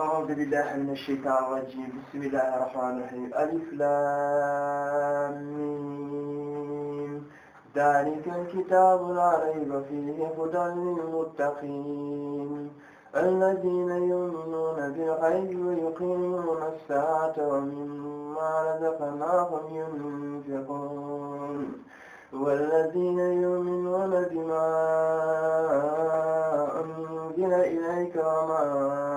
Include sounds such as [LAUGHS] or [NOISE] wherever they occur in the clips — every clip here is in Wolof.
أعوذ بالله من الشيطان الرجيم بسم الله الرحمن الرحيم ألف لام ميم ذلك الكتاب لا ريب فيه هدى للمتقين الذين يؤمنون بالغيب ويقيمون الساعة ومما رزقناهم ينفقون والذين يؤمنون بما أنزل إليك وما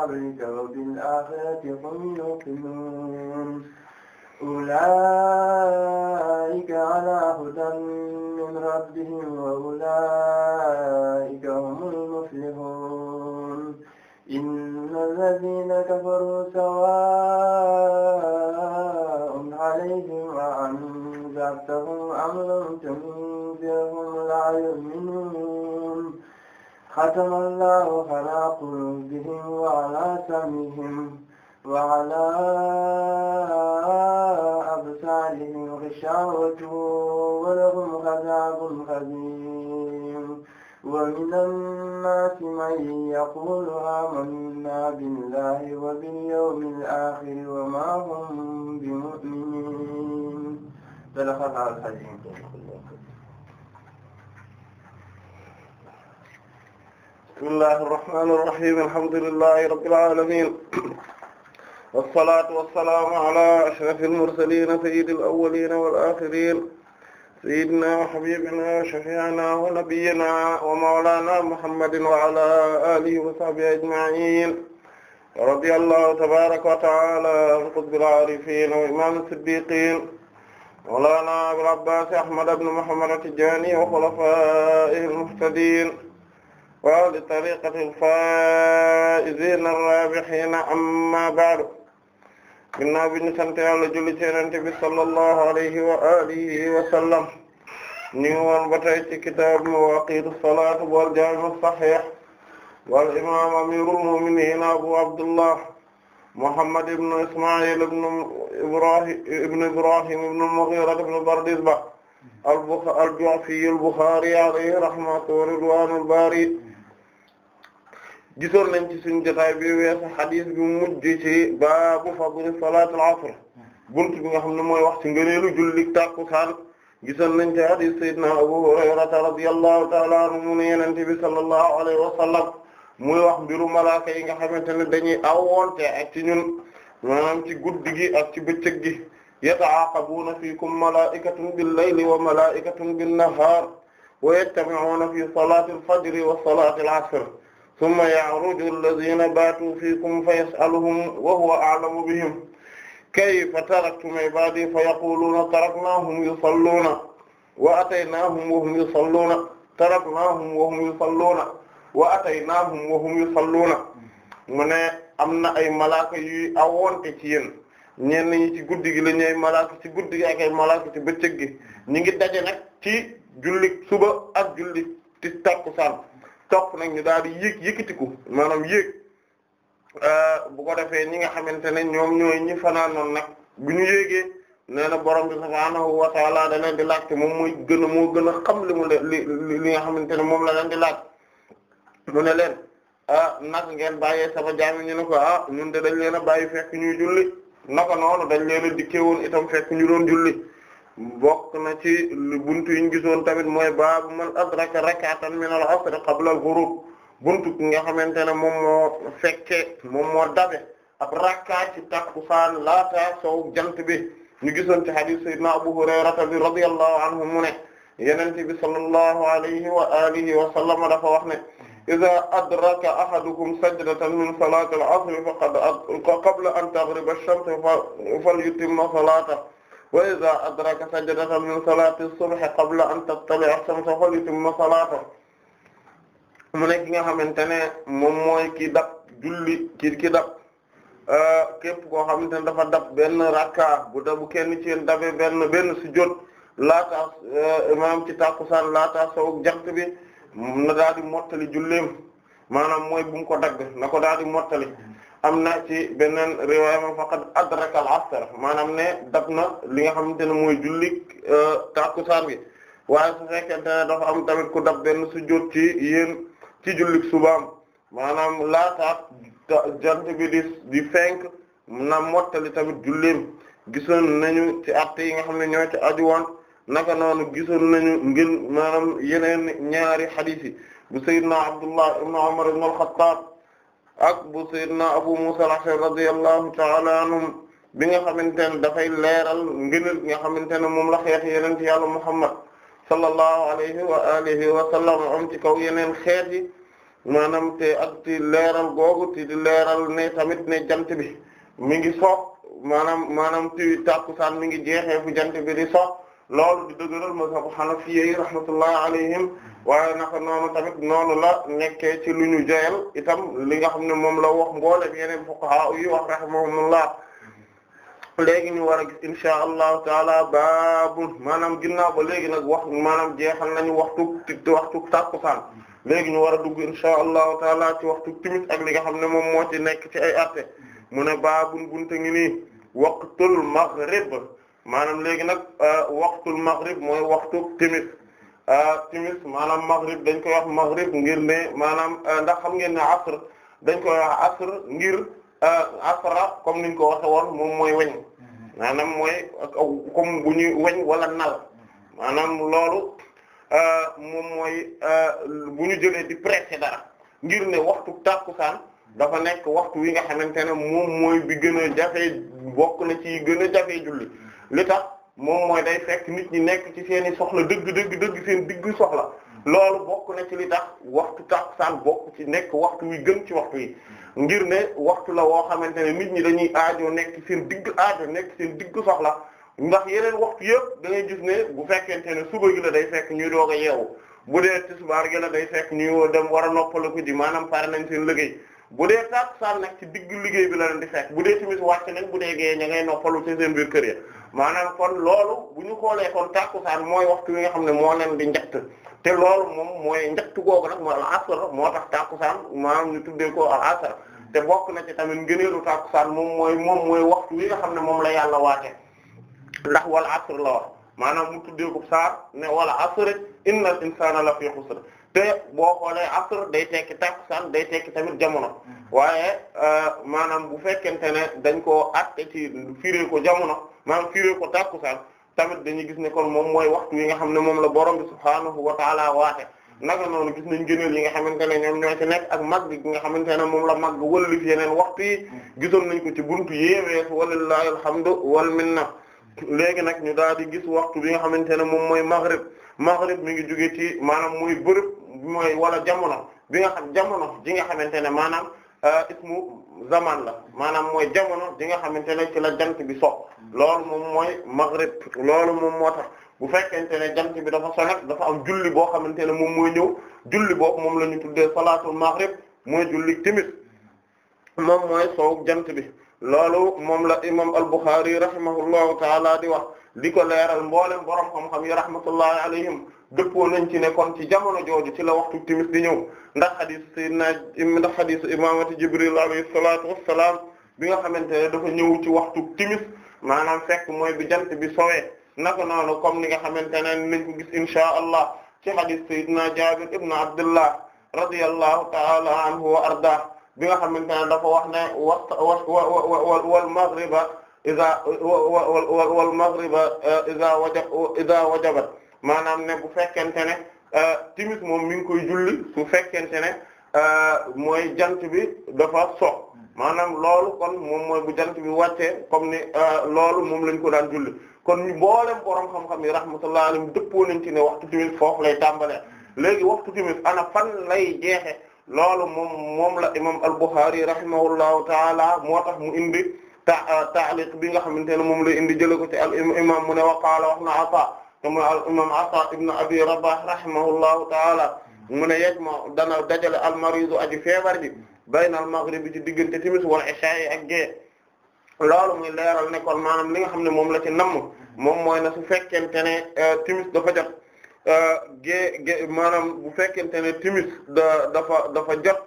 عليك وبالآخرة هم يوقنون أولئك على هدى من ربهم وأولئك هم المفلحون إن الذين كفروا سواء عليهم أأنذرتهم أم لم تنذرهم لا يؤمنون ختم الله على قلوبهم وعلى سمعهم وعلى أبصارهم غشاوة ولهم عذاب عظيم ومن الناس من يقول آمنا بالله وباليوم الآخر وما هم بمؤمنين صدق الله العظيم bismillahi irrahmani irrahim alhamdulillahi rabbil alamin [CLEARS THROAT] wassalatu wassalaamu ala ashrafi almursalina sayidi alawalina walaxirin sayidina wa habibina shafiina wa nabiyina wa mawlana muhammadin wa ala alihi wa sahbihi ajmain radi allahu tabaraka wa taala an qutbil arifin wa imam siddiqin mawlana abil abbas ahmad ibn muhammad at-tijani wa khulafaihi almuhtadin waaw li tariqatil faa'izina ar-rabihiina amma ba'du ginnaaw bi ñu sant Yàlla julli ci Yonent bi sallallahu alayhi wa alihi wa sallam ñu ngi woon ba tey ci kitaab mawaaqiitu salaat wal jaami' as-sahiih wal imaam amiirul mu'miniin abu abdullah muhammad ibn isma'il ibn ibrahim ibn ibrahim ibn al-mughiira ibn bardizbah al-ju'fi al-bukhaari alayhi rahmatu wa ridwaanul baari gisoon nañ ci suñu jotaay bi weesu xadis bi mujj ci baabu fadl salaatul asr bunt bi nga xam ne mooy wax ci ngëneelu julli tàkkusaan gisoon nañ ci xadis sayyidina Abu Hurayrata radiyallahu ta'ala anhu mu ne Yonent bi sallallahu alayhi wa sallam muy wax mbiru malaaka yi nga xamante ne dañuy awwonte ak ci ñun maanaam ci guddi gi ak ci bëccëg gi yataaqabuuna fiikum malaa'ikatun bil-layli wa malaa'ikatun bin-nahaar wa yajtami'uuna fi salaatil fajri wa salaatil asr thumma ya'ruju alladhina baatu fiikum fa yas'aluhum wa huwa a'lamu bihim kayfa taraktum ibadi fa yaquluna taraknahum yusalluna wa ataynahum wa hum yusalluna taraknahum wa hum yusalluna wa ataynahum wa hum yusalluna mu ne am na ay malaaka yuy awoonte ci yéen ñenn ci guddi gi la ñuy malaaka ci guddi gi ak malaaka ci bëccëg gi ñu ngi daje nag ci julli suba ak julli ci takkusaan topp nag ñu daal di yéeg yëkkatiku maanaam yéeg euh, bu ko defee ñi nga xamante ne ñoom ñooy ñi fanaanoon nag bu ñu yéegee nee na borom bi subhaanahu wa ta'ala da leen di laajte moom mooy gën a moo gën a xam li mu li li nga xamante ne moom la leen di laaj mu ne leen a ah, naka ngeen bàyyee sama jaam ñu ne ko a ah, ñun de dañ leen a bàyyi fekk ñuy julli naka noonu dañ leen a dikkee woon itam fekk ñu doon julli. bokk na ci buntu yi ñu gisoon tamit mooy baabu man adraka rak'atan min al-'asr qabla al-ghurub buntu ki nga xamante ne moom moo fekke moom moo dabe ab rakka ci takkusaan laata sow jant bi ñu gisoon ci hadith sayyidina Abu Hurayrata bi radiyallahu anhu mu ne Yonent bi sallallahu alayhi wa alihi wa sallam dafa wax ne idha adraka ahadukum sajdatan min salati al-'asr faqad qabla an taghriba ash-shams falyutimma salatahu wa idha adraka sajdatan min salati as-subh qabla an tattali'a ash-shamsu falyutimma salatahu mu nekk ki nga xamante ne moom mooy ki dab julli ki ki dab euh, képp koo xamante ne dafa dab benn rakka bu dabu kenn ci yéen dabe benn benn sujjóot laata euh, maanaam ci tàkkusaan laata sowog jant bi na daal mottali julleem maanaam mooy bu mu ko dagg na ko daal di mottali am na ci beneen riwaaya ma faqad adraka al-asr maanaam ne dab na li nga xam ne mooy julli euh, tàkkusaan bi waaye su fekkente ne dafa am tamit ku dab benn sujjóot ci yéen ci jullik subaam maanaam laata jant bi di di fenk na mottali tamit julleem gisoon nañu ci att yi nga xam ne ñoo ci ajuwaan naka noonu gisoon nañu ngeen maanaam yeneen ñaari hadith yi bu sayyidna Abdullah ibn Umar ibn al ak bu sayyidina Abu Musa al-Ash'ari radiyallahu ta'ala anhum bi nga xamante ne dafay leeral ngëneel bi nga xamante ne moom la xeet yeneen yàlla Muhammad sallallahu alayhi wa alihi wa sallam am ci kaw yeneen xeet yi maanaam te ak ti leeral googu ti di leeral ne tamit ne jant bi mi ngi sox maanaam maanaam ti tàkkusaan mi ngi jeexee fu jant bi di sox loolu di dëgëral mazhabu hanafiyya yi rahmatullahi alayhim waaye naka noonu tamit noonu la nekkee ci lu ñu joyal itam li nga xam ne moom la wax mboolem yeneen fuqaha yi wax rahimahumullah léegi ñu war a gis insha allahu taala baabu maanaam ginnaaw ba léegi nag wax maanaam jeexal nañu waxtu ti waxtu tàkkusaan léegi ñu war a dugg insha allahu taala ci waxtu timis ak li nga xam ne moom moo ci nekk ci ay atte mu ne baabun bunte ngi nii waqtul maghrib maanaam léegi nag euh, waxtul maghrib mooy waxtu timis euh, timis maanaam maghrib dañ koy wax maghrib ngir ne maanaam euh, ndax xam ngeen ne asr dañ koy wax asr ngir asra comme niñ ko waxe woon moom mooy weñ maanaam mooy comme bu ñuy weñ wala nal maanaam loolu moom mooy bu ñu jëlee di pressé dara ngir ne waxtu tàkkusaan dafa nekk waxtu wi nga xamante ne moom mooy bi gën a jafe bokk na ci gën a jafe julli li tax moom mooy day fekk nit ñi nekk ci seen i soxla dëgg dëgg dëgg seen diggu soxla loolu bokk na ci li tax waxtu tàkkusaan bokk ci nekk waxtu wi gën ci waxtu yi ngir ne waxtu la woo xamante ne nit ñi dañuy aajo nekk seen digg aajo nekk seen diggu soxla ndax yeneen waxtu yëpp dangay ngay gis ne bu fekkente ne suba gi la day fekk ñuy doog a yeewu bu dee tisbaar gi la day fekk ñuy dem war a noppaliku ji maanaam pare nañ seen liggéey bu dee tàkkusaan nag ci digg liggéey bi la leen di bu dee timis wàcc bu dee ña ngay noppalu ci seen biir kër ya maanaam kon loolu bu ñu xoolee kon tàkkusaan mooy waxtu wi nga xam ne moo leen di njëkk te loolu moom mooy njëkk googu nag mooy al asr moo tax tàkkusaan maanaam ñu tuddee ko al asr te bokk na ci tamit ngëneelu tàkkusaan moom mooy moom mooy waxtu wi xam ne moom la yàlla waate ndax wal asr la wax maanaam mu tuddee ko saar ne wala asr innal insaana la fi xusr te boo xoolee asr day tekki takusaan day tekki tamit jamono mm-hmm. waaye euh, maanaam bu fekkente ne dañ koo atte ci firee ko jamono maanaam firee ko takusaan tamit dañu gis ne kon moom mooy waxtu yi nga xam ne moom la borom bi subhaanahu wa taala waate naka noonu gis nañ gëneel yi nga xamante ne ñoom ñoo ci nekk ak màgg gi nga xamante ne moom la màgg wëllif yeneen waxtu yi mm-hmm. gisoon nañ ko ci buntu yéemees walillahi alhamdu wal minna léegi nag ñu daal di gis waxtu bi nga xamante ne moom mooy maghrib maghrib mi ngi jóge ci maanaam muy bërëb mooy wala jamono bi nga xam jamono ji nga xamante ne maanaam euh, ismu zaman la maanaam mooy jamono ji nga xam ne ci la jant bi so loolu moom mooy maghrib loolu moom moo tax bu fekkente ne jant bi dafa so dafa am julli boo xamante ne moom mooy ñëw julli boobu moom la ñu tuddee salaatul maghrib mooy julli timis moom mooy sow jant bi loolu moom la imam al-Bukhari rahimahullahu taala di wax di ko leeral mboolem borom xam-xam yi rahmatullahi alayhim dëppoo nañ ci ne kon ci jamono jooju ci la waxtu timis di ñëw ndax xadis sayyidina ndax xadis imamati jibril alayhi salatu wassalam bi nga xamante ne dafa ñëw ci waxtu timis maanaam fekk mooy bi jant bi sowee naka noonu comme ni nga xamante ne nañ ko gis inshaa allah ci xadis sayyidina jabir ibn abdullah radiyallahu ta'ala anhu wa arda bi nga xamante ne dafa wax ne wasta wal maghriba iza wal maghriba iza wajabat maanaam ne bu fekkente ne euh, timis moom mi koy julli su fekkente ne euh, mooy jant bi dafa sox maanaam loolu kon moom mooy bu jant bi wàccee comme ni euh, loolu moom lañ ko daan julli kon ñu boolem borom xam-xam yi rahmatullahi alayhim dëppoo nañ ci ne waxtu timis foofu lay tàmbalee léegi waxtu timis ana fan lay jeexe loolu moom moom la imam al-Bukhari rahimahullahu taala moo tax mu indi ta taaliq bi nga xamante ne moom lay indi jële ko ci al imam mu ne wa qaala wax na Ataa mooy al imam Ata ibn Abi Rabah rahimahullahu taala mu ne yajma dana dajale al maridu aji feebar ji bayna al maghrib ci diggante timis wal isha ak gée loolu muy leeral ne kon maanaam li nga xam ne moom la ci namm moom mooy na su fekkente ne euh, timis dafa jot euh, gée gée bu fekkente ne timis da dafa dafa jot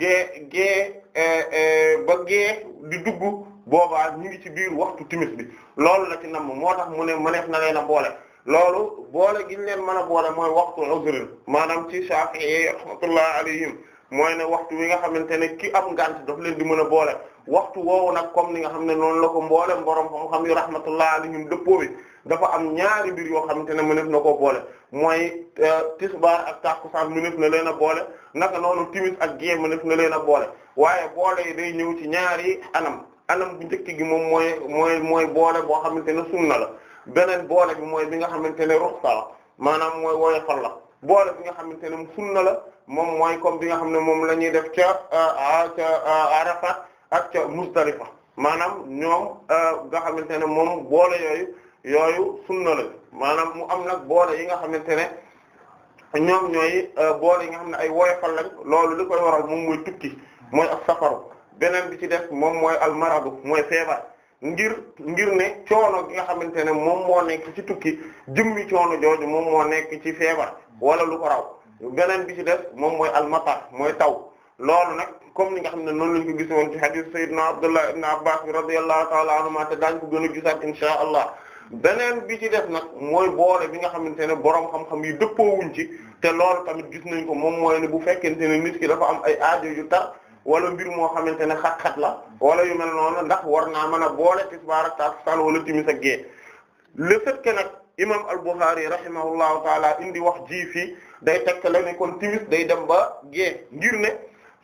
gée euh, ba gée di dugg boobaa ñu ngi ci biir waxtu timis bi loolu la ci namm moo tax mu ne mëneef na leen boole loolu boole gi leen mën a boole mooy waxtu uzrin maanaam ci Shafi'i rahmatullah mooy ne waxtu wi nga xamante ne ki am ngant daf leen di mën a boole waxtu woowu nag comme ni nga xam ne noonu la ko mboolem borom xam-xam yu rahmatullah alayhim dëppoo bi dafa am ñaari mbir yoo xamante ne mëneef na ko boole mooy euh, tisbaar ak takkusaan mëneef na leen a boole naka noonu timis ak gée mëneef na leen a boole waaye boole yi day ñëw ci ñaari anam anam bu njëkk gi moom mooy mooy mooy boole boo xam ne sunna la beneen boole bi mooy bi nga xamante ne ruxsa la maanaam mooy woyofal la boole bi nga xamante ne mu sunna la moom mooy comme bi nga xam ne moom la ñuy def ca euh, ca euh, Arafat ak ca Muzdalifa maanaam ñoom euh, nga xamante ne moom boole yooyu yooyu sunna la maanaam mu am nag boole yi nga xamante ne ñoom ñooy boole yi nga xam ne ay woyofal lañ loolu li koy waral moom mooy tukki mooy ak safaru beneen bi ci def moom mooy almaradu mooy feebar ngir ngir ne coono gi nga xamante ne moom moo nekk ci tukki jëmmi coono jooju moom moo nekk ci feebar wala lu ko beneen bi ci def moom mooy almatar mooy taw loolu nag comme ni nga xam ne noonu lañu ko gis woon ci hadith sayyidina Abdullah ibn Abbas bi radiyallahu ta'ala anhuma te daañ ko gën a gisaat inshaa Allah beneen bi ci def nag mooy boole bi nga xamante ne boroom xam-xam yi dëppoowuñ ci te loolu tamit gis nañ ko moom mooy ne bu fekkente ne nit ki dafa am ay aajo yu tar wala mbir moo xamante ne xat-xat la wala yu mel noonu ndax war naa mën a boole tisbaar ak takkusaan wala timis a gée le fait que nag imam al-Bukhari rahimahullahu taala indi wax ji fii day tekk la ne kon timis day dem ba gée ngir ne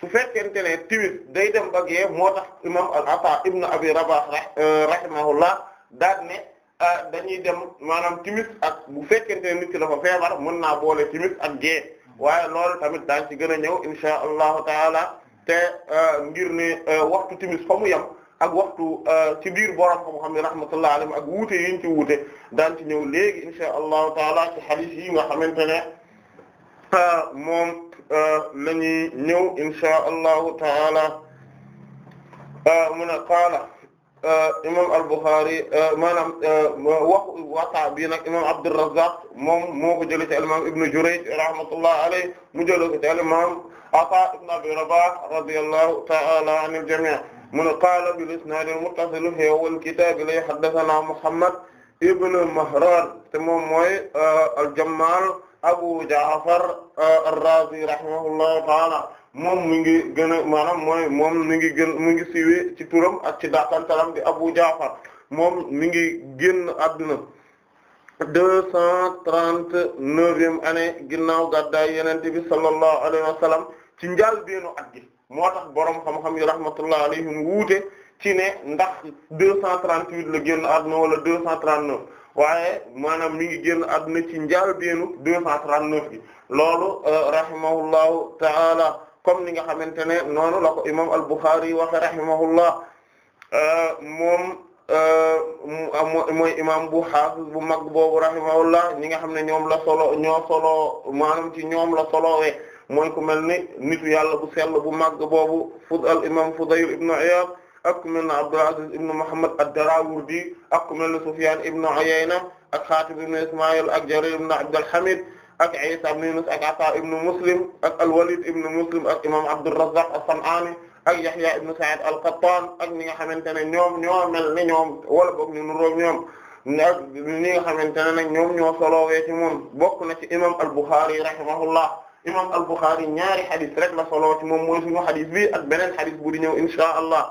su fekkente ne timis day dem ba gée moo tax imam al-Ata ibn Abi Rabah euh, rahimahullah daal ne euh, dañuy dem maanaam timis ak bu fekkente ne nit ki dafa feebar mën naa boole timis ak gée waaye lool tamit daañ ci gën a ñëw insha allahu taala te euh, ngir ne euh, waxtu timis fa mu yem ak waxtu euh, ci biir borom xam-xam yi rahmatullahi alayhim ak wuute yi ñu ci wuute daan ci ñëw léegi insha allahu taala ci hadith yi nga xamante ne moom la ñuy ñëw insha allahu taala mu ne qaala Euh, imam al-Bukhari euh, maanaam waxu euh, waxtaa bi nag imam Abdurrazzaq moom moo ko jëlee ci al-imam Ibn Jurayj rahmatullah alayhi mu jëlee ko ci al-imam Ata ibn Abi Rabah radiyallahu ta'ala anil jami' mun qaala bil-isnaad al-muttasil fi awwal kitaab li haddathana Muhammad ibn Mahran te moom mooy al-Jammal Abu Ja'far ar-Razi rahimahullahu ta'ala moom mu ngi gën a maanaam mooy moom mu ngi gën mi ngi ci turam ak ci dàqantalam di Abu Jaafar moom mi ngi génn àdduna deux cent trente-neuvième année ginnaaw gàddaay yenente bi sallallahu alayhi wa ci njaal beenu at gi moo tax boroom xam-xam yi rahmatullah alayhim wuute ci ne ndax deux cent trente-huit la génn àdduna wala deux cent trente-neuf waaye maanaam mi ngi génn àdduna ci njaal beenu deux cent trente-neuf gi loolu euh, rahimahullahu ta'ala comme ni nga xamante ne noonu la ko imam al-Bukhari waxe rahimahullah euh, moom euh, mooy imam bu hafiz bu mag boobu rahimahullah ñi nga xam ne ñoom la solo ñoo solo ci ñoom la solowee mooy ku mel ni nitu yàlla bu sell bu mag boobu fud al imam ak ku mel ne Abdul Aziz ibn Muhammad ad-Darawardi ak ku mel ne Sufyan ibn ak Khatib ibn Ismaïl ak Jarir ibn Abd hamid ak Isa ibn Yunus ak Ata ibn Muslim ak al-Walid ibn Muslim ak imam Abdurrazzaq as-San'ani ak Yahya ibn Sa'id al-Qattan ak ñi nga xamante ne ñoom ñoo mel ne ñoom wala boog ñu nuróog ñoom ak ni nga xamante ne nag ñoom ñoo soloowee ci moom bokk na ci imam al-Bukhari rahimahullah imam al-Bukhari ñaari xadis rek la soloo ci moom mooy suñu xadis bi ak beneen xadis bu di ñëw inshaa Allah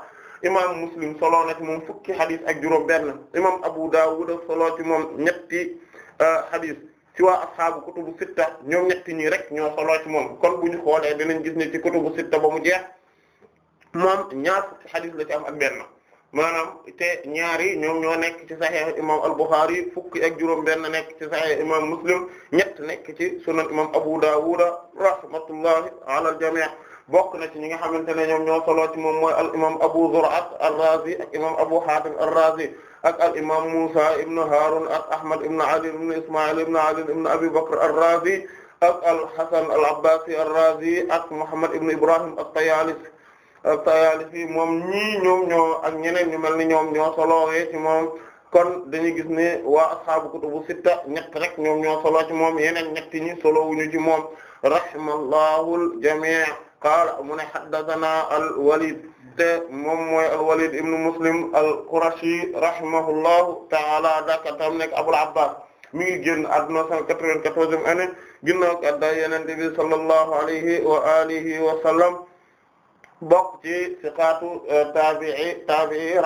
imam Muslim soloo na ci moom fukki xadis ak juróom benn imam Abu Dawud soloo ci moom ñetti euh, xadis ci waa ashaabu kutubu sitta ñoom ñetti ñi rek ñoo solo moom kon bu ñu xoolee dinañ gis ne ci kutubu sitta ba mu jeex moom ñaar fukki xadis la ci am ak benn maanaam te ñaari ñoom ñoo nekk ci saxiix imam al-Bukhari fukki ak juróom benn nekk ci saxiix imam Muslim ñett nekk ci sunan imam Abu Dawud rahmatullahi ala al-jamii' bokk na ci ñi nga xamante ne ñoom ñoo solo moom mooy al imam Abu Zur'at ar-Razi ak imam Abu Hatim ar-Razi ak al imam Musa ibn Harun ak Ahmad ibn Ali ibn Ismail ibn Ali ibn Abi Bakr ar-Razi ak al-Hasan al-Abbasi ar-Razi ak Muhammad ibn Ibrahim at-Tayalisi at-Tayalisi moom ñii ñoom ñoo ak ñeneen ñu mel ni ñoom ñoo solowee ci moom kon dañuy gis ne waa ashaabu kutubu sitta ñett rek ñoom ñoo solo ci moom yeneen ñett ñi solowuñu ci moom rahimallahu al-jami' qaala mu ne haddathana al-Walid te moom mooy al-Walid ibn Muslim al-Qurashi rahimahullahu ta'ala dakantam nekk Abul Abbas mi ngi génn àdduna 194e année ginnaaw gàddaay Yonent bi sallallahu alayhi wa alihi bokk ci siqaatu e, taabi'i taabi'i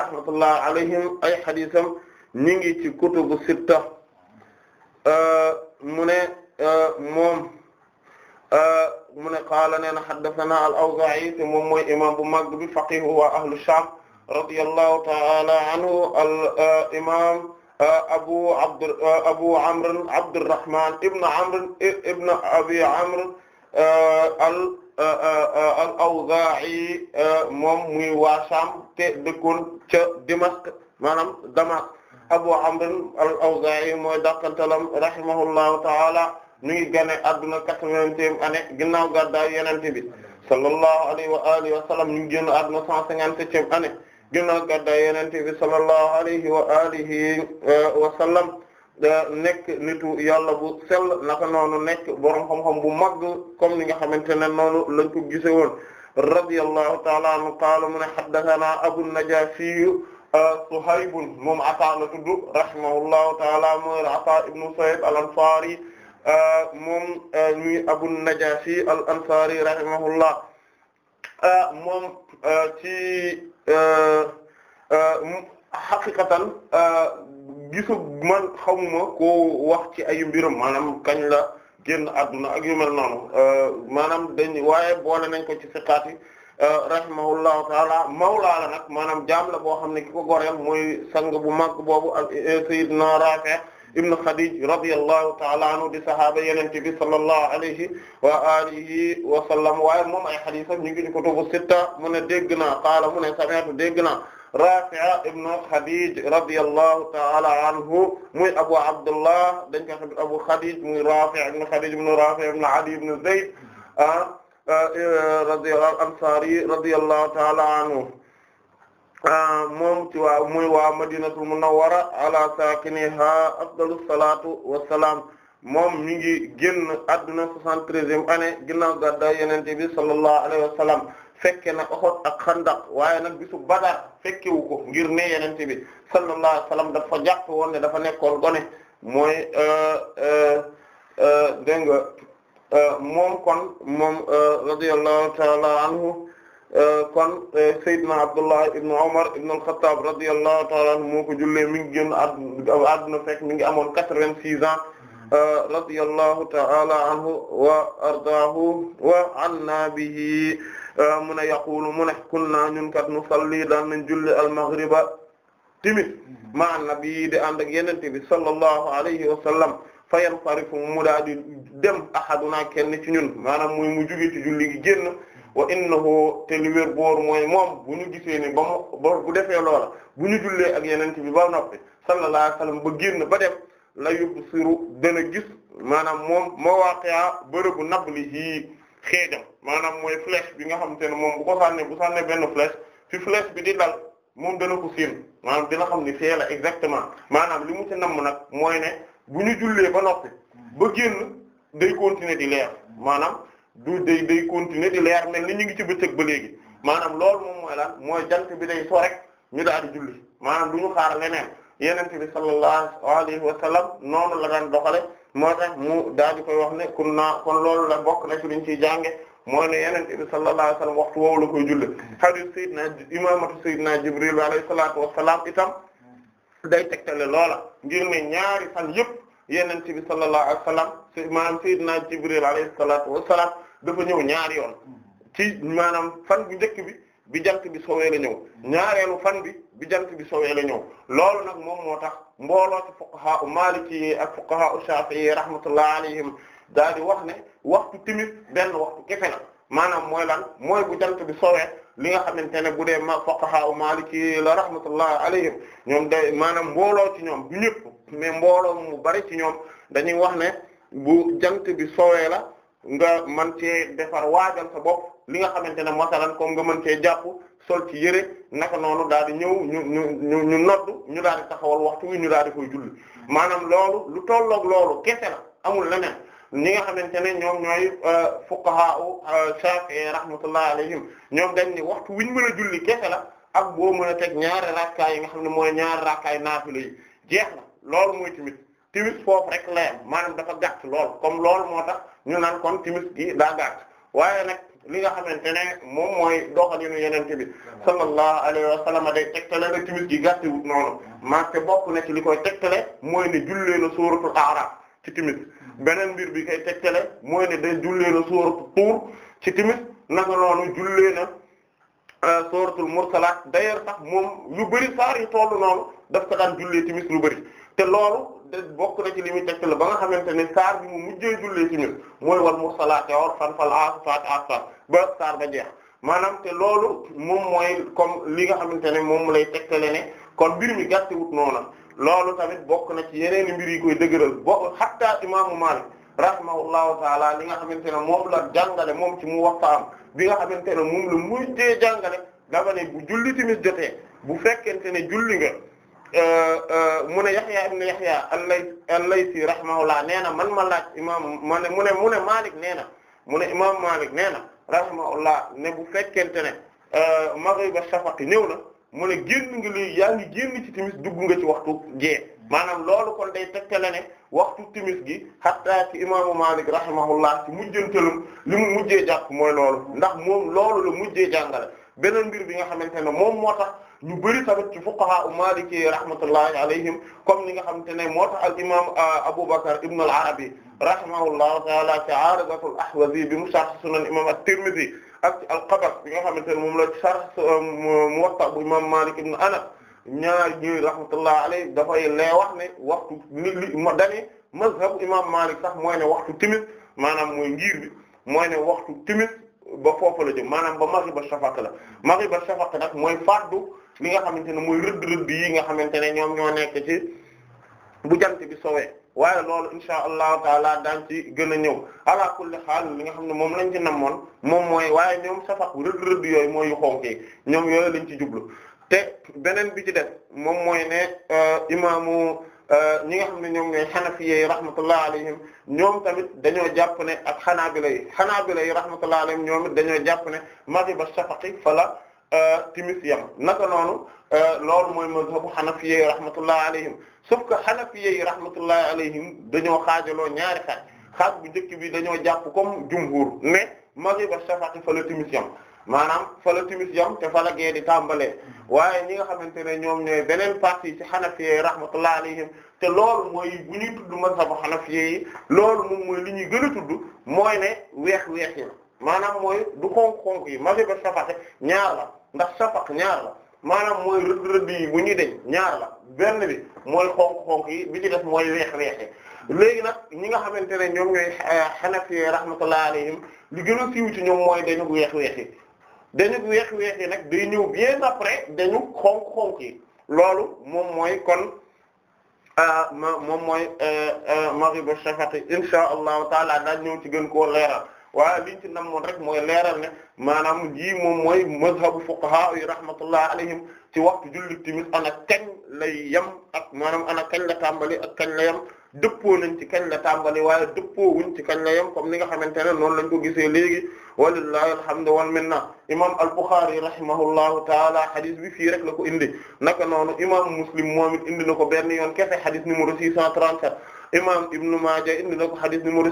ay xadiisam ñu ngi ci kutubu sitta e, mu ne e, mu ne qaala nee na haddathana al-Awzaa'i te moom mooy imam bu mag bi faqihu wa ahlu Shaam radiyallahu ta'ala anhu al-imam uh, uh, abu abd uh, abu Amr Abdurrahman ibn Amr ibn Abi Amr al-Awzaa'i moom muy waa Shaam te dëkkoon ca Dimashq maanaam Damas abu Amr al-Awzaa'i mooy dàqantalam rahimahullahu ta'ala mi ngi gane adduna quatre-vingtième année ginnaaw gàddaay yenente bi sallallahu alayhi wa alihi wa sallam alayhi wa alihi euh, wa sallam nekk nitu yàlla bu sell naka noonu nekk borom xam-xam bu mag comme ni nga xamante ne noonu lañ ko gise woon ta'ala anhu qaala mu ne haddathana Abu an-Najashi euh, Suhayb moom Ata la tudd rahimahullahu ta'ala mooy Ata ibn Suhayb al-Ansari Euh, moom euh, mi Abu Najashi al Ansari rahimahullah euh, moom ci xaqiqatan gisu man xamuma ko wax ci ay mbirum maanaam kañ la génn adduna ak yu mel noonu maanaam dañ waaye boole nañ ko ci siqaat yi rahimahullahu taala mawlaa la nag maanaam jaam la boo xam ne ki ko mooy sang bu mag boobu ak Sayyidna Rafi' ibnu Khadij radiyallahu ta'ala anhu di sahaaba yonent bi sallallahu alayhi wa alihi wa sallam waaye moom ay hadiisam ñu ngi ci kutubu sitta mu ne dégg naa qaala mu ne sami'tu dégg naa Rafi' ibnu Khadij radiyallahu ta'ala anhu muy Abu Abdullah dañ ko xam Abu Khadij muy Rafi' ibnu Khadij ibnu Rafi' ibnu Adi ibnu Zayd ah, ah eh, radiyallahu ansaari radiyallahu ta'ala anhu moom ci waa muy waa madinatul munawwara ala saakiniha afdalu salatu wassalaam moom mi ngi génn adduna soixante-treizième année ginnaaw gàddaay yonent bi sallallahu alayhi wa fekke na Uhud ak Xandaq waaye nag bisu Badar fekkewu ko ngir ne yonent bi sallallahu alayhi wa sallam dafa jàpp woon ne dafa nekkoon gone mooy euh, euh, euh, dégg nga moom kon moom radiyallahu ta'ala anhu Euh, kon euh, Seydina Abdullah ibn Umar ibn al-Khattab radiyallahu ta'ala anhu moo ko jullee mi ngi génn àdduna fekk mi ngi amoon quatre-vingt-six ans euh, radiyallahu ta'ala anhu wa ardaahu wa anna bihi mu ne yaqulu mu ne kunna ñun kat nusalli daan nañ julli al-maghriba timis ma nabi di ànd ak Yonent bi sallallahu alayhi wa sallam fa yanfarifu mu daa di dem ahaduna kenn ci ñun maanaam muy mu jóge ci julli gi génn wa innahu te li wér boor mooy moom bu ñu gisee ni ba mu ba bu defee loola bu ñu jullee ak yenente bi ba noppi sallallahu alayhi wasallam ba na ba dem la yubsiru dana gis maanaam moom mawaaqi'a bërëbu nablihi xeejam maanaam mooy flèche bi nga xamante ne moom bu ko sànne bu sànne benn flèche fi flèche bi di dal moom dana ko séen maanaam dina xam ni fee la exactement maanaam li mu ci namm nag mooy ne bu ñu jullee ba noppi ba génn day continuer di leer maanaam du day day continuer di leer mel ni ñu ngi ci bëccëg ba léegi maanam loolu moom mooy lan mooy jant bi day so rek ñu daal di julli maanaam du ñu xaar leneen yeneen bi sallallahu alayhi wa sallam noonu la daan doxale moo tax mu daal di koy wax ne naa kon loolu la bokk na ci luñ ciy jànge moo ne yeneen bi sallallahu alayhi wa sallam waxtu woowu la koy julli hadith sayyidina imamatu sayyidina jibril alayhi salatu wassalam itam day tegtale loola ngir ne ñaari fan yëpp yeneen bi sallallahu alayhi wa sallam maanaam sayyidina jibril alayhi salatu wassalam dafa ñëw ñaari yoon ci maanaam fan bu njëkk bi bi jant bi soowee la ñëw ñaareelu fan bi bi jant bi soowee la ñëw loolu nag moom moo tax mbooloo ci fuqaha u maliki yi ak fuqaha u shafi'i rahmatullah alayhim daal di wax ne waxtu timis benn waxtu kefe la maanaam mooy lan mooy bu jant bi soowee li nga xamante ne bu dee ma fuqaha u maliki yi la rahmatullah alayhim ñoom day maanaam mbooloo ci ñoom du ñëpp mais mbooloo mu bari ci ñoom dañuy wax ne bu jant bi sowee la nga man cee defar waajal sa bopp li nga xamante ne masalan comme nga mën cee jàpp sol ci yëre naka noonu daal di ñëw ñu ñu ñu ñu nodd ñu daal di taxawal waxtu wi ñu daal di koy julli maanaam loolu lu tolloog loolu kese la amul leneen ni nga xamante ne ñoom ñooy euh, fuqaha euh, Shafi'i rahmatullahi alayhim ñoom dañ ni waxtu wi ñu mën a julli kese la ak boo mën a teg ñaari rakkaay yi nga xam ne mooy ñaari rakkaay naafila yi jeex na loolu mooy tamit timis foofu rek la yem maanaam dafa gàtt lool comme loolu moo tax ñu naan kon timis gi daa gàtt waaye nag li nga xamante ne moom mooy doxalinu yenente bi sallallahu alayhi wa sallam day tegtale na timis gi gàttiwut noonu maake bokk na ci li koy tegtale mooy ne jullee na suuratul A'raf ci timis beneen mbir bi koy tegtale mooy ne day jullee na suuratul Tuur ci timis naka noonu jullee na euh, suuratul Mursalaat d'ailleurs sax moom lu bëri saar tollu noonu daf ko daan jullee timis lu bëri te loolu de bokk na ci li muy tegtal ba nga xamante ne saar bi mu mujjee jullee ci ñun mooy wal mursalaati urfan fal aasifaat aasifan ba saar ba jeex maanaam te loolu moom mooy comme li nga xamante ne moom lay tegtale kon mbir mi gàtt wut noonu loolu tamit bokk na ci yeneen mbir yi koy dëgëral bo hatta imaamu Maalik rahimahullahu taala li nga xamante ne moom la jàngale moom ci mu waxtaan bi nga xamante ne moom la mujjee jàngale dafa ne bu julli timis jotee bu fekkente ne julli nga. Euh, euh, mu ne Yahya ibn Yahya al-Laysi rahimahullah nee na man ma laaj imaam mu ne mu ne mu ne nee na mu ne imaam Malik nee na rahimahullah ne bu fekkente ne euh, maghrib ash-shafaq néew na mu ne génn ngi li yaa ngi génn ci timis dugg nga ci waxtu gee maanaam loolu kon day tegtale ne waxtu timis gi hatta ci imaamu Malik rahimahullah ci mujjantalum li mu mujjee jàpp mooy loolu ndax moom loolu la mujjee jàngale beneen mbir bi nga xamante ne moom moo tax ñu bëri tamit ci fuqaha u maliki rahmatullahi alayhim comme ni nga xamante ne moo tax al imam euh, Abu Bakr ibn al Arabi rahimahullahu ta'ala ci Aaridatul Ahwazi bi mu sarh sunan imam at-Tirmidhi ak ci al-Qabas bi nga xamante ne moom la sarh euh, Muwatta bu imam Malik ibn Anas ñaar ñi rahmatullahi alayhi dafay lee wax ne waxtu ni li ma dane mazhabu imam Malik sax mooy ne waxtu timis maanaam mooy ngir bi mooy ne waxtu timis ba foofu la jëm maanaam ba maghrib ba shafaq la maghrib ba shafaq nag mooy faddu li nga xamante ne mooy rëdd rëdd yi nga xamante ne ñoom ñoo nekk ci bu jant bi sowee waaye loolu insha allahu taala daan ci gën a ñëw ala kulli xaal nga xam ne moom lañ ci namoon moom mooy waaye ñoom safaq rëdd rëdd yooyu mooy yu xonk ñoom yooyu lañ ci jublu te beneen bi ci def moom mooy ne euh, imaamu euh, ñi nga xam ne ñoom ñooy xanafiyey rahmatullah alayhim ñoom tamit dañoo jàpp ne ak xanaabila yi xanaabila yi rahmatullah alayhim ñoom it dañoo jàpp ne maghiba shafaqi fala Euh, timis yam naka noonu euh, loolu mooy mazhabu xanafiye yi rahmatullahi alayhim sauf que xanafiye yi rahmatullahi alayhim dañoo xaajaloo ñaari xaaj xaaj bu njëkk bi dañoo jàpp comme jumhur mais magriba shafaqi fa la timis yam maanaam fa la timis yam te fa la gee di tàmbalee waaye ñi nga xamante ne ñoom ñooy beneen partie ci xanafiye yi rahmatullahi alayhim te loolu mooy bu ñuy tudd mazhabu xanafiye yi loolu moom mooy li ñuy gën a tudd mooy ne weex weex yi maanaam mooy du xonk-xonk yi maje ba safaq ñaar la ndax safaq ñaar la maanaam mooy rëdd rëdd yi bu ñuy deñ ñaar la benn bi mooy xonk-xonk yi bi ci def mooy weex-weex yi léegi nag ñi nga xamante ne ñoom ñooy xanafi eh, rahmatullahi alayhim li gën a siiw ci ñoom mooy dañu weex-weex yi dañu weex-weex yi nag day ñëw bien après dañu xonk-xonk yi loolu moom mooy kon ah, ma moom mooy eh, eh, maghrib shafaqi insha allahu taala daal ñëw ci gën koo leeral waaye liñ ci namoon rek mooy leeral ne maanaam ji moom mooy mazhabu fuqaha yi rahmatullah alayhim ci waxtu julli timis ana kañ lay yem ak maanaam ana kañ la tàmbali ak kañ la yem dëppoo nañ ci kañ la tàmbali waaye dëppoo wuñ ci kañ la yam comme ni nga xamante ne noonu lañ ko gisee léegi walillahi alhamdu wal minna imam al-Bukhari rahimahullahu taala hadith bi fii rek la ko indi naka noonu imam Muslim moom it indi na ko benn yoon kese hadith numéro 637 imam Ibn Maaja indi na ko hadith numéro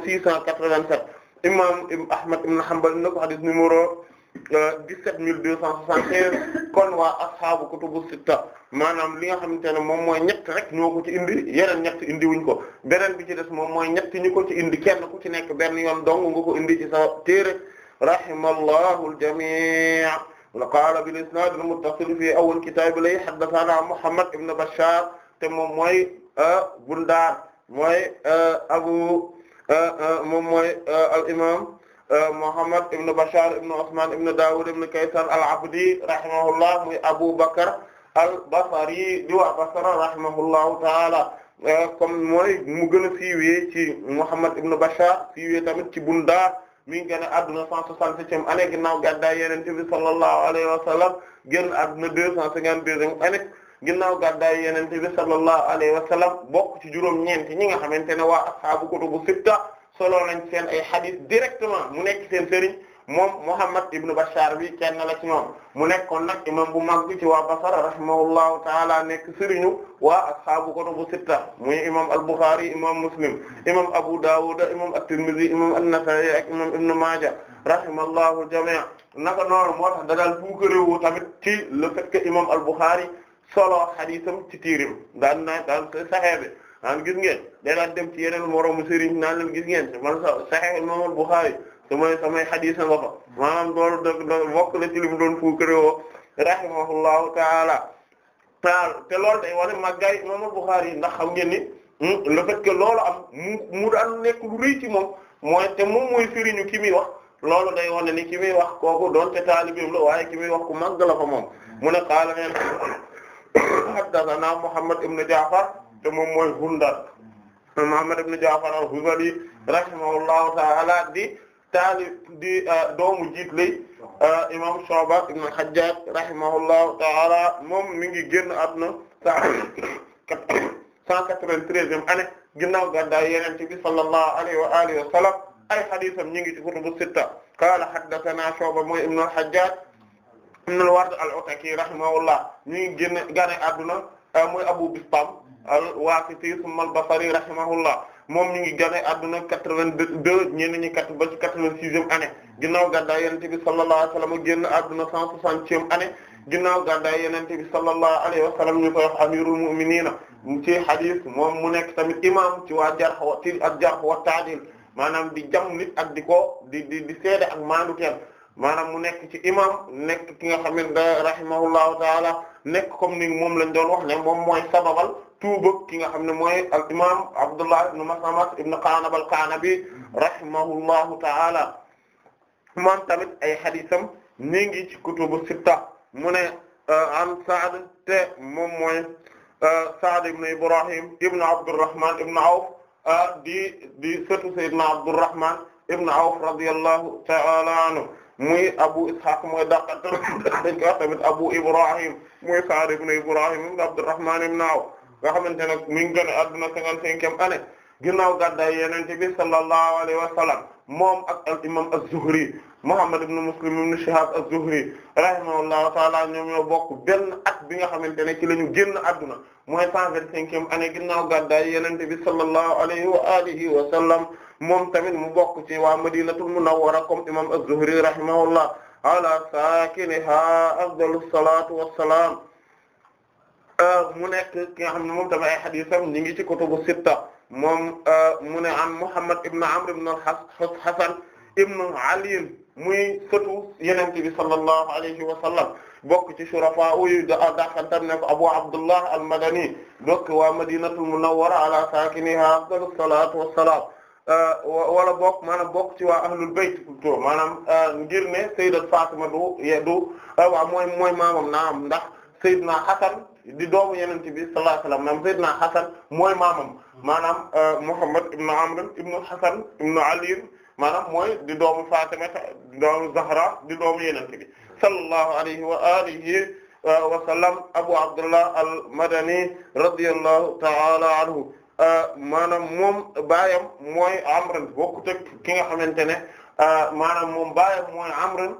imam Ibn Ahmad Ibn Hanbal na ko hadith numéro 17275 euh, kon waa ashaabu kutubu sitta maanaam li nga xamante ne moom mooy ñett rek ñoo ko ci indi yeneen ñett indi wuñ ko beneen bi ci des moom mooy ñett ñu ko ci indi kenn ku ci nekk benn yoon dong nga ko indi ci sa téere rahimallahu al-jamii' qaala bil isnaad al-muttasil fi awwal kitaab lay haddathanaa Muhammad ibn Bashshaar te moom mooy euh, Bundaar mooy euh, Abu Euh, euh, moom mooy euh, al imam Muhammad ibn Bashar ibn Usman ibn Dawud ibn Kaysan al-Abdi rahimahullah muy Abu Bakr al-Basri di waa Basra rahimahullahu taala comme mooy mu gën a siiwee ci Muhammad ibn Bashar siiwee tamit ci Bundar mi ngi génn adduna 167e année ginnaaw gàddaay Yonent bi sallallahu alayhi wa sallam génn adduna 252e année ginnaaw gàddaay yonent bi sallallahu alayhi wa sallam bokk ci juróom-ñeent ñi nga xamante ne waa ashaabu kutubu sitta solo lañ seen ay hadith directement mu nekk seen sëriñ moom Muhammad ibn Bashar bi kenn la ci ñoom mu nekkoon nag imam bu mag bi ci waa Basra rahimahullahu taala nekk sëriñu waa ashaabu kutubu sitta muy imam al-Bukhari imam Muslim imam Abu Dawud imam at-Tirmidhi imam an-Nasa'i ak imam Ibn Maaja rahimahullahu jami'a naka noonu moo tax da daal fu ko réewu tamit ci le fait que imam solo xadiisam ci tiirim daan naa daan saxee bi gis ngeen day daan dem ci yeneen moromu sëriñ naan leen gis ngeen man saxee imaamul Buxaari samay samay xadiisam ba ko maanaam loolu da bokk na ci li mu doon fuukaréwoo rahimahullahu taala te loolu day wane màggaay imaamul Buxaari ndax xam ngeen ni hmm, le fait que am mu mu nekk lu rëy ci moom mooy te moom mooy sëriñu ki muy wax loolu day wane ni ki muy wax kooku doonte taalibeem la waaye ki wax ku màgg la fa moom mu ne qaala neen haddathana Muhammad ibn Ja'far te moom mooy Gundar Muhammad ibn Ja'far al-Hudhali rahimahullahu ta'ala di taali di uh, doomu jiit lay uh, imam Shu'ba ibn al-Hajjaj rahimahullahu ta'ala moom mi ngi génn àdduna cent quatre-vingt-treizième année ginnaaw gàddaay Yonent bi sallallahu alayhi wa alihi wa sallam ay hadiisam ñi ngi ci kutubu sitta qaala haddathana Shu'ba mooy ibn al-Hajjaj ibn al-Ward al-Ataki rahimahullah ñu ngi génn gane adduna euh, mooy Abu Bistam al-Wasiti summa al-Basri rahimahullah moom ñu ngi gane adduna quatre-vingt-deux ñenn ñi kat ba ci quatre-vingt-sixième année ginnaaw gàddaay Yonent bi sallallahu alayhi wa sallam génn adduna cent soixantième année ginnaaw gàddaay Yonent bi sallallahu alayhi wa sallam ñu koy wax amirul mu'minina ci hadith moom mu nekk tamit imam ci waa jarh wa ci ak jarh wa ta'dil maanaam di jam nit ak di ko di di di seede ak maandu teel maanaam mu nekk ci imam nekk ki nga xam ne taala nekk comme ni moom lañ doon wax ne moom mooy sababal tuubag ki nga xam ne mooy al imam Abdullah ibn Masamat ibn Qanab al-Qanabi rahimahullahu taala moom ay hadisam ni ngi ci kutubu sitta mu uh, an Sa'd te moom mooy uh, Sa'd ibn Ibrahim ibn Abdurrahman ibn Awf uh, di di sëtu Sayyidina Abdurrahman Awf radiyallahu taala anhu muy Abu Ishaq mooy daqatal [LAUGHS] dañ ko tamit Abu Ibrahim muy Sa'd ibn Ibrahim ibn Abdurrahman ibn Awf nga xamante ne mi ngi gën a adduna cinquante-cinquième année ginnaaw gàddaay Yonent bi sallallahu alayhi wa sallam moom ak al imam az-Zuhri Muhammad ibn Muslim ibn Shihab az-Zuhri rahimahullahu ta'ala ñoom ñoo bokk benn at bi nga xamante ne ci la ñu génn adduna mooy cent vingt-cinquième année ginnaaw gàddaay Yonent bi sallallahu alayhi wa alihi wa sallam moom tamit mu bokk ci waa madinatul munawwara comme imam az-Zuhri rahimahullah ala saakiniha afdalus salaatu wassalaam mu nekk ki nga xam ne moom tamit ay xadiisam ñi ngi ci kutubu sitta moom mu ne an Muhammad ibn Amr ibn al-Hasan ibn Ali muy sëtu Yonent bi sallallahu alayhi wa sallam bokk ci shurafa uyu daxantam ne ko Abu Abdullah al-Madani bokk waa Madinatul Munawwara ala saakiniha afdalu salaatu wassalaam Euh, wala bokk maanaam bokk ci waa ahlul bayt plutôt maanaam euh, ngir ne sayyidat Fatima du du euh, waaw mooy mooy maamam naam ndax sayyidna Hasan di doomu yenente bi sallallahu alayhi wasallam maanaam sayyidna Hasan mooy maamam maanaam Muhammad ibn Amr ibn Hasan ibn Ali maanaam mooy di doomu Fatima di doomu Zahra di doomu yenente bi sallallahu alayhi wa alihi wa sallam Abu Abdullah al-Madani radiyallahu ta'ala anhu Euh, maanaam moom baayam mooy amran bokkut ak ki nga xamante ne euh, maanaam moom baayam mooy amran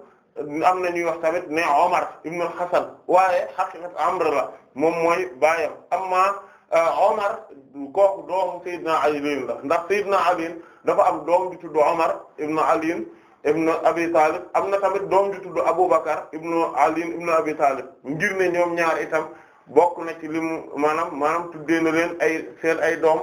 am na ñuy wax tamit ne Omar ibn al-Hasan waaye haqiqat amr la moom mooy baayam amma euh, Omar kooku doomu Seydina Ali la ndax na Ali dafa am doom ju tudd Omar ibn Ali ibn Abi Talib am na tamit doom ju tudd Aboubacar ibn Ali ibn Abi ne ñoom ñaar itam. bokk na ci limu maanaam maanaam tuddee na leen ay seen ay doom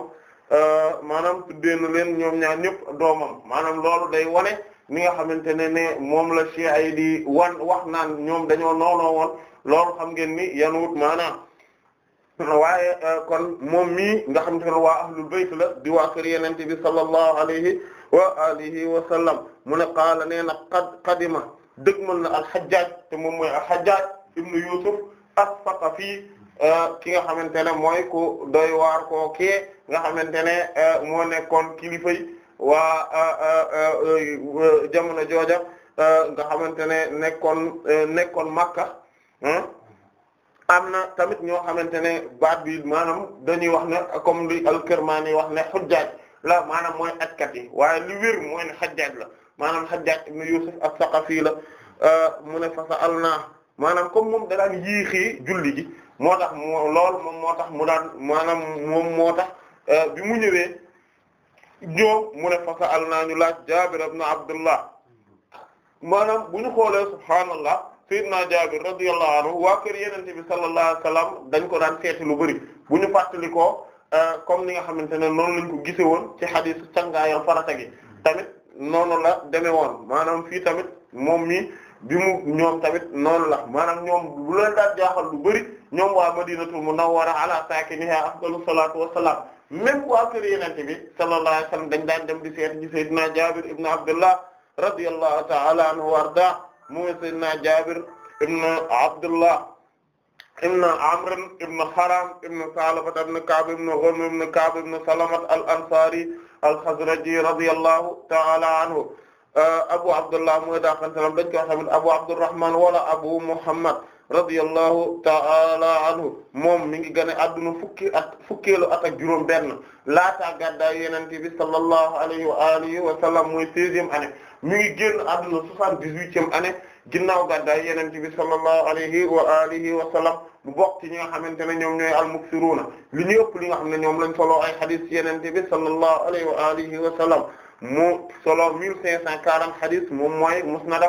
euh, maanaam tuddee na leen ñoom ñaan ñëpp doomam maanaam loolu day wane ni nga xamante ne ne moom la Cheikh ay di wan wax naan ñoom dañoo noonoo woon loolu xam ngeen ni yanuwut maanaam waaye euh, kon moom mii nga xamante ne waa ahlul bayt la di waa kër yenente bi sallallahu alayhi wa alihi wa sallam mu ne qaala nee na qad qadima dëgmal na al-Hajjaj te moom mooy al-Hajjaj ibnu Yusuf as-Saqafi euh, ki nga xamante ne mooy ku doy waar koo kee nga xamante ne euh, moo nekkoon kilifay waa euh, jamono jooja nga xamante ne nekkoon nekkoon Makka am na tamit ñoo xamante ne baat bi maanaam dañuy wax ne comme li al-Kirmani wax ne xujjaaj la maanaam mooy ajkat yi waaye li wér mooy ne xajjaaj la maanaam xajjaaj ibn Yusuf as-Saqafi la mu ne fa sa'alnaa maanaam comme moom danaan yéexee julli gi moo tax moo lool moom moo tax mu daan maanaam moom moo tax euh, bi mu ñëwee ñoom mu ne fasal naa ñu laaj Jaabir ibn Abdullah maanaam bu ñu xoolee subhaanallah sayyidina Jaabir radiyallahu anhu waa kër yenente bi sallallahu alayhi dañ ko daan seeti lu bari bu ñu fàttali ko euh, comme ni nga xamante ne noonu lañ ko gise ci xadiis cangaayam farata gi tamit noonu la demee woon maanaam fi tamit moom mi bi mu ñoom tamit noonu la maanaam ñoom bu leen daal jaaxal lu bëri ñoom waa Madinatul Munawwara ala saakiniha afdalu salaatu wassalaam même waa kër yenente bi sallallahu alayhi wa sallam dañ daan dem di seet ji Seydina Jaabir ibn Abdullah radiyallahu ta'ala anhu wa arda mooy Seydina Jaabir ibn Abdullah ibn Amr ibn Haram ibn Salaba ibn Ka'b ibn Ghunm ibn Ka'b ibn Salamat al-Ansari al-Khazraji radiyallahu ta'ala anhu Euh, Abu Abdullah mooy daakantalam dañ koy xamit Abu Abdurrahman wala Abu Muhammad radiyallahu ta'ala anhu moom mi ngi gane adduna fukki at fukkeelu at ak juróom benn laataa gàddaay Yonent bi sallallahu alayhi wa alihi wa sallam mooy seizième année mi ngi génn adduna soixante-dix-huitième année ginnaaw gàddaay Yonent bi sallallahu alayhi wa alihi wa sallam bu bokk ci ñi nga xamante ne ñoom ñooy al-muksiruna li ñu ëpp li nga xam ne ñoom lañ solo ay hadith Yonent bi sallallahu alayhi wa alihi wa sallam mu solo 1540 hadith moom mooy musnad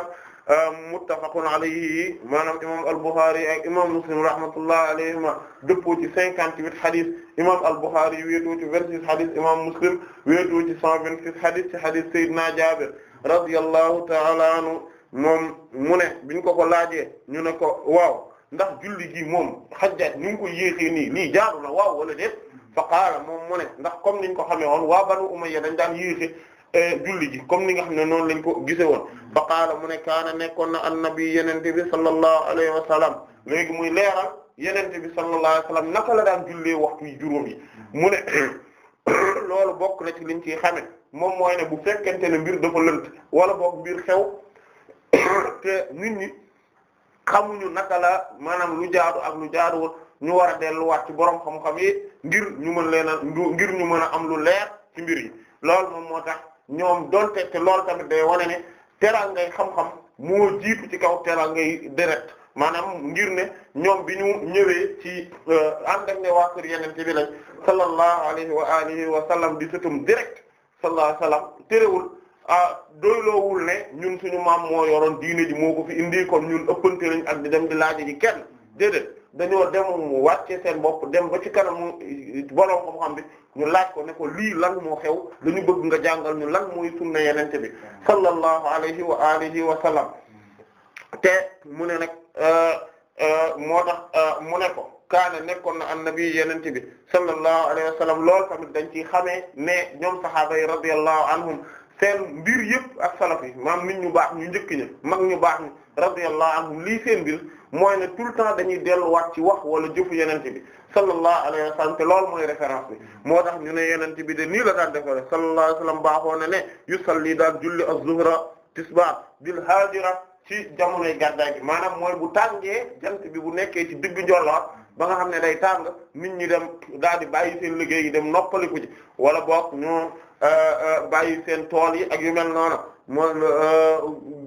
euh, muttafaqun alayhi maanaam imam al-Bukhari ak imam Muslim rahmatullah alayhima dëppoo ci 58 hadith imam al-Bukhari wéetoo ci 26 hadith imam Muslim wéetoo ci 126 hadith ci hadith Seydina Jaabir radiyallahu ta'ala anhu moom mu ne biñ ko ko laajee ñu ne ko waaw ndax julli gi moom Hajjaj ñu ngi ko yéexee nii lii jaaro la waaw wala déet fa qaala moom mu ne ndax comme niñ ko xamee woon waa Banu Umayya dañ daan yéexee Eh, julli ji comme ni nga xam ne noonu lañ ko gise woon fa qaala mu ne kaana nekkoon na annabi yenente bi sallallahu alayhi wa sallam léegi muy leeral yenente bi sallallahu alayhi wa sallam naka la daan jullee waxtu yi juróom mu ne [COUGHS] loolu bokk na ci liñ ciy xame moom mooy ne bu fekkente ne mbir dafa lënt wala boog mbir xew [COUGHS] te nit ñi xamuñu naka la maanaam lu jaadu ak lu jaaduwul ñu war a delluwaat ci borom xam-xam yi ngir ñu mën leen a ngir ñu mën a am lu leer ci mbir yi loolu moom moo tax ñoom donte te loolu tamit day wane ne teral ngay xam-xam moo jiitu ci kaw teral ngay deret maanaam ngir ne ñoom bi ñu ñëwee ci euh, ànd ak ne waa kër yeneen bi lañ sallallahu alayhi wa alihi wa sallam di sëtum direct sallallahu alayhi wa sallam terewul ah doyloowul ne ñun suñu maam moo yoroon diine ji moo ko fi indi kon ñun ëppante lañ ak di dem di laaj kenn déedéet. dañoo dem mu wàcce seen bopp dem ba ci kanamu borom xam-xam bi ñu laaj ko ne ko lii lan moo xew dañu bëgg nga jàngal ñu lan mooy sunna yenente bi sallallahu alayhi wa alihi wa sallam te mu ne nag euh, euh, moo tax euh, mu ne kaana nekkoon na annabi yenente bi sallallahu alayhi wa sallam lool tamit dañ ci xamee ne ñoom sahaaba yi radiyallahu anhum seen mbir yëpp ak salaf yi maam nit ñu baax ñu njëkk mag ñu baax ñu radiyallahu anhum lii seen bi mooy ne tout le temps dañuy delluwaat ci wax wala jëfu yenente bi sallallahu alayhi wa sallam te loolu mooy référence bi moo tax ñu ne yenente bi de nii la daan defare sallallahu alayhi wa sallam baaxoo na ne yusalli daan julli az-zuhra tisba bil haajira ci jamonoy gàddaay gi maanaam mooy bu tàngee jant bi bu nekkee ci digg njolloor ba nga xam ne day tàng nit ñi dem daal di bàyyi seen liggéey yi dem noppaliku ci wala boog ñu euh, euh, bàyyi seen tool yi ak yu mooy euh,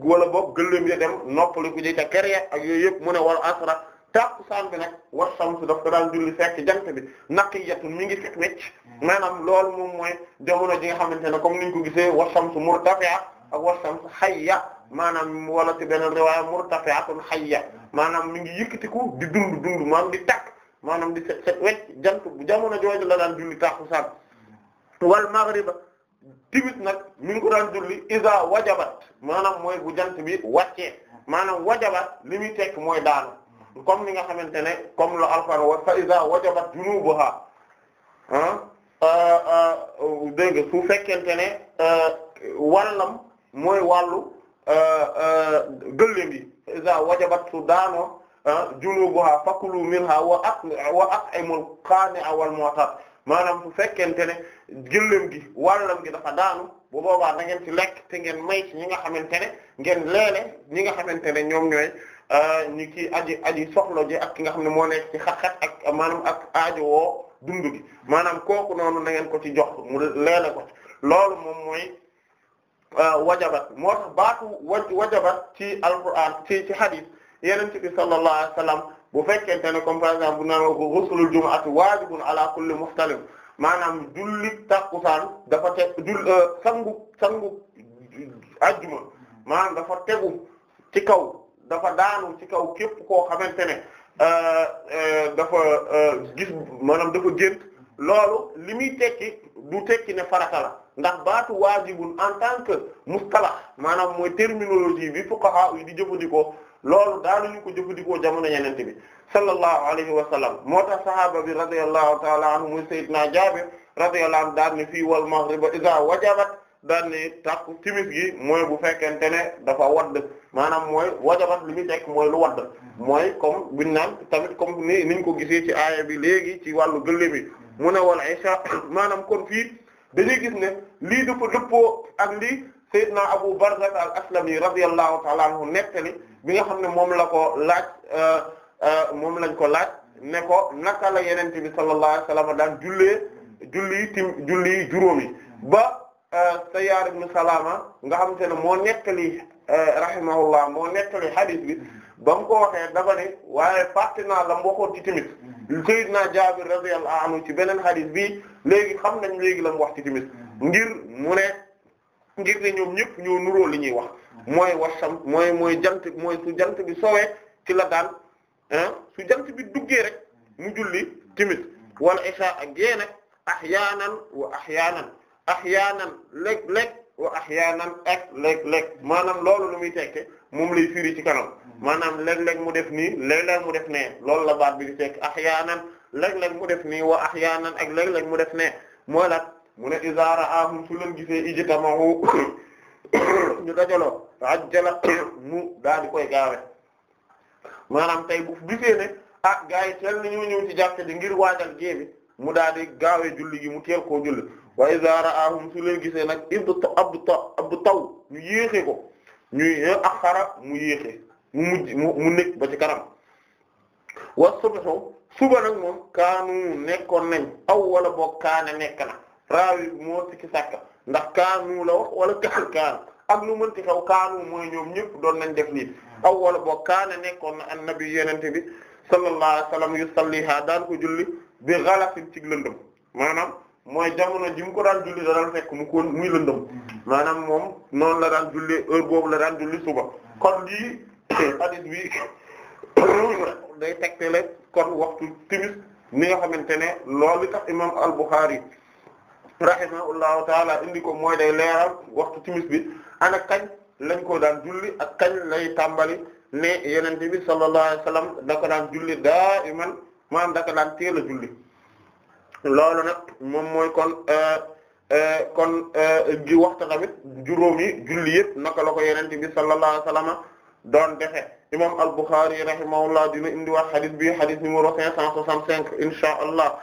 wala boog gëllëm ya dem noppali ko ji ca kër ya ak yooyu yëpp mu ne wal asra tàkkusaan bi nag wa shamsu daf ko daan julli fekk jant bi naqiyatun mi ngi fekk wecc maanaam loolu moom mooy jamono ji nga xamante ne comme niñ ko gisee wa shamsu murtafi'a ak wa shamsu hayya maanaam wala ci beneen riwaaya murtafi'atun hayya maanaam mi ngi yëkkatiku di dund dund maanaam di tàkk maanaam di set set wecc jant bu jamono jooju la daan julli tàkkusaan wal maghriba timis nag mi ngi ko daan julli isa wajabat maanaam mooy bu jant bi wàccee maanaam wajabat li muy mooy daanu comme ni nga xamante ne comme lu alfaro wa fa isa wajabat junubuha ah, ah, ah dégg nga su fekkente tene ah, wàllam mooy wàllu gëllëm yi fa isa wajabat su daanoo junubuha fakulu minha wa at wa at'imul qani'a wal mu'tar maanaam bu fekkente ne gëléem gi wàllam gi dafa daanu bu boobaa da ngeen ci lekk te ngeen may ci ñi nga xamante ne ngeen leele ñi nga xamante ne ñoom ñooy euh, ñi kii aji aji soxlo ji ak ki nga xam ne moo nekk ci xat-xat ak maanaam ak aajo wo dund gi maanaam kooku noonu na ngeen ko ci jox mu leele ko loolu moom mooy euh, wajabat moo tax baatu wajabat ci alquran ci ci hadith yeneen ci bi sallallahu alayhi bu fekkente ne comme par exemple bu naan ko ghuslul jumu'ati waajibun ala kulli muhtalim maanaam julli takkusaan dafa teg jull euh, sangu sangu ajjuma maanaam dafa tegu ci kaw dafa daanu ci kaw képp koo xamante ne euh, euh, dafa gis maanaam dafa gént loolu li muy tekki du tekki ne farata la ndax baatu waajibun en tant que mustalah maanaam mooy terminologie bi fuqaha yi di jëfandikoo loolu daal daanuñu ko jëfandikoo jamono yenente bi sallallahu alayhi wa sallam moo tax sahaaba bi radiyallahu taala anhu muy sayyidina Jaabir radiyallahu anhu daan ne fii wal maghriba iza wajabat daan ne takku timis gi mooy bu fekkente ne dafa wadd maanaam mooy wajabat li ñu tekk mooy lu wadd mooy comme buñ naan tamit comme ni niñ ko gisee ci aaya bi léegi ci wàllu gëlle bi mu ne wal isha [COUGHS] maanaam kon fii dañuy gis ne lii dafa dëppoo ak lii sayyidina Abu Barzah al-Aslami radiyallahu taala anhu nettali bi nga xam ne moom la ko laaj euh, euh, moom lañ ko laaj ne ko naka la yenente bi sallallahu dan wasallam daan jullee julli tim julli juróom yi ba euh, Sayyaar ibn Salama nga xam te ne moo nettali rahimahullah moo nettali hadith bi ba mu ko waxee dafa ne waaye fàtte naa la mu waxoon ci timis Sayyidina Jaabir radiyallahu anhu ci beneen hadith bi léegi xam nañ léegi la mu wax ci timis ngir mu ngir ne ñoom ñëpp ñoo nuróo li ñuy wax mooy wasam mooy mooy jant mooy su jant bi sowee ci la daan ah su jant bi duggee rek mu julli timis wala isha ak gée nag ahyaanan wa ahyaanan ahyaanan léeg-léeg wa ahyaanan ak léeg-léeg maanaam loolu lu muy tekke moom lay firi ci kanam maanaam léeg-léeg mu def nii léeg-léeg mu def nee loolu la baat bi di tekk ahyaanan léeg-léeg mu def nii wa ahyaanan ak léeg-léeg mu def nee mooy la mu ne izaa ra'aahum su leen gisee ijtamahu [COUGHS] ñu dajaloo ajjala [COUGHS] mu daal koy gaawe maanaam tey bu gisee ne ah gars yi teel nañu ñëw ci jàkka ji ngir waajal gée mu daal di gaawee julli gi mu teel koo julli wa izaa ra'aahum su leen gisee nag ibdu abdu taw ñu yéexee ko ñuy axara mu yéexee mu mujj mu nekk ba ci kanam wa subhu suba nag moom kaanu nekkoon nañ aw wala boog kaane nekk na. raawi moo sikki sàkka ndax kaanu la wax wala kaal kaan ak lu mënti xew kaanu mooy ñoom ñëpp doon nañ def nii aw wala boo kaana nekkoon na annabi yenente bi sallallahu alayhi wasallam yusalliha daan ko julli bi galatin ci lëndëm maanaam mooy jamono ji mu ko daan julli da fekk mu ko muy lëndëm maanaam moom noonu la daan julli heure boobu la daan julli suba kon lii [COUGHS] hadith bi [COUGHS] day tegtale kon waxtu timis ni xamante ne loolu tax imam al-Bukhari rahimahullahu taala indi ko mooy day leeral waxtu timis bi ana kañ lañ ko daan julli ak kañ lay tàmbali ne yonent bi sallallahu alayhi wasallam da julli daa iman maanaam da ko daan teel julli loolu nag moom mooy kon euh, euh, kon euh, gi waxta tamit juróomi julli yëpp naka la ko yonent bi sallallahu alayhi wasallam doon defe imam al-Bukhari rahimahullah dina indi wax hadith bi hadith numéro 565 insha allah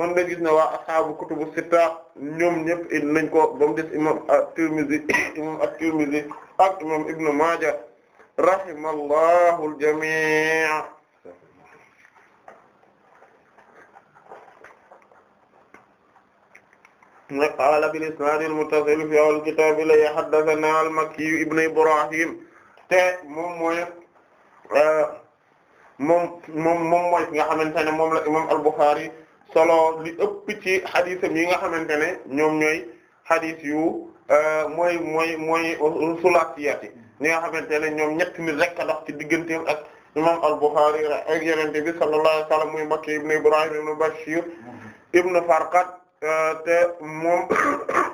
kon da gis ne waa ashaabu kutubu sitta ñoom ñëpp indi nañ ko ba mu des imam at-Tirmidhi [COUGHS] imam at-Tirmidhi ak imam Ibn Maaja rahimallahu al-jamii ne qaala bil isnaad al-muttasil fi awwal kitaab la haddathanaa al-Makki ibn Ibrahim te moom mooy euh, moom moom moom mooy nga xamante ne moom la imam al-Bukhari solo li ëpp ci xadisam yi nga xamante ne ñoom ñooy xadis yu euh, mooy mooy mooy sulaasiyaat yi ñi nga xamante ne ñoom ñetti nit rek a dox ci digganteem ak imam al-Bukhari ak yonent bi sallallahu alayhi wa sallam muy Makki ibn Ibrahim ibn Bashir ibn Farqad euh, moom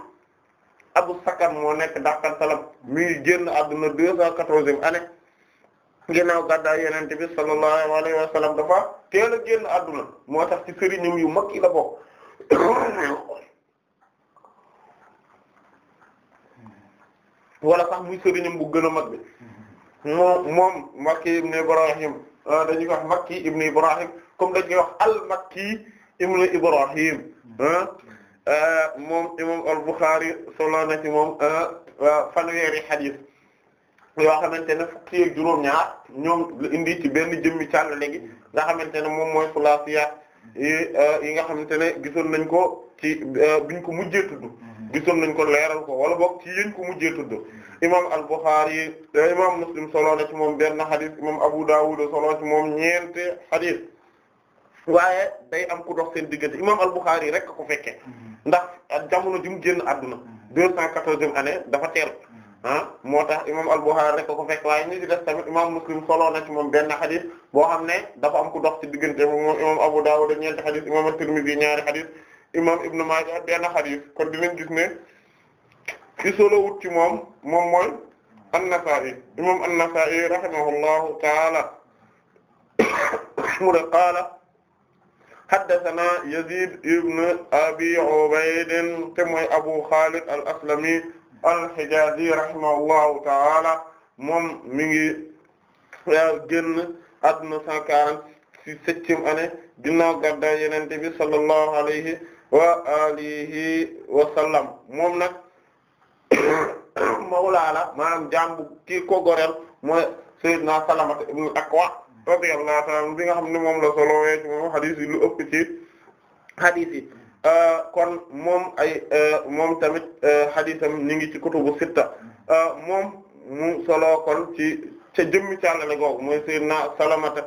[COUGHS] Abu Sakan moo nekk dàqan salam mi ngi génn àdduna deux cent quatorzième année ginnaaw gàddaay yonent bi sallallahu alayhi wa dafa teel a génn àdduna moo tax ci sëriñam yu mag yi la bokk wala sax muy sëriñam bu gën a mag bi moom moom Makki ibn Ibrahim ah, dañuy wax Makki ibn Ibrahim comme dañuy wax al-Makki ibn Ibrahim ah, ah, moom imam al-Bukhari solo na ci moom fanweeri hadith yoo xamante ne fukki ak juróom-ñaar ñoom indi ci benn jëmmi càll léegi nga xamante ne moom mooy sulaasiyaat euh, yi nga xamante ne gisoon nañ ko ci euh, biñ ko mujjee tudd. Mhm. gisoon nañ ko leeral ko wala boog ci yéen ko mujjee tudd imaam al-Bukhari euh, imaam Muslim solo na ci moom benn xadis imaam Abu Dawud solo ci moom ñeente xadis waaye day am ku dox seen diggante imaam al-Bukhari rek ko fekkee mhm. ndax jamono ji mu génn àdduna mhm. deux cent quatorzième année dafa teel. ah moo tax imam al-Bukhari rek ko fekk waaye ñu ci def tamit imam Muslim solo na ci moom benn xadis boo am ne dafa am ku dox ci diggante moom imam Abu Dawud ñeenti xadis imam at-Tirmidhi ñaari xadis imam Ibn Majah benn xadis kon dinañ gis ne ci solo wut ci moom moom mooy an-Nasa'i imam an-Nasa'i rahimahullahu ta'ala mu ne qaala haddathana Yazid ibn Abi Ubayd te mooy Abu Khalid al-Aslami al-Hijazi rahimahullahu ta'ala moom mi ngi génn àdduna cent quarante-septième année ginnaaw gàddaay Yonent bi sallallahu alayhi wa alihi wa sallam moom nag [COUGHS] mawla la jaam bu kii ko goreel mooy Sayyidina Salamata ibn Akwa radiyallahu ta'ala bi nga xam ne moom la solo weesu moom hadith lu ëpp ci Euh, kon moom ay euh, moom tamit hadisam euh, ñu ngi ci kutubu sitta moom mu solo kon ci ca jëmmi càllale googu mooy sayyidina Salamata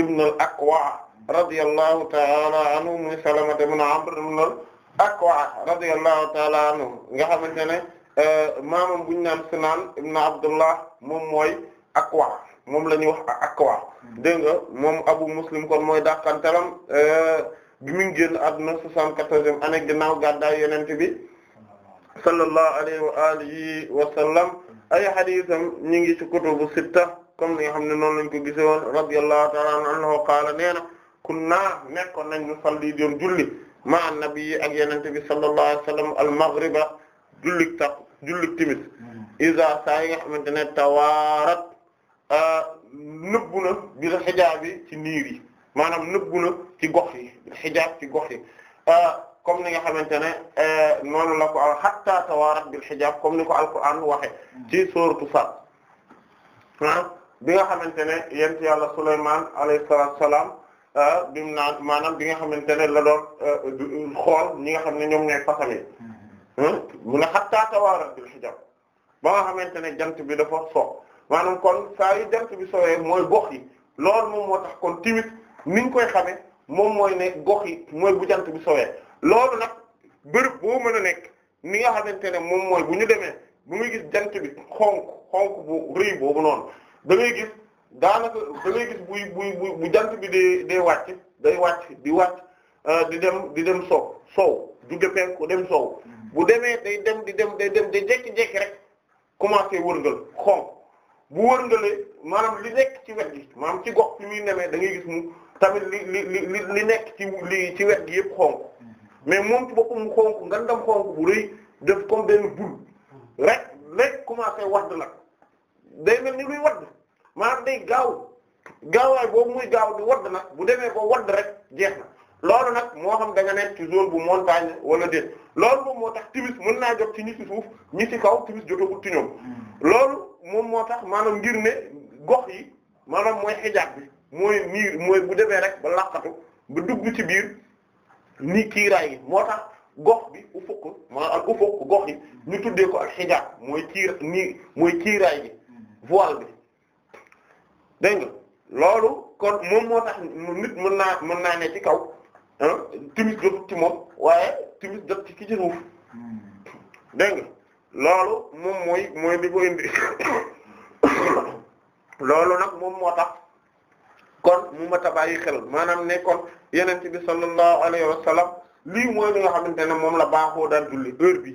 ibn al-Akwa radiyallahu ta'ala anhu muy Salamata ibn Amr ibn ta'ala anhu nga xamante ne maam bu ñu naan Sinan ibn Abdullah moom mooy Akwa moom la ñuy wax Akwa mm-hmm. dégg nga moom Abu Muslim kon mooy dàqantalam bi mu ngi génn àdduna soixante-quatorzième année ginnaaw gàddaay yonent bi sallallahu alayhi wa alihi ay hadisam ñi ngi ci kutubu sitta comme ni nga xam ne noonu lañ ko gisee woon radiyallahu ta'ala anhu qaala nee na kunna nekkoon nañ mu salli julli ma annabi ak yonent bi sallallahu alayhi wa sallam al maghriba jullik tax jullik timis isa saa yi nga xamante ne tawaarat ah, ci niir yi maanaam nëbbu na ci gox yi xijaab ci gox yi euh, comme ni nga xamante ne euh, noonu la ko al hatta tawaarat bil xijaab comme ni ko alquran waxe ci sooratu Saad ah bi nga xamante ne yent yàlla Sulaymaan alayhi salaatu salaam euh, bi maanaam bi nga xamante ne la doon xool ni nga xam ne ñoom ñooy fasam hmm? yi mu ne hatta tawaarat bil xijaab ba nga xamante ne jant bi dafa so maanaam kon saa yu jant bi sowee mooy gox yi loolu moo tax kon timit ni koy xamee moom mooy ne gox yi mooy bu jant bi sowee loolu nag bërëb boo mën a nekk ni nga xamante ne moom mooy bu ñu demee bu muy gis jant bi xonk xonk bu rëy boobu noonu da ngay gis daanaka da ngay gis buy buy bu jant bi day day wàcc day wàcc di wàcc euh, di dem di dem soow sow sow juge penku dem soow bu demee day dem di dem day dem day jékki-jékki rek commencé wërngal xonk bu wërngalee maanaam li nekk ci wet gi maanaam ci gox fi muy nemee da ngay gis mu tamit li li li li nekk ci li ci wet gi yëpp xonk mais moom ci boppam mu xonk ngandam xonk bu rëy def comme benn bul rek commencé wadd nag day mel ni luy wadd maanaam day gaaw gaawaay boobu muy gaaw di wadd nag demee ba wadd rek jeex loolu nag moo xam da nga nekk ci zone bu montagne wala déet loolu moom moo tax timis mën naa jot ci ñi ci suuf ñi ci kaw timis jotagul ci ñoom hmm. loolu moom moo tax maanaam ngir ne gox yi maanaam mooy xijaab bi mooy niir mooy bu demee rek ba laqatu ba dugg ci biir ni kiiraay gi moo tax gox bi ufuk maanaam ak ufuk gox yi ñu tuddee ko ak xijaab mooy kiir nii mooy kiiraay gi voile bi dégg loolu kon moom moo tax nit mën naa mën naa ne ci kaw timis jot ci moom waaye timis jot ci ki ci suuf dégg loolu moom mooy mooy li ko indi [COUGHS] loolu nag moom moo tax kon mu mat a bàyyi xel maanaam ne kon yonent bi sallallahu alayhi wa sallam lii mooy li nga xamante ne moom la baaxoo daan julli heure bi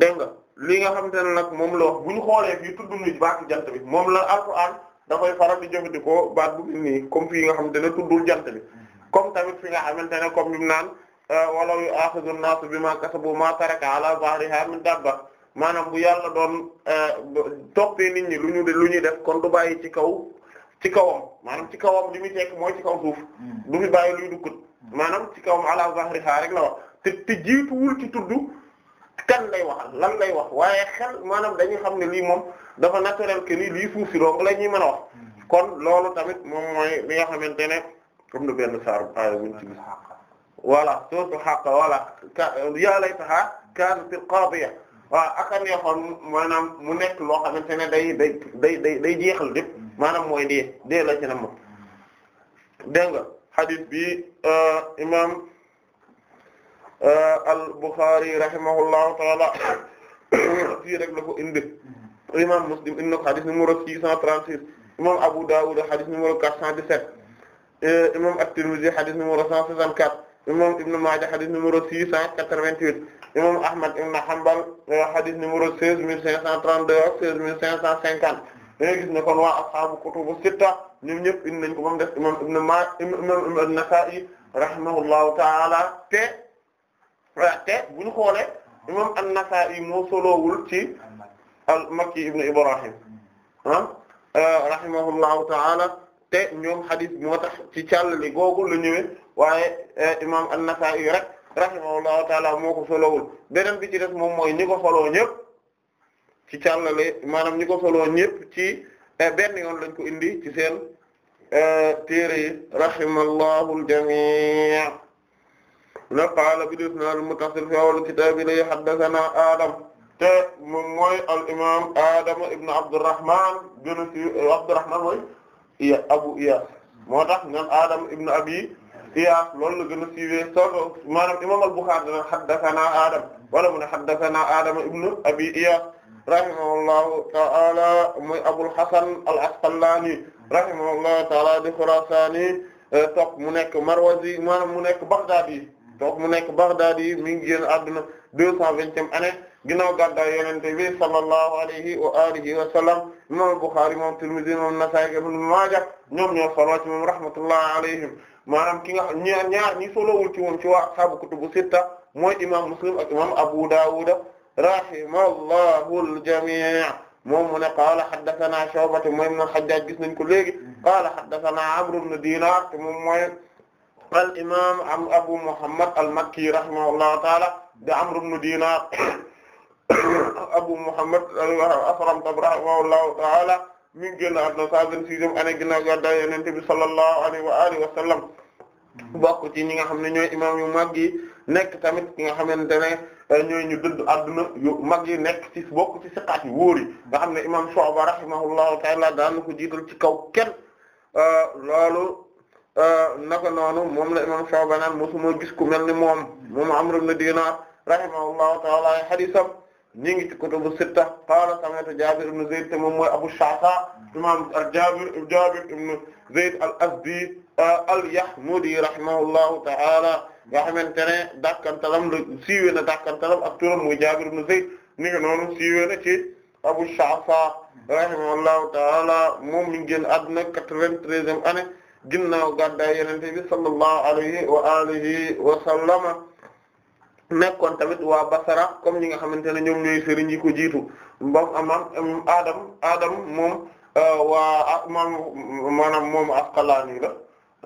dégg nga li nga xamante ne nag moom la wax bu ñu xoolee fii tudd nañu baatu jant bi moom la alquran dafay faral di jëfandikoo baat bu mel nii fii nga xam ne tuddul jan bi kom tamit fi nga xamante ne comme li mu naan euh, walaw yu'akhidhu an-naasu bimaa kasabu maa taraka ala zahrihaa min daabba maanaam bu yàlla doon euh, toppee nit ñi lu ñu lu ñuy def kon du bàyyi ci kaw ci kawam maanaam ci kawam li muy nekk mooy ci kaw suuf hmm. du fi bàyyi luy dukkut maanaam ci kawam ala zahri xaa rek la wax te te jiituwul ci tudd kan lay waxal lan lay wax waaye xel maanaam dañuy xam ne lii moom dafa naturel que ni lii suuf si dong la ñuy mën a wax hmm. kon loolu tamit moom mooy li nga xamante ne comme nu benn saar ay buñ ci gis voilà surtout xàq voilà ka yaa laytahaa kaanatil qaadiya waaw aka neexoon maanaam mu nekk loo xamante ne day day day day day jeexal lépp maanaam mooy dee dee la ci na moom dégg nga xadis bi euh, imam euh, al-Bukhari rahimahullahu taala [COUGHS] fii rek la ko indi imam Muslim indi na ko xadis numéro 636 imam Abu Dawud xadis numéro 417 euh, imam at-Tirmidhi xadis numéro 164 imam Ibn Maaja xadis numéro 688 imam Ahmad ibn Hanbal xadis numéro 16532 ak 16550 dangay gis ne kon waa ashaabu kutubu sitta ñoom ñëpp indi nañ ko moom des imam ibn ma imam an-Nasa'i rahimahullahu taala te te xoolee imam an-Nasa'i moo ci al-Makki ibn Ibrahim ah euh, rahimahullahu taala te ñoom hadith moo tax ci càllali googu la ñëwee waaye euh, imam an-Nasa'i rek rahimahullahu taala moo ko solowul beneen bi ci des moom mooy ñi ko soloo ñëpp ci càllale maanaam ñi ko soloo ñëpp ci eh, benn yoon lañ ko indi ci seen eh, téere yi rahimallahu al-jamii' na qaala bi isnaad al-muttasil fi awwal kitaab li haddathanaa Adam te moom mooy al imaam Adam ibn Abdurrahman gën a siiw Abu Iyaas moo tax ñoom Adam ibn Abi Iyaas loolu la gën a siiwee soo ko maanaam imaam al-Bukhari dana Adam wala mu ne haddathana Adama ibn Abi Iyas rahimahullahu ta'ala muy Abul Hasan al-Asqalani rahimahullahu ta'ala di Khurasani eh, toog mu nekk Marwazi maanaam mu nekk Baghdadi toog mu nekk Baghdadi mi ngi génn àdduna deux cent vingtième année ginnaaw gàddaay Yonent bi sallallahu alayhi wa alihi wa sallam imam Bukhari moom Tirmidhi moom Nasa'i ibn Maaja ñoom ñoo solo ci moom rahmatullahi alayhim ci moom ci waa ashaabu kutubu sitta mooy imam Muslim ak imam Abu Dawud rahimahullahu al-jami' moom mu ne qaala haddathana Shu'ba mooy ibn al-Hajjaj gis nañ ko léegi qaala haddathana Amr ibn Dinar te moom mooy al imam am Abu Muhammad al-Makki rahimahullahu ta'ala de Amr ibn Dinar [COUGHS] Abu Muhammad al-Asram rahimahullahu ta'ala mi ngi génn àdduna 126e année ginnaaw gàddaay Yonent bi sallallahu alayhi wa alihi wa sallam bokk ci ñi nga xam ne ñooy imam yu mag yi nekk tamit ki nga xamante ne euh, ñooy ñu dëdd adduna mag yi nekk ci bokk ci siqaat yi wóor yi nga xam ne imam Shu'ba rahimahullahu ta'ala daan na ko jiital ci kaw kenn euh, loolu euh, naka noonu moom la imam Shu'ba naan mosuma gis ku mel ni moom moom Amr ibn Dinar rahimahullahu ta'ala ay hadisam ñi ngi ci kutubu sitta qaala sami'tu Jaabir ibn Zayd Abu Sha'tha imam Jaabir Jaabir ibn al-Azdi al-Yahmudi rahimahullahu ta'ala nga xamante ne dàkkantalam la siiwee na dàkkantalam ak turam muy Jaabir ibn Zayd ni nga noonu siiwee na ci Abu Sha'fa rahimahullahu ta'ala moom mi ngi génn àdduna quatre-vingt-treizième année ginnaaw gàddaay Yonent bi sallallahu alayhi wa alihi wa sallama nekkoon tamit waa Basra comme ñi nga xamante ne ñoom ñooy sëriñ yi jiitu mbam amam Adam Adam moom euh, waa ah, maam maanaam moom Asqalaani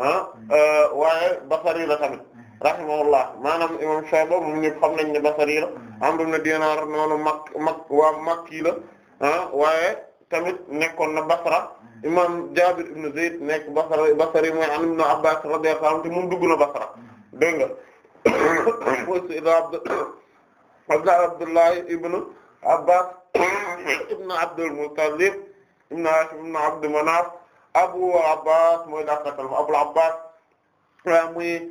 ah, hmm. euh, waaye Basri tamit rahimahullah maanaam imam Shu'ba moom ñëpp xam nañ ne Basri la Amr ibn Dinar noonu Mak Mak waa Makki la ah waaye tamit nekkoon na Basra imam Jabir ibn Zayd nekk Basra Basri mooy an ibn Abbas radiyallahu anhu te moom dugg na Basra dégg nga abda [COUGHS] Abdullah ibn Abbas [COUGHS] ibn Abdul Muttalib ibn Hashim ibn Abd Manaf Abu Abbas mooy dakatal Abul Abbas muy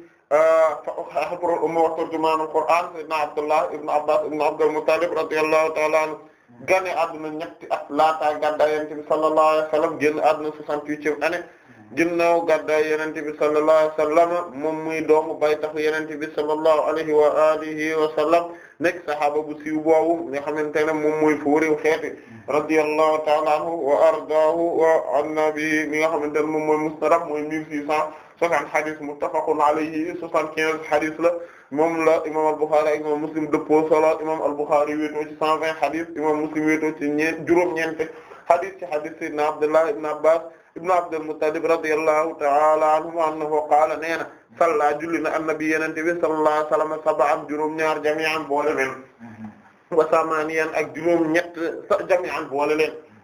habrul umma wa turjumaanul Qur'aan sayyidina Abdullah ibn Abbas ibn Abdul Muttalib radiyallahu ta'ala anhu gane adduna ñetti at laataa gàddaay Yonent bi sallallahu alayhi wa sallam génn adduna soixante-huitième année ginnaaw gàddaay Yonent bi sallallahu alayhi wa sallam moom muy doomu bay taxu Yonent bi sallallahu alayhi wa alihi wa sallam nekk sahaaba bu siiw boobu nga xamante ne moom mooy fuuriw xeeti radiyallahu ta'ala anhu wa ardaahu wa annabi mi nga xamante ne moom mooy musnadam soixante hadith muttafaqun alayhi soixante-quinze hadith la moom la imam al-Bukhari ak imam Muslim dëppoo solo imam al-Bukhari wéetoo ci cent vingt hadith imam Muslim wéetoo ci ñeent juróom-ñeent hadith ci hadith sayyidina Abdullah ibn Abbas ibn Abdul ta'ala anhuma annahu qaala nee na salla julli na annabi yenente bi sallallahu ñaar jami'an boole leen mm-hmm. wa samaniyan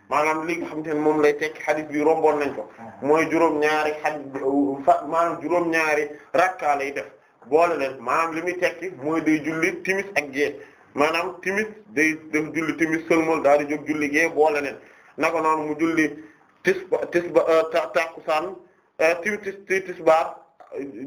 maanaam li nga xamante ne moom lay tekki xadis bi romboon nañ ko mooy juróom-ñaari xadis euh, maanaam juróom-ñaari rakka lay def boole leen maanaam li muy tekki mooy day julli timis ak gée maanaam timis day def julli timis sëlmal daal di jóg julli gée boole neen naka noonu mu julli tisba tisba euh, takusaan euh, timis tis tisbaar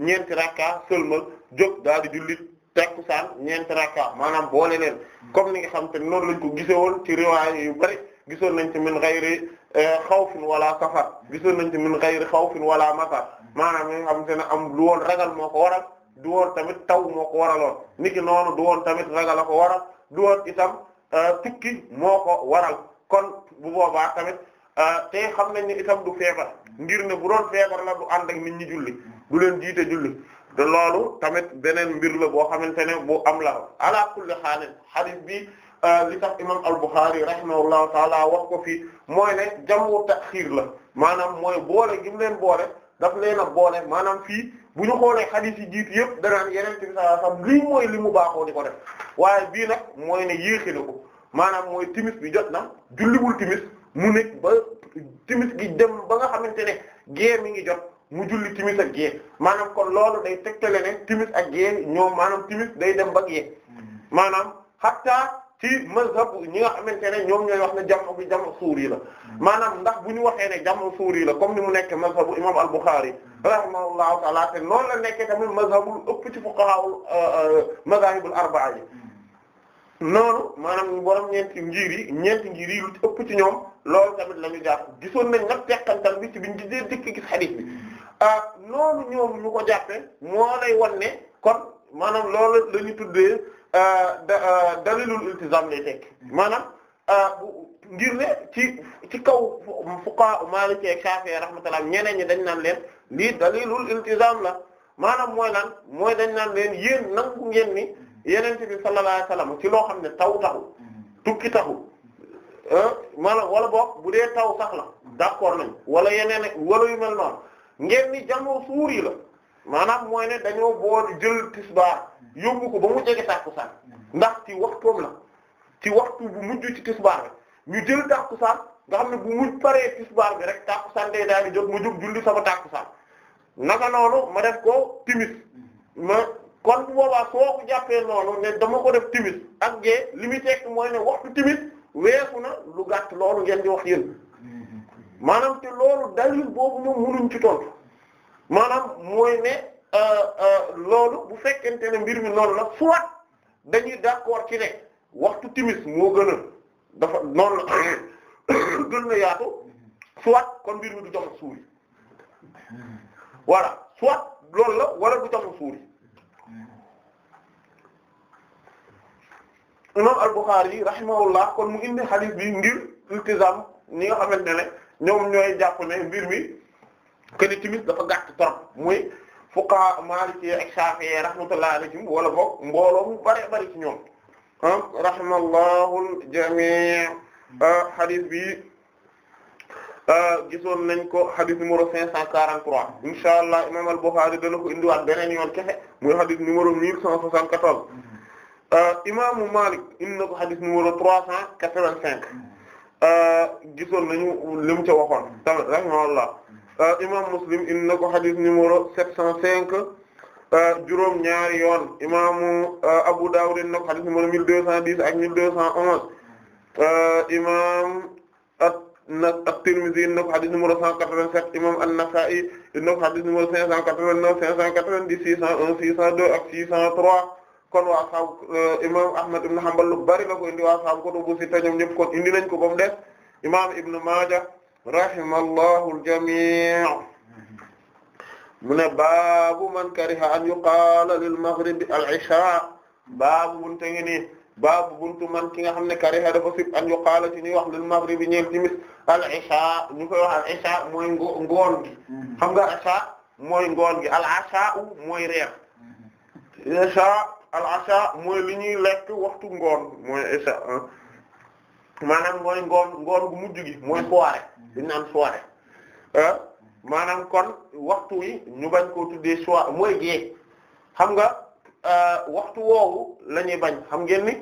ñeenti rakka sëlmal jóg daal di julli takusaan ñeenti rakka maanaam boole neen hmm. comme ni nga xamante ne noonu lañ ko gisewoon ci riwaay yu bari gisoon nañ ci min ghayri eh, xawfin wala safar gisoon nañ ci min ghayri xawfin wala masar maanaam ñi nga xamante am lu ragal moo ko waral du woon tamit taw moo ko waraloon niki noonu du woon tamit ragal a ko waral du itam eh, tukki moo ko waral kon bu boobaa tamit eh, te xam nañ ne itam du feebar ngir ne bu doon feebar la du ànd ak nit ñi julli du leen jiite julli te loolu tamit beneen mbir la boo xamante ne bu am la ala kulli xaalis xaalis bi Euh, li tax imam al-Bukhari rahimahullahu taala wax ko fii mooy ne jamu taxiir la maanaam mooy boole gi mu leen boole daf leen a boole maanaam fii bu ñu xoolee xadiis yi jiitu yëpp danaan yeneen bi sallallahu alayhi li mu baaxoo di ko def waaye bii nag mooy ne yéexi ko maanaam mooy timis bi jot na julliwul timis mu nekk ba timis gi dem ba nga xamante ne gée mi ngi jot mu julli timis a gée maanaam kon loolu day tegtale ne timis ak gée ñoom maanaam timis day dem ba gée maanaam xatta ci mazhab ñi nga xamante ne ñoom ñooy wax ne jamu bi jamu suuri la maanaam ndax bu ñu waxee ne jamu suuri la comme ni mu nekk mazhabu imam al-Bukhari rahimahullahu ta'ala te noonu la nekkee tamit mazhabul ëpp ci fuqaha euh, mazahibul arba'a yi noonu maanaam borom ñeenti ngir yi ñeenti ngir yi lu ci ëpp ci ñoom loolu tamit la ñu jàpp gisoon nañ nag teqantal bi ci biñ dikk gis hadith bi ah noonu ñoom ñu ko jàppee moo lay wan ne kon maanaam loolu la ñu Euh, euh, dalilul iltizam lay tek maanaam euh, ngir ne ci ci kaw fuqaha Maliki ak Shafi'i rahmatullah ñeneen ñi dañ naan leen lii dalilul iltizam la maanaam mooy lan mooy dañ naan leen yéen nangu ngeen ni yenente bi sallallahu alayhi ci loo xam ne taw taxu tukki taxu maanaam wala boog bu dee taw sax la d'accord nañ wala yeneen wala yu mel ngeen ni jamoo suur yi la maanaam mooy ne dañoo boor jël tisbaar yóbbu ko ba mu jege tàkkusaan ndax ci waxtoom la ci waxtu bu mujj ci tisbaar bi ñu jël tàkkusaan nga xam ne bu mujj paree tisbaar bi rek tàkkusaan day daal di jot ma jóg julli sama tàkkusaan naka noonu ma def ko timis ma kon bu boobaa soo ko jàppee noonu ne dama ko def timis ak gee li muy tekk mooy ne waxtu timis weesu na lu gàtt loolu ngeen di wax yéen mm-hmm. maanaam te loolu dalil boobu moom munuñ ci tontu. maanaam mooy ne euh, euh, loolu bu fekkente ne mbir mi noonu la soit dañuy d'accord ci ne waxtu timis moo gën a dafa noon la [COUGHS] gën na yaatu soit kon mbir mi du jox suuri voilà soit loolu la wala du jox suuri imam al-Bukhari rahimahullah kon mu indi hadith bi ngir iltizam ni nga xamante ne ñoom ñooy jàpp ne mbir mi kene timis dafa gàtt trop muy fuqaha Maliki ak Shafi'i rahmatullahi alayhim wala boog mbooloo mu bari bari ci ñoom ah, rahimallahu al-jami' ah, hadith bi ah, gisoon nañ ko hadith numéro 543 inshallah imam al-Bukhari dana ko indiwaat beneen yoon kefe muy hadith numéro 1174 imaamu Malik indi na ko hadith numéro 385 gisoon nañu li mu ca waxoon tamit rahimahullah Euh, imam Muslim indi na ko xadis numéro 705 euh, juróom ñaari yoon imaamu euh, Abu Dawud indi na ko xadis numéro 1210 ak 1211 imam At-Tirmidhi indi na ko xadis numéro 187 imam An-Nasa'i indi na ko xadis numéro 589 590 601 602 ak 603 kon waa saab imam Ahmad ibn Hanbal lu bari la ko indi waa saab kutubu sitta ñoom ñëpp kon indi nañ ko ba mu def imam Ibn Maaja rahimallahu al-jamii' mu ne baabu man kariha an yuqaala lil maghribi al-ishaa baabu bunte ngi nii baabu buntu man ki nga xam ne kariha dafa sib an yuqaala ci ñuy wax lil maghribi ñeel timis al-ishaa ñu koy wax al-ishaa mooy ngoon gi xam nga ishaa mooy ngoon gi al-ishaa mooy reer ishaa al-ishaa mooy li ñuy lekk waxtu ngoon mooy ishaa maanaam mooy ngoon ngoon gu mujj gi mooy soirée dañ naan soirée ah, maanaam kon waxtu wi ñu bañ koo tuddee soirée mooy gée xam nga ah, waxtu woowu lañuy bañ xam ngeen ni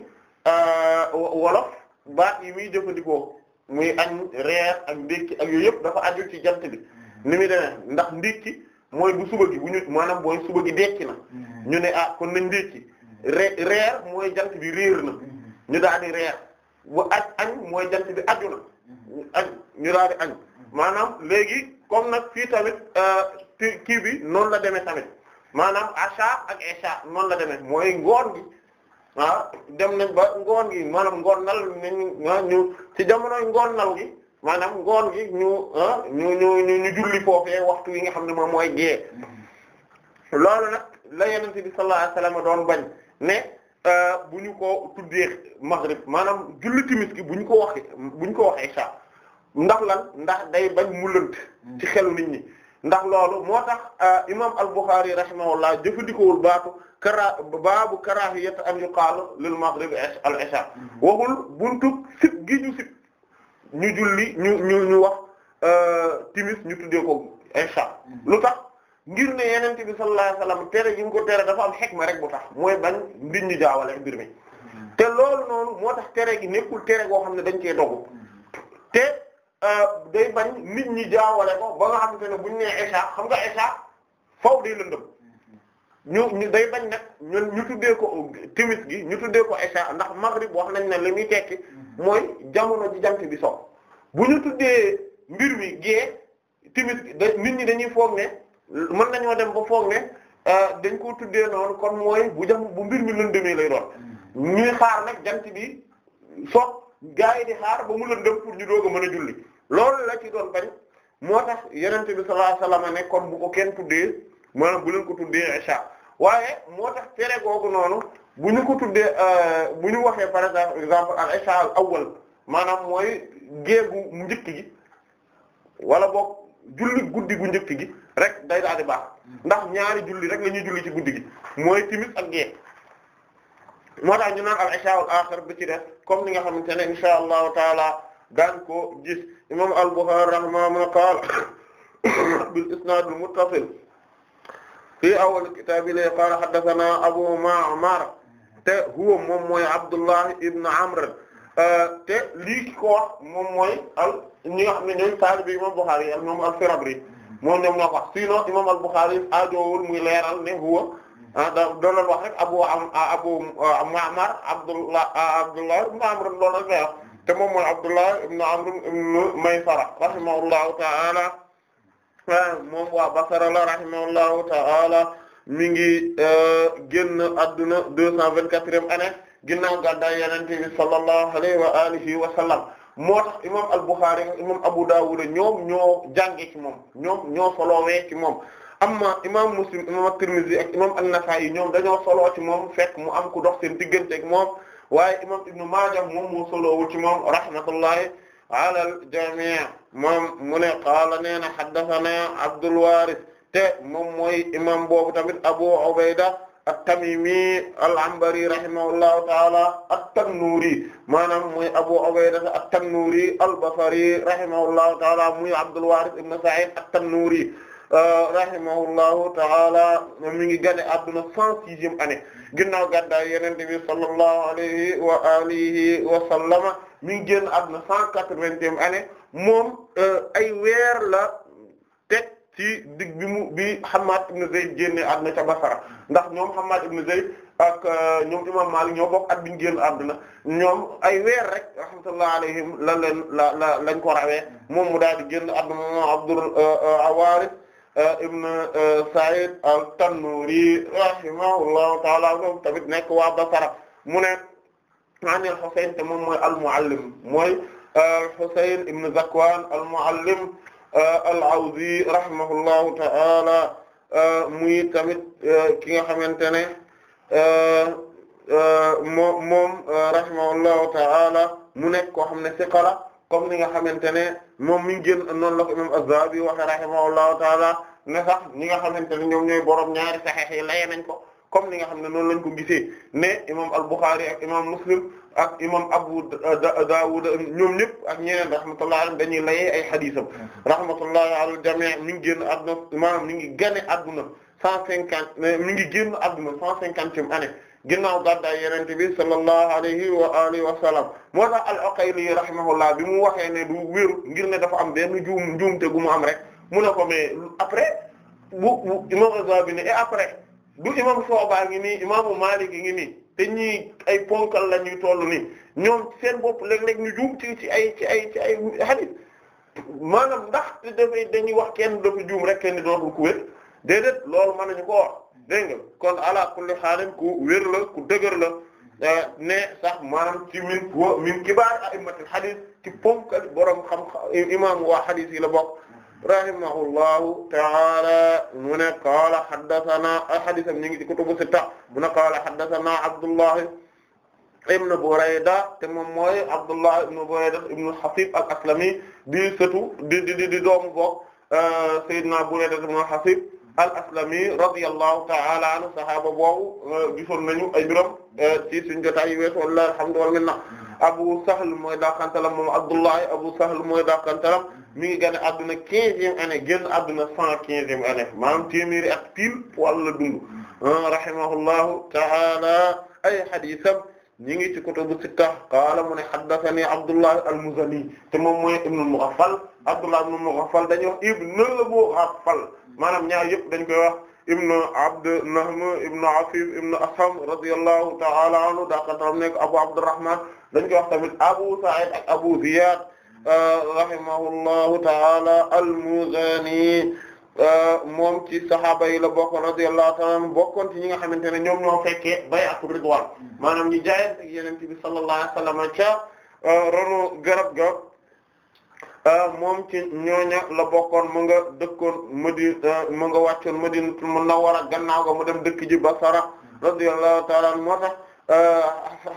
ah, wolof baat yi muy jëfandikoo muy añ reer ak ndékki ak yooyu yëpp dafa aju ci jant bi ni muy demee ndax ndékki mooy bu suba gi bu ñu maanaam mooy suba gi dekki na ñu ne a kon nañ ndékki reer mooy jant bi réer na ñu daal di reer bu aj añ mooy jant bi aju ñu añ ñu daal añ maanaam léegi comme nag fii tamit euh, kii bi noonu la demee tamit maanaam acha ak echa noonu la demee mooy ngoon gi ah dem nañ ba ngoon gi maanaam ngoon nal nañ ah, ñu ci jamonoy ngoon nal gi maanaam ngoon gi ñu ah, ñu ñu ñu julli foofee waxtu yi nga xam ne moom mooy gée mm-hmm. loolu nag la yonent bi sallallahu alayhi doon bañ ne. Euh, bu ñu ko tuddee maghrib maanaam julli timis gi bu ñu ko waxee bu ñu ko waxee isha ndax lan ndax day bañ mu lënt ci xelu nit ñi ndax loolu moo tax euh, imam al-Bukhari rahimahullah jëfandikoowul baatu kara baabu karahiyat an yuqaalu lil maghrib al isha waxul buntu sib gi ñu sib ñu julli ñu ñu ñu wax euh, timis ñu tuddee ko isha lu tax ngir ne yenente bi sallallahu alayhi tere gi nga ko tere dafa am ma rek bu tax mooy bañ mbir ñu jaawale mbir mi te loolu noonu moo tax tere gi nekkul tere goo xam ne dañ cee dogu te euh, day bañ nit ñi jaawale ko ba nga xamante ne buñ nee isha xam nga isha faww day lëndëm ñu day bañ nag ñun tuddee ko timis gi ñu tuddee ko isha ndax maghrib wax nañ ne li muy tekki mooy jamono ji jant bi so bu ñu tuddee mbir mi gée timis nit ñi dañuy foog ne mën nañoo dem ba foog ne euh, dañ ko tuddee noonu kon mooy bu jam bu mbir mi lëndëmee lay doon hmm. ñuy xaar nag jant bi soog gaa i di xaar ba mu lëndëm pour ñu doog mën a julli loolu la ci doon bañ moo tax yenente bi sallallahu alayhi wasallam ne kon bu ko kenn tuddee maanaam bu leen ko tuddee isha waaye moo tax tere googu noonu bu ñu ko tuddee euh, bu ñu waxee par exemple a isha al awwal maanaam mooy géegu njëkk gi wala boog julli guddi gu njëkk gi rek day daal baax ndax ñaari julli rek la ñuy julli ci guddi gi mooy timis a gée moo tax ñu naan al isha al bi ci def comme ni nga xamante ne insha allah taala daan ko gis imam al Bukhari rahimahullah qaala [COUGHS] bil isnad muttasil fi awwal kitaab li qaala haddathana abu ma'mar te huwa moom mooy abdullah ibn amr uh, te lii ko wax moom mooy ñi nga xam ne imam Bukhari al moom ñoom ñoo wax imam al-Bukhari ajoowul muy leeral ne huwa ah da doon wax abu am ah, ah, Abdullah ah, Abdullah ibn Abdullah ibn Amr ibn Maysara ta'ala moom waa Basra la rahimahullahu ta'ala mi ngi adduna eh, deux cent vingt-quatrième année ginnaaw gàddaay Yonent bi sallallahu alayhi wa alihi moo tax imam al-Bukhari imam Abu Dawud ñoom ñoo jàngee ci moom ñoom ñoo solowee ci moom amma imam Muslim imam at-Tirmidhi ak imam an-Nasa'i ñoom dañoo soloo ci moom fekk mu am ku dox seen diggante ak moom waaye imam Ibn Majah moom moo solowul ci moom rahmatullahi ala al-jami' moom ne qaala nee na haddathana Abdul Warith te moom mooy imam boobu tamit Abu Ubayda at-Tamimi al-Anbari rahimahullahu ta'ala at-Tannuuri maanaam muy Abu Ubayda at-Tannuuri al-Basri rahimahullahu ta'ala muy Abdul Waaris ibn Sa'id at-Tannuuri euh, rahimahullahu ta'ala mi ngi génn àdduna 106e année ginnaaw gàddaay Yonent bi sallallahu alayhi wa alihi wa sallama mi ngi génn àdduna 180e année moom euh, ay weer la. ci digg bi mu bi Hammad ibn Zayd génne àdduna ca Basra ndax ñoom Hammad ibn Zayd ak euh, ñoom imam Malik ñoo bokk at biñu génn àdduna ñoom ay weer rek rahmatullah alayhim la leen la la lañ ko rawee moom mu daal di génn àdduna moom Abdul euh, euh, Awaris ibn Sa'id al-Tanuri rahimahullahu taala moom tamit nekk waa Basra mu ne maanaam al-Husayn te mooy al-Muallim mooy al-Husayn ibn Zakwan al-Muallim Euh, al-Awzi rahimahullahu ta'ala euh, muy tamit euh, ki nga xamante ne moom moom rahimahullahu ta'ala mu nekk koo xam ne siqala comme ni nga xamante ne moom mi ngi génn noonu la ko imam Az-Zahabi waxe rahimahullahu ta'ala ne sax ñi nga xamante ne ñoom ñooy borom ñaari saxiix yi laye nañ ko comme ni nga xam ne noonu lañ ko gisee ne imam al-Bukhari ak imam Muslim ak imam Abu Dawud ñoom ñëpp ak ñeneen rahmatullahi alayhim dañuy layee ay xadiisam mm-hmm. rahmatullahi alal jamii mi ngi génn adduna maanaam mi ngi gane adduna cent cinquante mi ngi génn adduna cent cinquantième année ginnaaw gàddaay yenente bi sallallahu alayhi wa alihi wa sallam moo tax al-Uqayli rahimahullah bi mu waxee ne du wéru ngir ne dafa am benn juum njuumte gu mu am rek mu ne ko mais après bu a imam Zahabi ne après du imam Soba ngi nii imaamu Malik ngi nii te ñii ay ponkal la ñuy toll nii ñoom seen bopp léeg-léeg ñu juum ci ci ay ci ay ci ay hadith maanaam ndax de dañuy wax kenn dafa juum rek kenn dootul ku wér déedéet lool mën nañu ko wax dégg nga kon ala kulli xaalin ku wér la ku dëgër la eh, ne sax maanaam ci min min kibaar a'immatul hadith ci ponkal borom xam-xam imaamu waa yi la bokk. rahimahullahu ta'ala mu ne qaala haddathana hadiisam ñu ngi ci kutubu sitta mu ne qaala haddathana Abdullah ibn Burayda te moom mooy Abdullah ibn Burayda ibn al-Hasib al-Aslami di sëtu di di di doomu bokk euh, Seydina Burayda ibn al-Hasib al aslami radiyallahu ta'ala anhu sahaaba boobu euh, gisoon nañu ay mbiram euh, ci suñu jotaay yu weesu wallahi alhamdu wal minna Abu Sahl mooy daakantalam moom Abdullahi Abu Sahl mooy daakantalam mi ngi gane adduna quinzième année génn adduna cent quinzième année maanaam téeméeri ak pile walla dund euh, rahimahullahu ta'ala ay hadiisam ñi ngi ci kutubu sitta qaala mu ne haddathani Abdullah al-Muzani te moom mooy ibn al-Mughaffal Abdullah ibn al-Mughaffal dañuy wax ibn maanaam ñaar yëpp dañ koy wax ibnu abd nahm afif ibnu asham radiyallahu abu abdurrahman dañ koy wax tamit abu sa'id ak abu ziyad euh, rahimahullahu ta'ala al-muzani euh, moom ci sahaaba yi la bokkoon radiyallahu ta'ala anhu bokkoon ci ñi nga xamante ne ñoom ñoo fekkee bay'atu ridwaan hmm. maanaam ñi jaayante ak bi sallallahu alayhi wasallam ca euh, ronu garab ga Euh, moom ci ñooña la bokkoon mu nga dëkkoon Madina euh, mu nga wàccoon Madinatul Munawwara gannaaw ga mu dem dëkk ji Basra radiyallahu ta'ala anhu moo tax euh,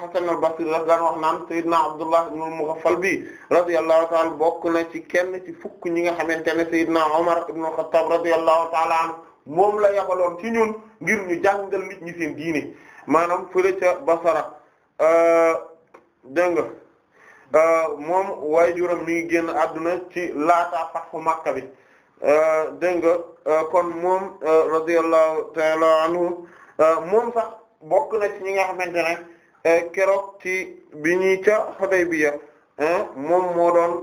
Hasan al-Basri daf daan wax naan Sayyidina Abdullah ibn al-Mughaffal bi radiyallahu ta'ala bokk na ci kenn ci fukk ñi nga xamante ne Sayyidina Umar ibn al-Khattab radiyallahu ta'ala anhu moom la yabaloon ci ñun ngir ñu jàngal nit ñi seen diine maanaam fële ca Basra dégg nga Euh, moom waajuram mi ngi génn àdduna ci laataa fathu Makka bi euh, dégg nga euh, kon moom radiyallahu ta'ala anhu moom sax bokk na ci ñi nga xamante ne keroog ci bi ñuy ca Hudaybiya moom moo doon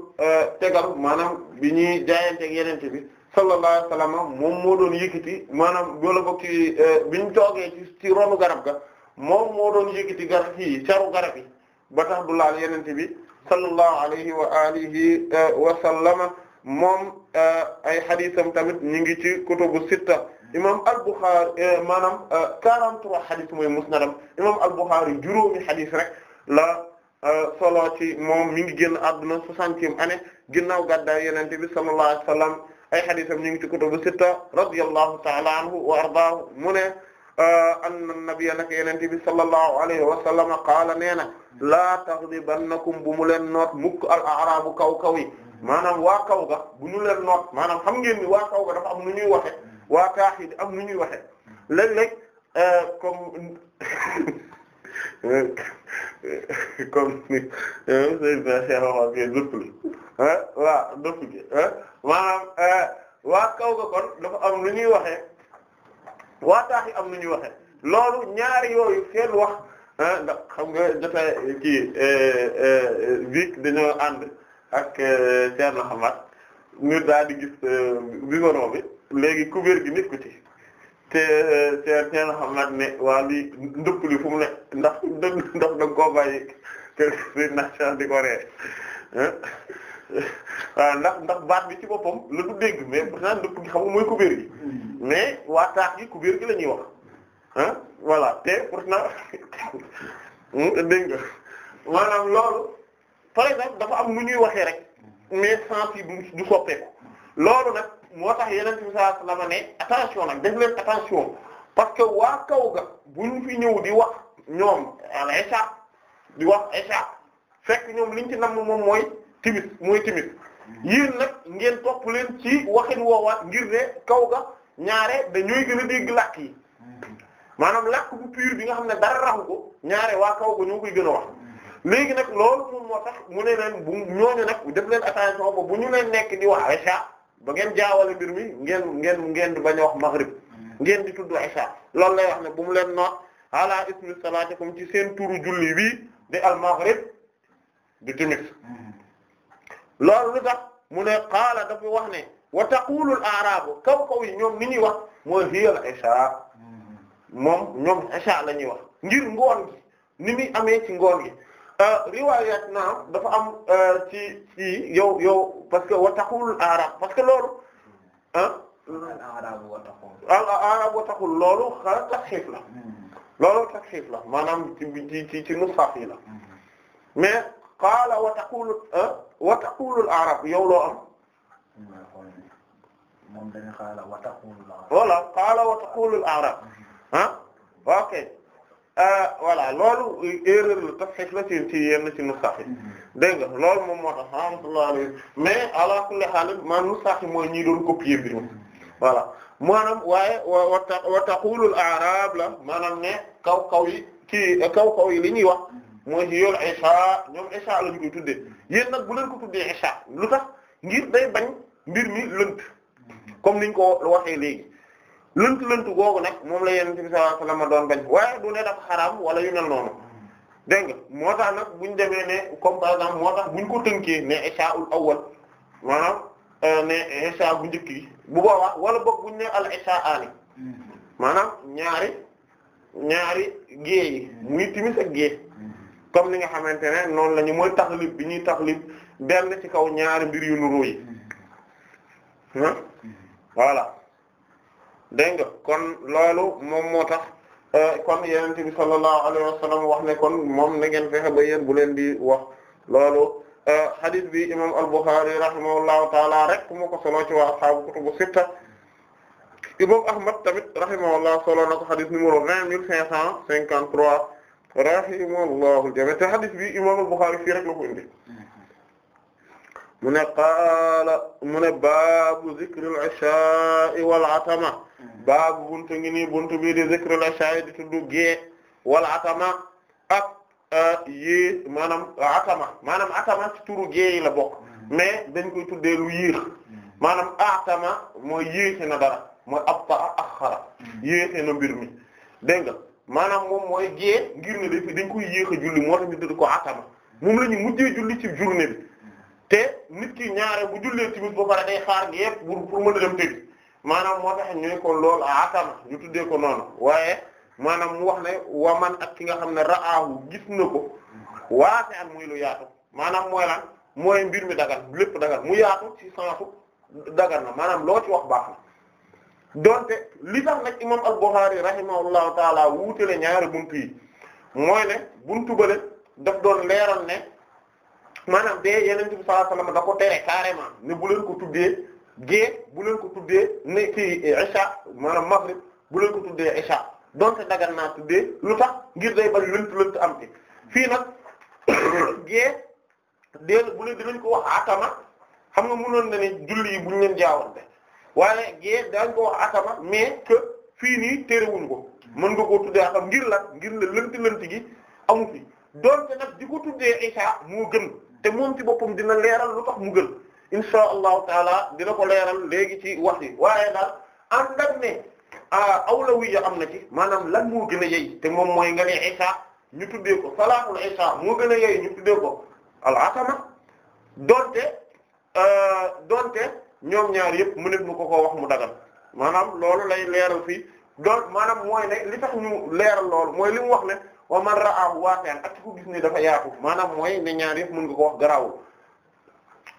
tegal maanaam bi ñuy jaayanteeg yeneen bi sallallahu alayhi wa moom moo doon yëkkati maanaam wala bokk ci bi ñu toogee ci ci ronu garab ga moom moo doon yëkkati garab yi caru garab yi ba tax du laal yeneen bi. sallallahu alayhi wa alihi eh, wa sallama moom eh, ay xadisam tamit ñu ngi ci kutubu sitta imam al-Bukhari eh, maanaam 43 xadis mooy musnadam imam al-Bukhari juróomi xadis rek la solo ci moom mi ngi génn adduna soixantième année ginnaaw gàddaay Yonent bi sallallahu alayhi wa sallam ay xadisam ñu ngi ci kutubu sitta radiyallahu ta'ala anhu wa ardaahu mu ne anna nabiyya nak yonent bi sallallahu alayhi wa sallam qaala nee na laa taghdibannakum bu mu leen noot mukk al a'raabu kaw kaw yi maanaam waa kaw ga bu ñu leen noot maanaam xam ngeen ni waa kaw ga dafa am nu ñuy waxe waa taax yi am nu ñuy waxe léeg-léeg comme [LAUGHS] comme Seydina Cheikh Omar Gueye dëpp li ah waaw dëpp gi ah maanaam waa kaw ga kon dafa am lu ñuy waxee waa taax am na ñuy waxe loolu ñaari yooyu seen wax ah, ndax xam nga jotaay kii biig eh, eh, dañoo ànd ak eh, Thierno Hamad ñu daal di gis biberon bi léegi couvert gi nit ci te Thierno Hamad ne waa lii ndëpp li fu ne ndax dëgg ndox da nga koo bàyyi kër si national waaw [LAUGHS] ah, ndax ndax baat bi ci boppam la du dégg mais pourtant dëpp gi xam nga mooy kubéer gi mm. mais waa taax gi kubéer gi la ñuy wax ah voilà te pourtant [LAUGHS] hmm, dégg nga maanaam loolu par exemple dafa am nu ñuy waxee rek mais sens yi du du soppeeku loolu nag moo tax yeneen bi sallallahu alayhi wasallam attention nag def leen attention parce que waa kaw ga buñ fi ñëw di wax ñoom al di wax échappe fekk ñoom liñ ci namm moom mooy timis mooy timis yéen nag ngeen topp leen ci waxin woowaat ngir de kaw ga ñaare dañuy gën a dégg làkk yi maanaam làkk bu pur bi nga xam ne dara raxu ko ñaare waa kaw ga ñoo koy gën a wax léegi nag loolu moom moo tax mu ne leen bu ñooñu nag def leen attention ba bu ñu leen nekk di wax isha ba ngeen jaawale mbir mi ngeen ngeen ngeen di bañ a wax maghrib ngeen di tudd isha loolu lay wax ne bu mu leen noot ala ismi salaatikum ci seen turu julli bii di al maghrib di loolu lu tax mu ne qaala dafa wax ne wa taqulu al kaw kaw yi ñoom ni ñuy wax moo hiya al isha moom ñoom isha la ñuy wax ngir ngoon gi ni muy amee ci ngoon gi euh, riwayat naam dafa am euh, ci ci yow yow parce que wa taqulu al arab parce que loolu ah arabu wa taqulu al arabu wa loolu xa tasxiif la loolu tasxiif la maanaam ci ci ci nusxaaf la mm-hmm. mais qaala wa taqulu wa taqulul arab yow loo am. moom dañu xaala wa taqulul arab. voilà xaala wa taqulul ah ok euh, voilà loolu erreur la tasxif la ci ci yenn ci nusax yi dégg nga loolu moom moo tax alhamdulilah mais ala kulli haal man nusax yi mooy ñi doon copier bi ñu voilà maanaam waaye wa wa taqulul arab la maanaam ne kaw kaw yi ci kaw kaw yi li ñuy wax. mooy ci ay saa ñoom isha lañ koy tuddee yéen nag bu leen ko tuddee saa lu tax ngir day bañ mbir mi lënt comme niñ ko waxee léegi lënt lënt googu nag moom la yonent bi la alayhi wasallam doon bañ waaye du ne dafa xaraam wala yu mel noonu dégg nga moo tax nag bu ñu demee ne comme par exemple moo tax bu ko tënkee ne ishaul awwal maanaam euh, ne isha bu njëkk gi bu boobaa wala boog bu ne al isha ani maanaam ñaari ñaari gée yi muy timis ak gée comme ni nga xamante ne noonu la ñu mooy taxlib bi ñuy taxlib benn ci kaw ñaari mbir yu nuroo yi voilà dégg nga kon loolu moom moo tax euh, kon yenente bi sallallahu alayhi wa wax ne kon moom na ngeen fexe ba yéen bu leen di wax loolu euh, hadith bi imam al-Bukhari rahimahullahu taala rek moo ko solo ci waa ashaabu kutubu sitta imam Ahmad tamit rahimahullah solo na ko hadith numéro vingt mille cinq cent cinquante trois rahimahullahu jami te hadis bi imam al-Bukhari fii rek la ko indi mu ne qaala mu ne baabu zikril ishaa'i wal atama baabu buntu ngi nii buntu bii di zikril ishaa'i di tuddu gée wal atama ak ah, yii maanaam ah, atama maanaam atama ci turu gée yi la bokk mais dañ koy tuddee lu yiix maanaam atama mooy yéexi na dara mooy abta axara hmm. yéexi na mbir mi dégg nga maanaam moom mooy gée ngir ne daf dañ koy yéex a julli moo tax ñu tudd ko atama moom la ñu mujjee julli ci journée bi te nit ki ñaare bu jullee timis ba pare day xaar gi yépp pour pour mën a dem tëdd maanaam moo tax ñu ne ko loolu atama ñu tuddee ko noonu waaye maanaam mu wax ne man ak ki nga xam ne raahu gis na ko waate an muy lu yaatu maanaam mooy lan mooy mbir mi dagal lépp dagal mu yaatu ci sensu dagal na maanaam loo ci wax baax na donte li tax nag imam al-Bukhari rahimahullahu taala wuutele ñaari buntu yi mooy ne buntu bële daf doon leeral ne maanaam dee yeneen bi sallallahu alayhi wasallam da ko tere carrément ne bu ko tuddee gée bu leen ko tuddee ne ki isha maanaam maghrib bu leen ko tuddee isha donte dagan naa tuddee lu tax ngir day bari lënt lënt am ci fii nag [COUGHS] gée dee bu leen dinañ ko wax atama xam nga mënoon na ne julli yi buñ leen jaawante waaye gée daañ ko wax mais que fii nii terewuñ ko mën nga koo tuddee atama ngir la ngir la lënt lënt gi amu fi doonte nag di ko tuddee Isa moo gën te moom ci boppam dina leeral lu tax mu gën insha allahu taala dina ko leeral léegi ci wax yi waaye daal ànd ak ne awlawiya am na ci maanaam lan moo gën a yey te moom mooy nga ne Isa ñu tuddee ko salaatul Isa moo gën a yey ñu tuddee ko al atama doonte euh, doonte ñoom ñaar yëpp mu nekk nu ko ko wax mu dagal maanaam loolu lay leeral fii donc maanaam mooy ne li tax ñu leeral loolu mooy li mu wax ne wa man ra'ahu waasi'an ak ko gis ni dafa yaatu maanaam mooy ne ñaar yëpp mën nga ko wax garaawul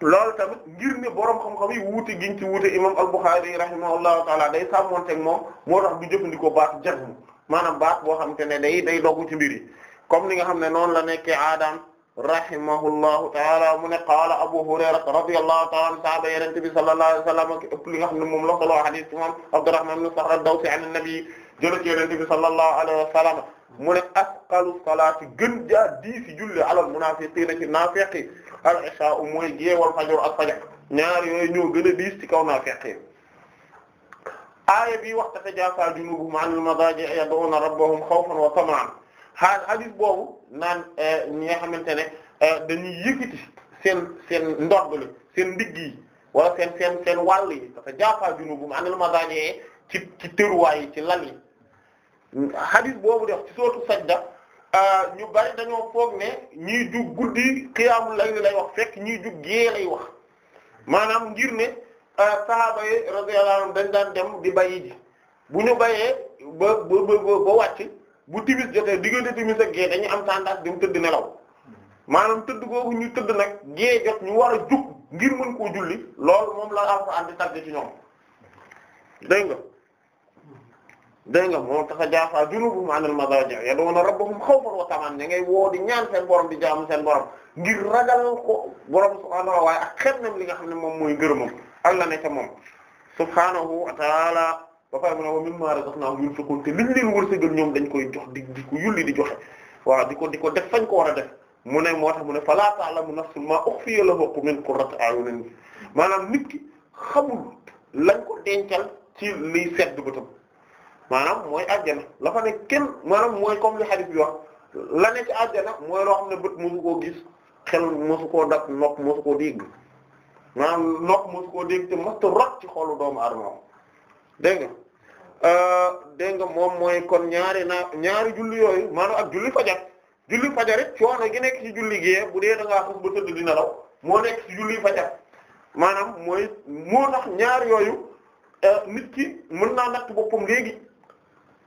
loolu tamit ngir ne borom xam-xam yi wuute giñ ci wuute imam al-Bukhari rahimahullahu taala day sàmmonteeg moom moo tax du jëfandikoo baatu jazm maanaam baat boo xamante ne day day dogg ci mbir yi comme ni nga xam ne noonu la nekkee aadam rahimahullahu taala mu ne qaala Abu Hurayra radiyallahu taala anhu sahaaba yenente bi sallallahu alayhi wa sallam ki ëpp li nga xam ne moom la solo hadis ci moom Abdurrahman ibn Saxr ad-Dawsi an an-nabi jële ci yenente bi sallallahu alayhi wa sallam mu ne asqalu salaati gën jaa dii si julli alal munaafiqiina ci naafiqi al-ishaa mooy geewal fajar ak fajar ñaar yooyu ñoo gën a diis ci kaw naafiqi aaya bi wax tatajaafa junuubuhum anil madaaji' yad'uuna rabbahum xawfan wa tama'an xaar hadith boobu naan eh, ñi nga xamante ne eh, dañuy yëkkati seen seen ndodg li seen ndigg yi wala seen seen seen wàll yi parce que jaafa junubum anil madaaji ci ci tëruwaay ci lal yi hadith boobu def ci sootu sajda eh, ñu bari dañoo foog ne ñiy jug guddi xiyaamul layl lay wax fekk ñiy jug gée lay wax maanaam ngir ne sahaaba yi radiyallahu dañ daan dem di bayi ji bu ñu bayee ba ba ba wàcc bu timis jotee diggante timis ak gée dañuy am tendance dem tëdd nelaw maanaam tëdd googu ñu tëdd nag gée jot ñu war a jug ngir mën koo julli loolu moom la Alxuraan di tagg ci ñoom dégg nga dégg nga moo tax a jaafa junubuhum anil madaaji' yad'uuna rabbahum xawfan wa tama'an ña ngay woo di ñaan seen borom di jaamu seen borom ngir ragal ko borom subhaanahu waaye ak xemmem li nga xam ne moom mooy ngërëmam ak la nekk moom subhaanahu wa ba pare mu ne wa mimmaa razaqnaahum yunfiquun te liñ leen wërsëgal ñoom dañ koy jox di di ko yulli di joxe waaw di ko di ko def fañ ko war a def mu ne moo tax mu ne falaa ta'lamu nafsun maa ukhfiya lahum min qurrati a'yunin maanaam nit ki xamul ko dencal ci liy sedd bëtam maanaam mooy àjjana la fa ne kenn maanaam mooy comme li hadith bi la ne ci àjjana mooy loo xam ne bët mosu koo gis xel mosu koo dab nopp mosu koo dégg maanaam nopp mosu koo dégg te mosut rot ci xoolu doomu aadama dégg nga euh, dégg nga moom mooy kon ñaari na ñaari julli yooyu maanaam ak julli fajar julli fajar it coono gi nekk ci julli gee bu dee da ngaa xas ba tëdd dina law moo nekk ci julli fajar maanaam mooy moo tax ñaar yooyu euh, nit ki mën naa natt boppam léegi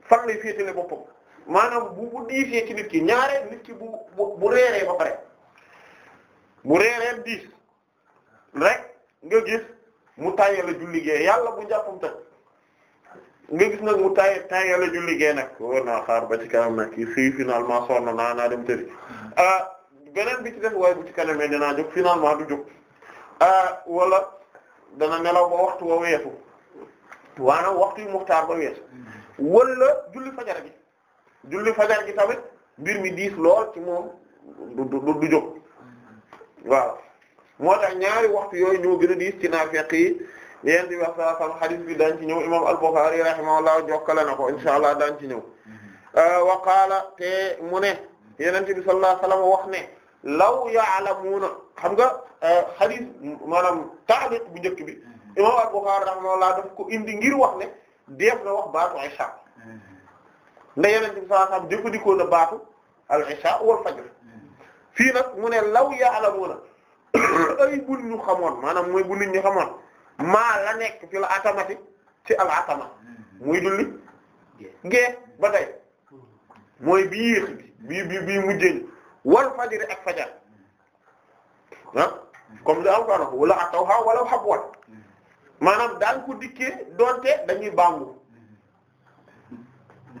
fan lay féetale boppam maanaam bu bu diisee ci nit ki ñaareel nit ki bu bu bu reeree ba pare bu reeree diis rek nga gis mu tàyyala julli gee yàlla bu njàppam tëj nga gis nag mu tay tayala julli gee nag war naa xaar ba ci kanam nag kii fii finalement sonn naa naa dem tëri mm-hmm. ah, beneen bi waaye bu ci ah, dana nelaw ba waxtu wa weesu waanaam waxtu yu muxtaar ba weesu mm-hmm. wala julli fajar gi julli mbir mi diis du du du mm-hmm. moo tax ñaari waxtu yooyu ñoo gën a diis ci naafeq yéen di wax saa sama xadis bi daañu ci ñëw imam al-Bukhari rahimahullah jokkale na ko insha allah daañu ci ñëw mm-hmm. wa qaala te mu ne yonent bi sallallahu alayhi wa wax ne law ya'lamuuna xam nga euh, xadis maanaam ta'liq bu njëkk bi mm-hmm. imam al-Bukhari rahimahullah daf ko indi ngir wax ne def na wax baatu isha mm-hmm. nda yonent bi sallallahu alayhi wa sallam nag mu ne law ya'lamuuna [COUGHS] ay bu ñu xamoon maanaam mooy bu nit ñi xamoon. maa la nekk fi la atamati ci al atama muy dulli gée ba tey mooy bi yéex bi bi bi mujjéen wal fajri ak fajar ah comme li alqoran wala ataw xaw xab wat maanaam daan ko dikkee doonte dañuy bàngu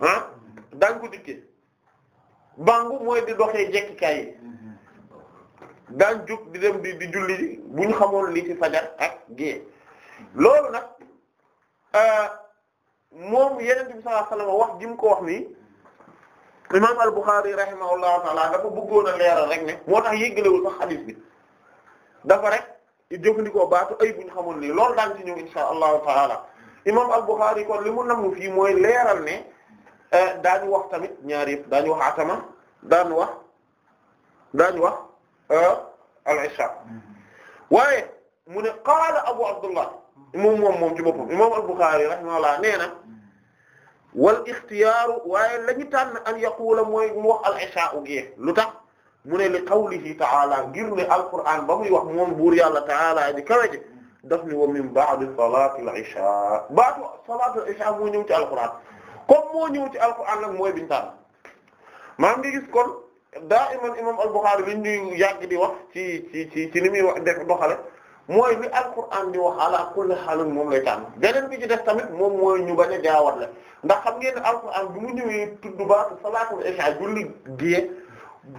ah daan ko dikkee bàngu mooy di doxee jekkikaay yi daan jóg di dem di di julli bu ñu xamoon li fajar ak gée loolu nag euh, moom Yonent bi sallallahu alayhi wax ji ko wax nii imaam al-Bukhari rahimahullahu taala dafa bëggoon a leeral rek ne moo tax yéggalewul sax xadiis bi dafa rek jëfandikoo baatu ay buñ ñu xamoon lii loolu daan ci ñëw insha allahu taala imaam al-Bukhari kon li mu namm fii mooy leeral ne euh, daañu wax tamit ñaar yëpp daañu wax atama daañu wax daañu wax euh, al mm-hmm. waaye mu ne qaala Abu Abdullah moom moom moom ci boppam i al-Bukhari rahimahullah nee na wal ixtiyaaru waaye la ñu tànn an yaqula mooy mu wax al-isha u gée lu tax mu ne li qawlihi ta'ala ngir ne alquran ba muy wax moom buur yàlla ta'ala di kawe ji daf ni wa min ba'di salati al-isha moo ñëw ci alquran ko moo ñëw ci alquran nag mooy biñu tànn maa ngi gis kon daa iman imam al-Bukhari liñ ñuy yàgg di wax ci ci ci ci ni muy wax def doxale mooy li alquran di wax ala kulli xaalun moom lay am beneen bi ci def tamit moom mooy ñu bañ a jaawat la ndax xam ngeen ne alquran bi mu ñëwee tudd baatu salaatul isha julli gée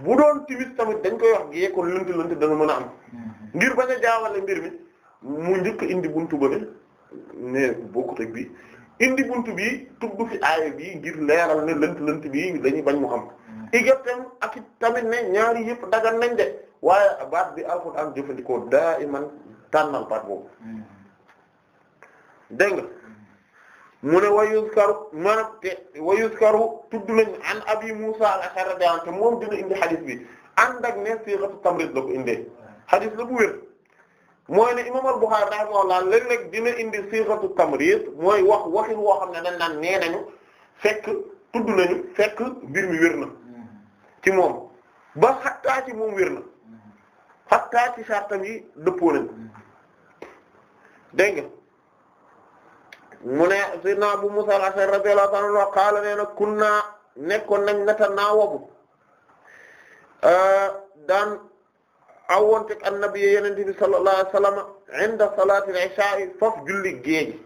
bu doon timis tamit dañ koy wax gée kon lënt lënt dana mën a am mm-hmm. ngir bañ a jaawale mbir mi mu njëkk indi buntu ba ne ne bokkut ak bii indi bunt bi tudd fi aaya bi ngir leeral ne lënt lënt bi dañuy bañ mu xam mm-hmm. igertem ak tamit ne ñaari yëpp dagan nañ de waaye baat bi alquran jëfandikoo tànnal baat boobu mm-hmm. dégg nga mm-hmm. mu ne wayus karu maanaam te wayus karu tudd nañu an abi Musa al-Ash'ari radiyallahu te moom dina indi xadis bi ànd ak ne siixatu tamrid la ko indee xadis la bu mooy ne imam al-Bukhari rahimahullah léeg-léeg dina indi siixatu tamrid mooy wax waxin woo xam ne dañ naan nee nañu fekk tudd nañu fekk mbir mi wér na mm-hmm. ci moom ba xattaa ci moom wér na xattaa ci sartam yi dëppoo nañu dégg nga mu ne sayyidina Abu Musa al-Ash'ari radiyallahu anhu qaala nee na kunna nekkoon nañ nata naawabu euh, daan awwontek annabi yonent bi sallallahu alayhi wa sallam inda salaati al-isha foofu julli géegi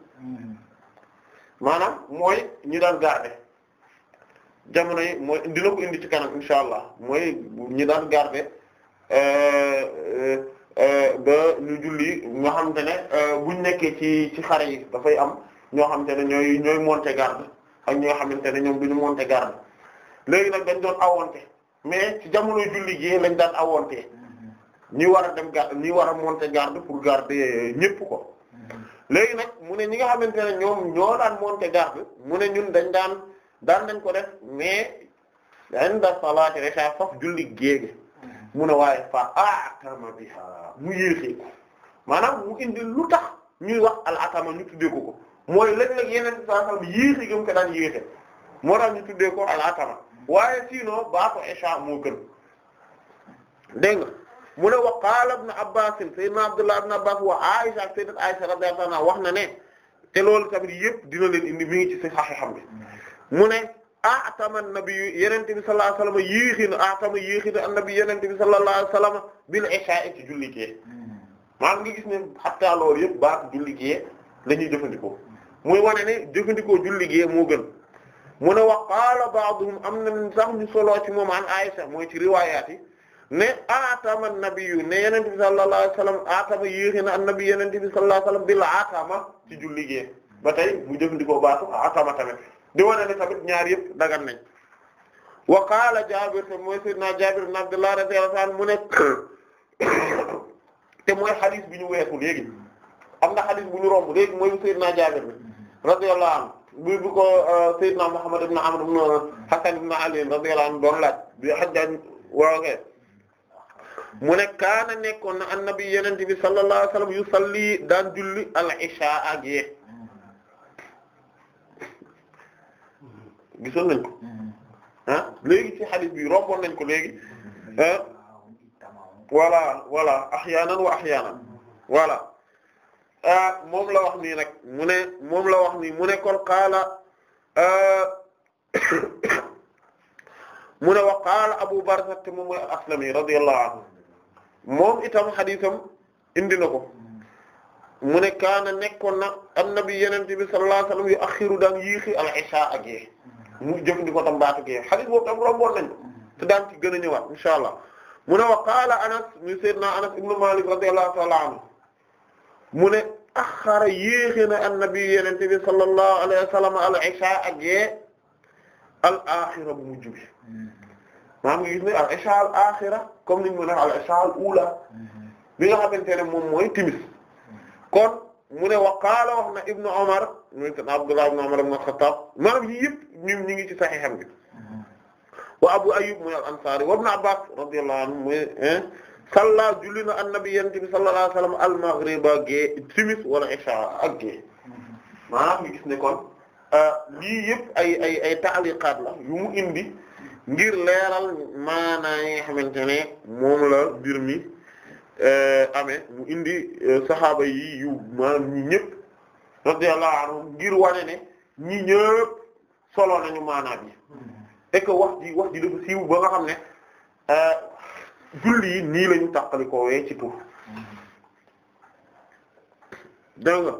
maanaam mooy ñi daan garder jamono yi mooy dina ko indi ci kanam insha allah mooy ñi daan garder euh, euh, Euh, ba ñu julli ñoo xamante ne euh, buñ nekkee ci ci xare yi dafay am ñoo xamante ne ñooy ñooy monter garde ak ñoo xamante ne ñoom duñu monter garde léegi nag dañ doon awonte mais ci jamono julli gi lañ daan awonte ñi war a dem garde ñi war a monter garde pour garder ñépp ko léegi nag mu ne ñi nga xamante ne ñoom ñoo daan monter garde mu ne ñun dañ daan daan nañ ko def mais dañ da salaati rek faf julli géege mu ne waaye fa atama biha mu yéexee ko maanaam mu indi lu tax ñuy wax al atama ñu tuddee ko ko mooy léeg-léeg yeneen saasaam yéexi gëm ko daan yéexe moo tax ñu a ko al atama waaye sinon baatu isha moo gën dégg nga mu ne wa qaala ibn Abbas sayyidina Abdullah ibn Abbas wa Aisha ak sayyidat Aisha radiyallahu anha wax na ne te loolu tamit yëpp dina leen indi mi ngi ci xam bi mu ne atama nabi yenente bi sallallahu alayhi wasallam yéexi na atama yéexi na annabi yenente bi sallallahu alayhi wasallam bil isha'i ci julli gee maanaam nga gis ne xattaa loolu yëpp baatu julli gee jëfandikoo muy wane ne jëfandikoo julli gee moo gën mu ne wax qaala ba'duhum am na sax ñu soloo ci moom an mooy ci riwaayaat yi ne atama nabiyu ne yenente bi sallallahu alayhi wasallam atama yéexi na annabi yenente bi sallallahu alayhi wasallam bil atama ci julli gee ba tey mu jëfandikoo baatu atama tamit di wane ne tamit ñaar yëpp dagan nañ wa te mooy sayyidina Jaabir ibn Abdullah radiyallahu anhu mu ne [COUGHS] te mooy xadis bi ñu weesu léegi na xadis bu ñu romb léegi mooy sayyidina Jaabir bi radiyallahu anhu bu euh, Muhammad ibn Amr ibn Hasan ibn Ali radiyallahu anhu doon laaj bi Hajjaaj wooxee mu ne kaana nekkoon na annabi yenente bi sallallahu alayhi wasallam yusalli daan julli al-isha ak gisoon nañ ko mm-hmm. ah léegi ci hadith bi romboon nañ ko léegi mm-hmm. ah voilà voilà ahyaanan wa ahyaanan mm-hmm. voilà ah, moom la wax nii nag mu ne moom la wax nii mu ne kon qaala ah, [COUGHS] mu ne wa qaala Abu Barza te moom mooy aslami radiyallahu anhu moom itam haditham indi na ko mu ne kaana nekkoon na annabi yenente bi sallallahu alayhi wasallam yu akhiru daan yéexi al isha ak yee mu jëfandikoo tam baatu kii xadis boobu tam te daan ci gën a ñëwaat insha allah mu anas mu sayyidna anas ibnu malik radiyallahu ta'ala anhu mu ne axara yéexi annabi yenente bi sallallahu alayhi wa al isha bu mujj bi maa ngi ne al isha al axira comme niñ mu al isha al ula bi nga xamante timis kon mu ne wa qaala wax muy Abdullah ibn Umar ibn al-Khattab maanaam yii yëpp ñun ñu ngi ci Sahiham bi wa Abu Ayyub muy al-Ansari wa Ibn Abbas radiyallahu anhu muy julli na annabi yent bi sallallahu alayhi wa sallam al-maghriba gée timis wala isha ak gée maanaam ñu gis ne kon euh, lii yëpp ay ay ay taaliqaat la yu mu indi ngir leeral maanaa yi nga xamante ne moom la mbir mi euh, amee mu indi euh, saxaaba yi yu maanaam ñi ñëpp radiyallahu anhu ngir wane ne ñi ñëpp solo nañu maanaam yi et wax ji wax ji dafa siiw ba nga xam ne euh, julli nii lañu ñu tàqali wee ci tur dégg nga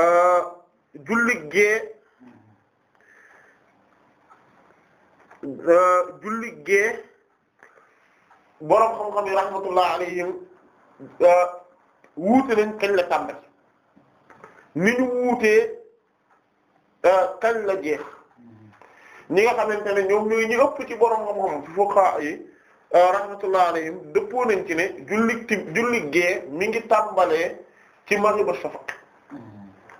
euh, julli gee euh, julli gee boroom xam-xam yi rahmatullah alayhim wuute nañ kañ ni ñu wuutee euh, kañ la jeex ñi nga xamante ne ñoom ñooy ñu ëpp ci borom xam-xam fuqaha yi euh, rahmatullahi alayhim dëppoo nañ ci ne julli ti julli gee mi ngi tàmbalee ci maghrib shafaq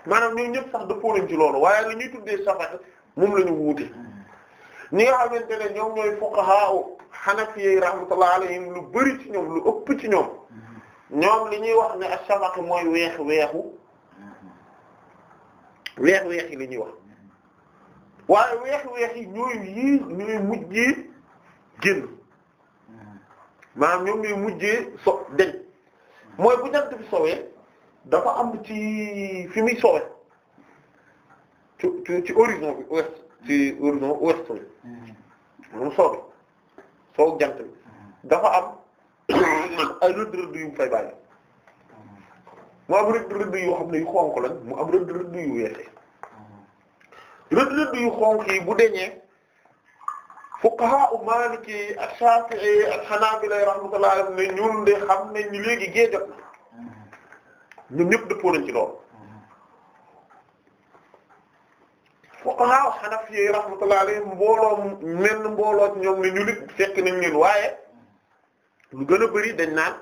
maanaam ñun ñëpp sax dëppoo nañ ci loolu waaye li ñuy tuddee shafaq moom la ñu wuute ñi nga xamante ne ñoom ñooy fuqaha hanafi yi rahmatullahi alayhim lu bari ci ñoom lu ëpp ci ñoom ñoom li ñuy wax ne as-shafaq mooy weex weexu weex-weex yi la ñuy wax waaye weex-weex yi ñooy yii ñooy mujjee génn maanaam ñoom ñooy mujjee mooy bu jant bi sowee dafa am ci fi muy sowee ci ci ci horizon bi ouest ci horizon ouest bi moom jant dafa am [COUGHS] ay rëdd rëdd yu mu fay bàyyi mu am rëdd rëdd yoo yu xonq lañ mu am rëdd rëdd yu weex rëdd rëdd yu xonq yi bu deñee fuqaha u maliki ak shafi'i ak hanabila rahmatullah ne ñun de xam ne ñu léegi gée jot na ñun ñëpp dëppoo nañ ci loolu fuqaha hanafi rahmatullah alayhim mbooloo mel mbooloo ñoom ne ñu nit fekk nañ leen waaye lu gën a bari dañ naan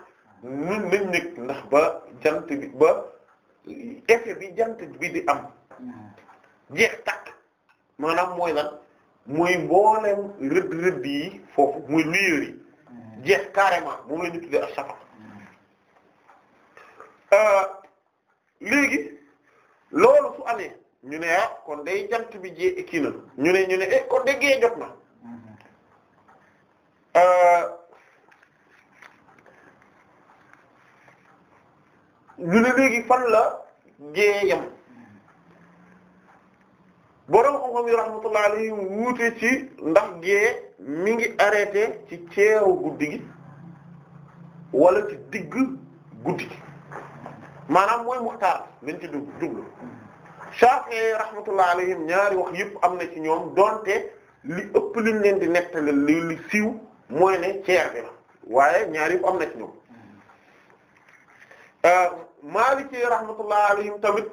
ñun nañ nekk ndax ba jant bi ba effet bi jant bi di am jeex takk maanaam mooy lan muy mboolem rëdd rëdd yi foofu muy lueur yi jeex carrément moom la ñu tuddee ak safar euh, léegi loolu su amee ñu ne ah kon day jant bi jee kii na ñu ne ñu ne eh kon de gee jot na. Mm-hmm. Euh, ñu ne léegi fan la gée yem borom xam yi rahmatullahi alayhi wuute ci ndax gée mi ngi arrêté ci ceeru guddi gi wala ci digg guddi gi maanaam mooy muxtaar lañ ci dugg dugg Shafi'i rahmatullahi alayhim ñaari wax yëpp am na ci ñoom doonte li ëpp liñ leen di nettali li li siiw mooy ne ceer bi la waaye ñaari yëpp am na ci ñoom. Euh, Maliki rahmatullah alayhim tamit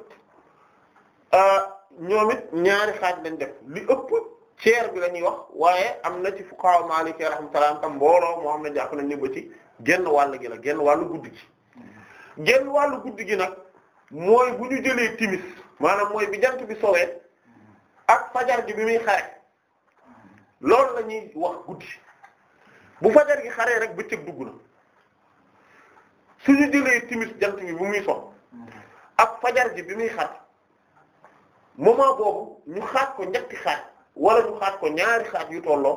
euh, ñoom it ñaari xaaj lañ def li ëpp ceer bi lañuy wax waaye am na ci fuqaha Maliki rahmatullah tam mbooloo moo am na jàpp nañ ne ba ci genn wàll gi la genn wàllu guddi gi genn wàllu guddi gi nag mooy bu ñu jëlee timis maanaam mooy bi jant bi sowee ak fajar gi bi muy xare loolu lañuy wax guddi bu fajar gi xaree rek bëccëg dugg na. suñu jëlee timis jant bi bu muy sox ak fajar ji bi muy xaat moment boobu ñu xaat ko ñetti xaat walla ñu xaaj ko ñaari xaat yu tolloo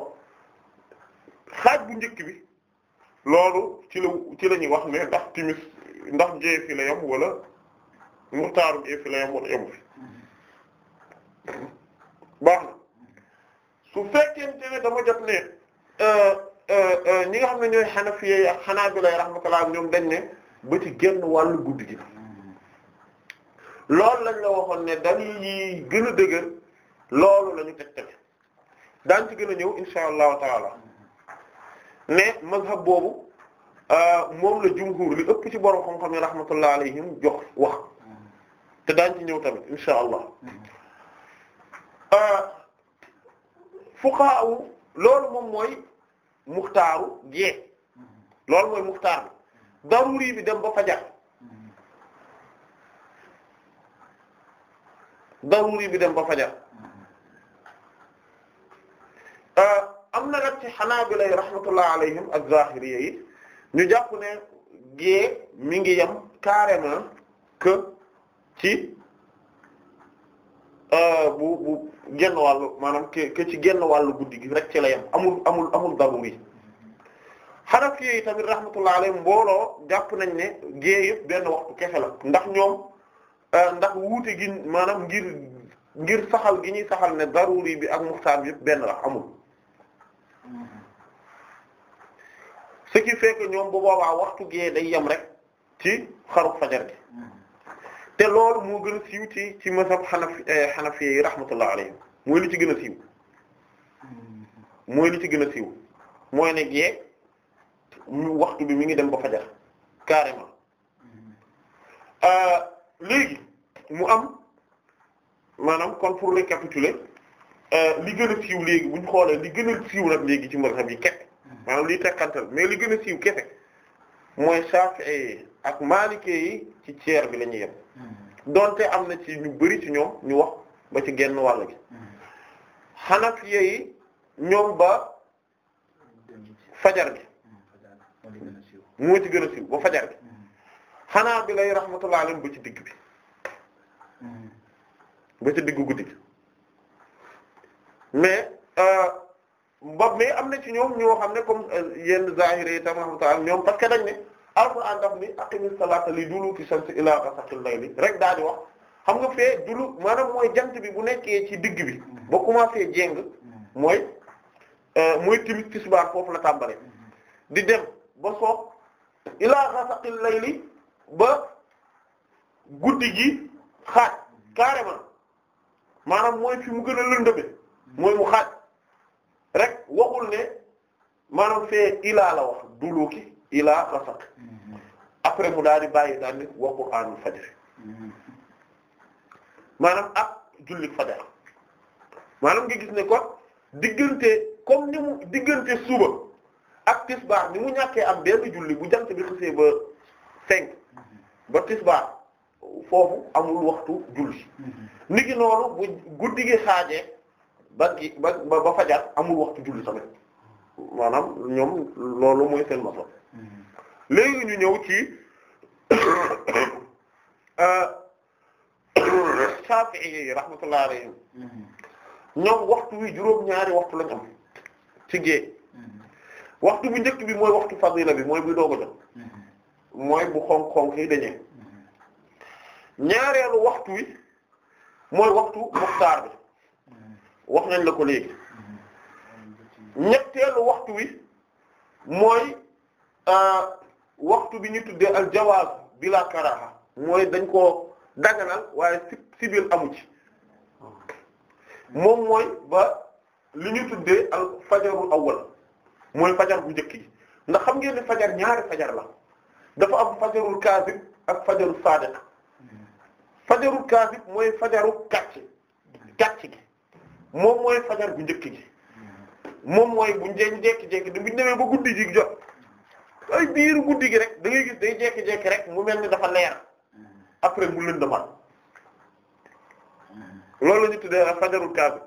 xaat bu njëkk bi loolu ci la ci la wax ne ndax timis ndax jee fi la yem wala muxtaaru jee fi la yem wala baax na su fekkente ne dama jot ne euh, Euh, euh, ñi nga xam ne ñooy Hanafiyya ak Hanaabila rahmatullah ñoom dañ ne ba ci genn wàll guddi gi loolu lañ la waxoon ne dalil yi gën a dëgër loolu la ñu teg teg daan ci gën a ñëw insha allahu taala ne mazhab boobu euh, moom la jumhur li ëpp ci borom xam-xam yi rahmatullah alayhim jox wax te daan ci ñëw tamit insha allah fuqaha loolu moom mooy muxtaaru gee loolu mooy muxtaar bi daruri bi dem ba fajar daruri bi dem ba fajar am na nag ci Hanaabila rahmatullah alayhim ak Zahiriyya yi ñu jàpp gee mi ngi yem carrément que ci Euh, bu bu genn wàllu maanaam ke ke ci genn wàllu guddi gi rek ci la yem amul amul amul daruri xanaf yi tamit rahmatullah alayhi mbooloo jàpp nañ ne gée yëpp benn waxtu kefe la ndax ñoom euh, ndax wuute gi maanaam ngir ngir saxal gi ñuy saxal ne daruri bi ak muxtaar bi yëpp benn la amul ce qui fait ñoom bu boobaa waxtu gée day yem rek ci xaru fajar gi te loolu moo gën a siiw ci ci mazhab xanafi xanafi eh, yi rahmatullah alayhim mooy li ci gën a siiw mooy li ci gën a siiw mooy ne gee waxtu bi mi ngi dem ba fajar carrément mm-hmm. euh, léegi mu am maanaam kon pour récapituler euh, li gën a siiw léegi bu ñu xoolee li gën a siiw nag léegi ci mazhab yi kese mm-hmm. maanaam liy tekkantal mais li gën a siiw kese mooy Shafi'i ak Maliki yi ci tiers bi la ñuy yem donte am na ci ñu bari ci ñoom ñu wax ba ci genn wàll gi Hanafi yi ñoom ba fajar gi moo ci gën a siiw ba fajar gi Hanabila yi rahmatullah alayhim ba ci digg bi ba ci digg guddi gi mais euh, ba mais am na ci ñoom ñoo xam ne comme euh, yenn zahiri yi tam rahmatullah ñoom parce que dañ ne alxuraan daf ni aqimis salaata li duluki shamsi ilaa ghasaqil layli rek daal di wax xam nga fee dulu maanaam mooy jant bi bu nekkee ci digg bi ba commencé jéng mooy euh, mooy timit tisbaar foofu la tàmbale di dem ba soog ilaa ghasaqil layli ba guddi gi xaaj carrément maanaam mooy fi mu gën a lëndëme mooy mu ilaa la wax duluki ilaa rasak après mu daal di bàyyi daal di wa qur'aanul fajr maanaam ak jullit fajar maanaam nga gis ne kon diggante comme ni mu diggante suba ak tisbaar ni mu ñàkkee am benn julli bu jant bi xasee ba cinq ba tisbaar foofu amul waxtu julli niki noonu bu guddi gi ba gi ba ba fajar amul waxtu julli tamit maanaam ñoom loolu mooy seen maso léegi ñu ñëw ci euh, [COUGHS] Shafi'i rahmatullahi alayhim mm-hmm. ñoom waxtu wi juróom-ñaari waxtu lañ ci gée mm-hmm. waxtu bu njëkk bi mooy waxtu fadila bi mooy buy doog a mm-hmm. mooy bu xonk-xonk yi dañee ñaareelu waxtu wi mooy waxtu muxtaar bi wax nañ la ko léegi ñetteelu waxtu wi mooy euh, waxtu bi ñu tuddee al jawaaz bila karaha mooy dañ koo daganal waaye si sibil amu ci moom mooy ba li ñu tuddee al fajarul awwal mooy fajar bu njëkk yi ndax xam ngeen ne fajar ñaari fajar la dafa am fajarul kaazib ak fajaru saadiq fajaru kaazib mooy fajaru kàcc kàcc gi moom mooy fajar bu njëkk gi moom mooy bu njeen jekki-jekki da buñu demee ba guddi ji jot ay biiru guddi gi rek da ngay gis day jekki-jekki rek mu mel ni dafa leer après mu lëndëmaat loolu la ñu tuddee fajarul kaab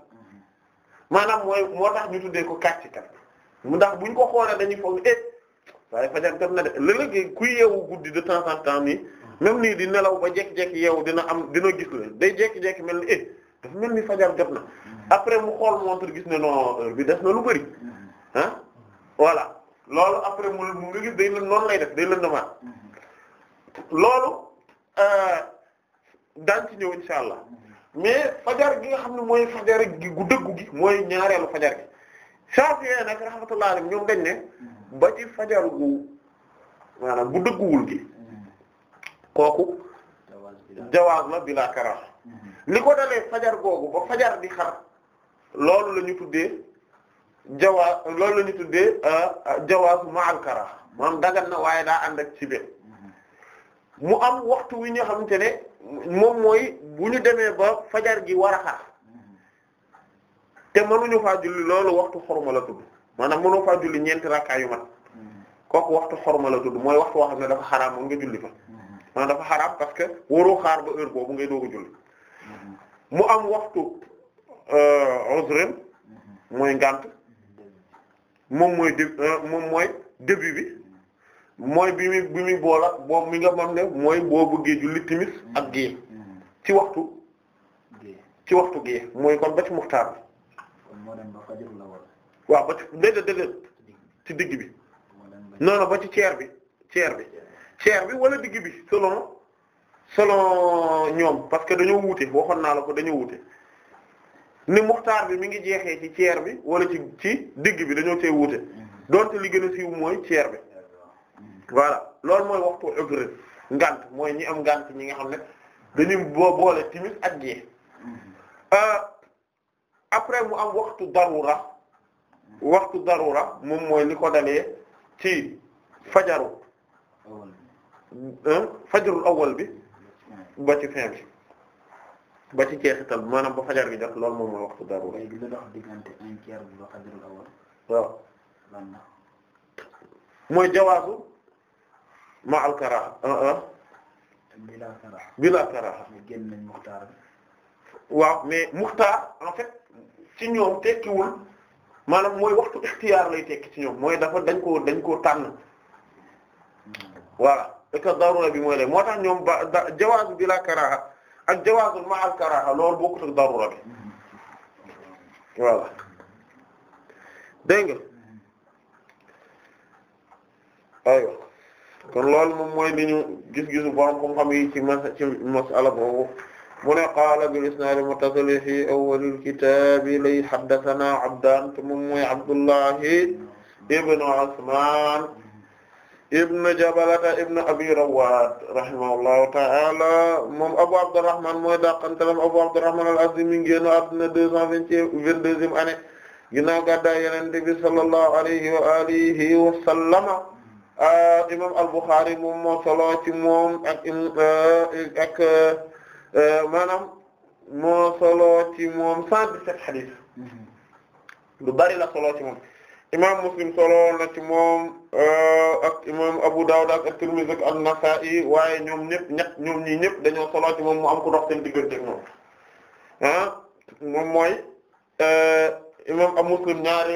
maanaam mooy moo tax ñu tuddee ko kàcc kat mu ndax buñ ko xoola dañuy foog ne eh waaye fajar jot na de léeg-léeg kuy yeewu guddi de temps en temps nii même nii di nelaw ba jekki-jekki yeewu dina am dina gis la day jekki-jekki mel ni eh dafa mel ni fajar jot na après mu xool montre gis ne non heure bi def na lu bari ah voilà. loolu après mu mu nga gis day lën noonu lay def day lën demaat mhm. loolu euh, daan ci ñëw insha allah mhm. mais fajar gi nga xam ne mooy fajar gi gu dëggu gi mooy ñaareelu fajar gi Shafi'i nag rahmatullahi alayhi ñoom dañ ne mhm. ba ci fajar gu maanaam bu dëgguwul gi kooku jawaaz la bila karaha li ko dalee fajar googu ba fajar di xar loolu la ñu tuddee jawaa loolu la ñu tuddee euh, jawaasu ma'al karaaha maanaam dagan na waaye daa ànd ak ci mu am waxtu wi ñu xamante ne moom mooy bu ñu demee ba fajar gi war a xar te ñu faa julli loolu waxtu xorma la tudd maanaam mënoo faa julli ñeenti rakka yu mat waxtu xorma la tudd mooy waxtu xam ne dafa xaraam moom nga julli fa maanaam dafa xaraam parce que waroo xaar ba heure boobu ngay doog a julli mu am waxtu euh, uzrin mooy ngànt moom mooy dé euh, moom mooy début bi mooy bi muy bi muy boola boobu mi nga xam ne mooy boo bëggee julli timis ak gée ci waxtu ci waxtu gée mooy kon ba ci muxtaar bi waaw ba ci ci digg bi non non ba ci ceer bi ceer bi ceer bi wala digg bi selon selon ñoom parce que dañoo wuute waxoon naa la ko dañoo wute ni muxtaar bi mi ngi jeexee ci tiers bi wala ci ci digg bi dañoo cee wuute mm-hmm. donte li gën a siiw mooy tiers bi mm-hmm. voilà loolu mooy waxtu ëpp ngant mooy ñi am ngant ñi nga xam ne dañuy boo boole timis ak gée mm-hmm. euh, après mu am waxtu darura waxtu darura moom mooy li ko dalee ci fajaru fajarul awal bi ba ci fin bi ba ci jeexital maanaam ba fajar gi jot loolu mooy waxtu darura. léegi mooy jawaazu ma al karaha. Ah, ah. bila karaha. bila karaha. mais génn nañ muxtaar bi. waaw mais muxtaar en fait ci tekkiwul maanaam mooy waxtu ixtiyaar lay tekki ci ñoom mooy dafa dañ koo dañ koo tànn. Hmm. voilà et que darura bi mooy lay moo tax ñoom ba bila karaha. ak jawaazul ma'al karaaha loolu bokkut ak darura bi voilà dégg nga aywa kon loolu moom mooy li ñu gis-gisu borom xam-xam yi ci mas ci masala boobu mu ne qaala bil isnaadi muttasil fi awwalil kitaabi lay haddasanaa Abdaan te moom mooy Abdullahi ibn Usmaan ibn Jabalata ibn Abi Rawwad rahimahullahu ta'ala moom Abu Abdurrahman mooy dàqantalam Abu Abdurrahman al-Azdi mi ngi génn àdduna deux cent vingt-deuxième année ginnaaw gàddaay Yonent bi sallallahu alayhi wa alihi wa sallama euh, imam al-Bukhari moom moo solo ci moom ak euh, ak euh, maanaam moo solo ci moom cent dix-sept hadith mm-hmm. lu bari la solo ci moom imam Muslim solo na ci moom euh, ak Abu Dawud ak at-Tirmidhi ak an-Nasa'i waaye ñoom ñëpp ñett ñoom ñii ñëpp dañoo solo ci moom mu ku dox seen diggante ak moom ah moom mooy euh, imam Abu Muslim ñaari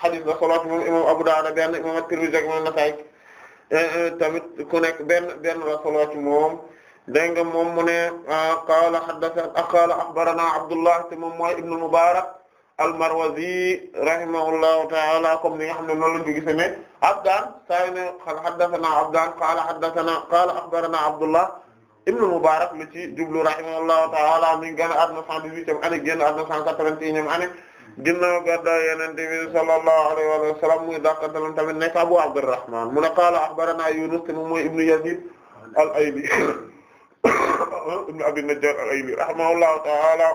hadith la solo ci moom imam Abu Dawud benn imam at-Tirmidhi ak imam an euh, tamit ku nekk benn benn la solo ci moom dégg nga moom mu ne qaala haddatha qaala akhbarana Abdullah te moom mooy ibn Mubarak al-Marwazi rahimahullahu ta'ala comme ni nga xam ne noonu lañu ko gis ne Abdaan saa yu ne haddasanaa Abdaan qaala haddasanaa qaala axbaranaa Abdullah ibn Mubaarak lu ci jublu rahimahullahu ta'ala mi ngi génn àdduna 118 ani génn àdduna 181 ani ginnaaw gàddaa Yonent bi sallallahu alayhi wa sallam muy dàqantalam tamit nekk Abu Abdurrahmaan mu ne qaala axbaranaa Yuunus te moom mooy ibn Yaziid al-Ayli [COUGHS] ibn Abi Najjaar al-Ayli rahimahullahu ta'ala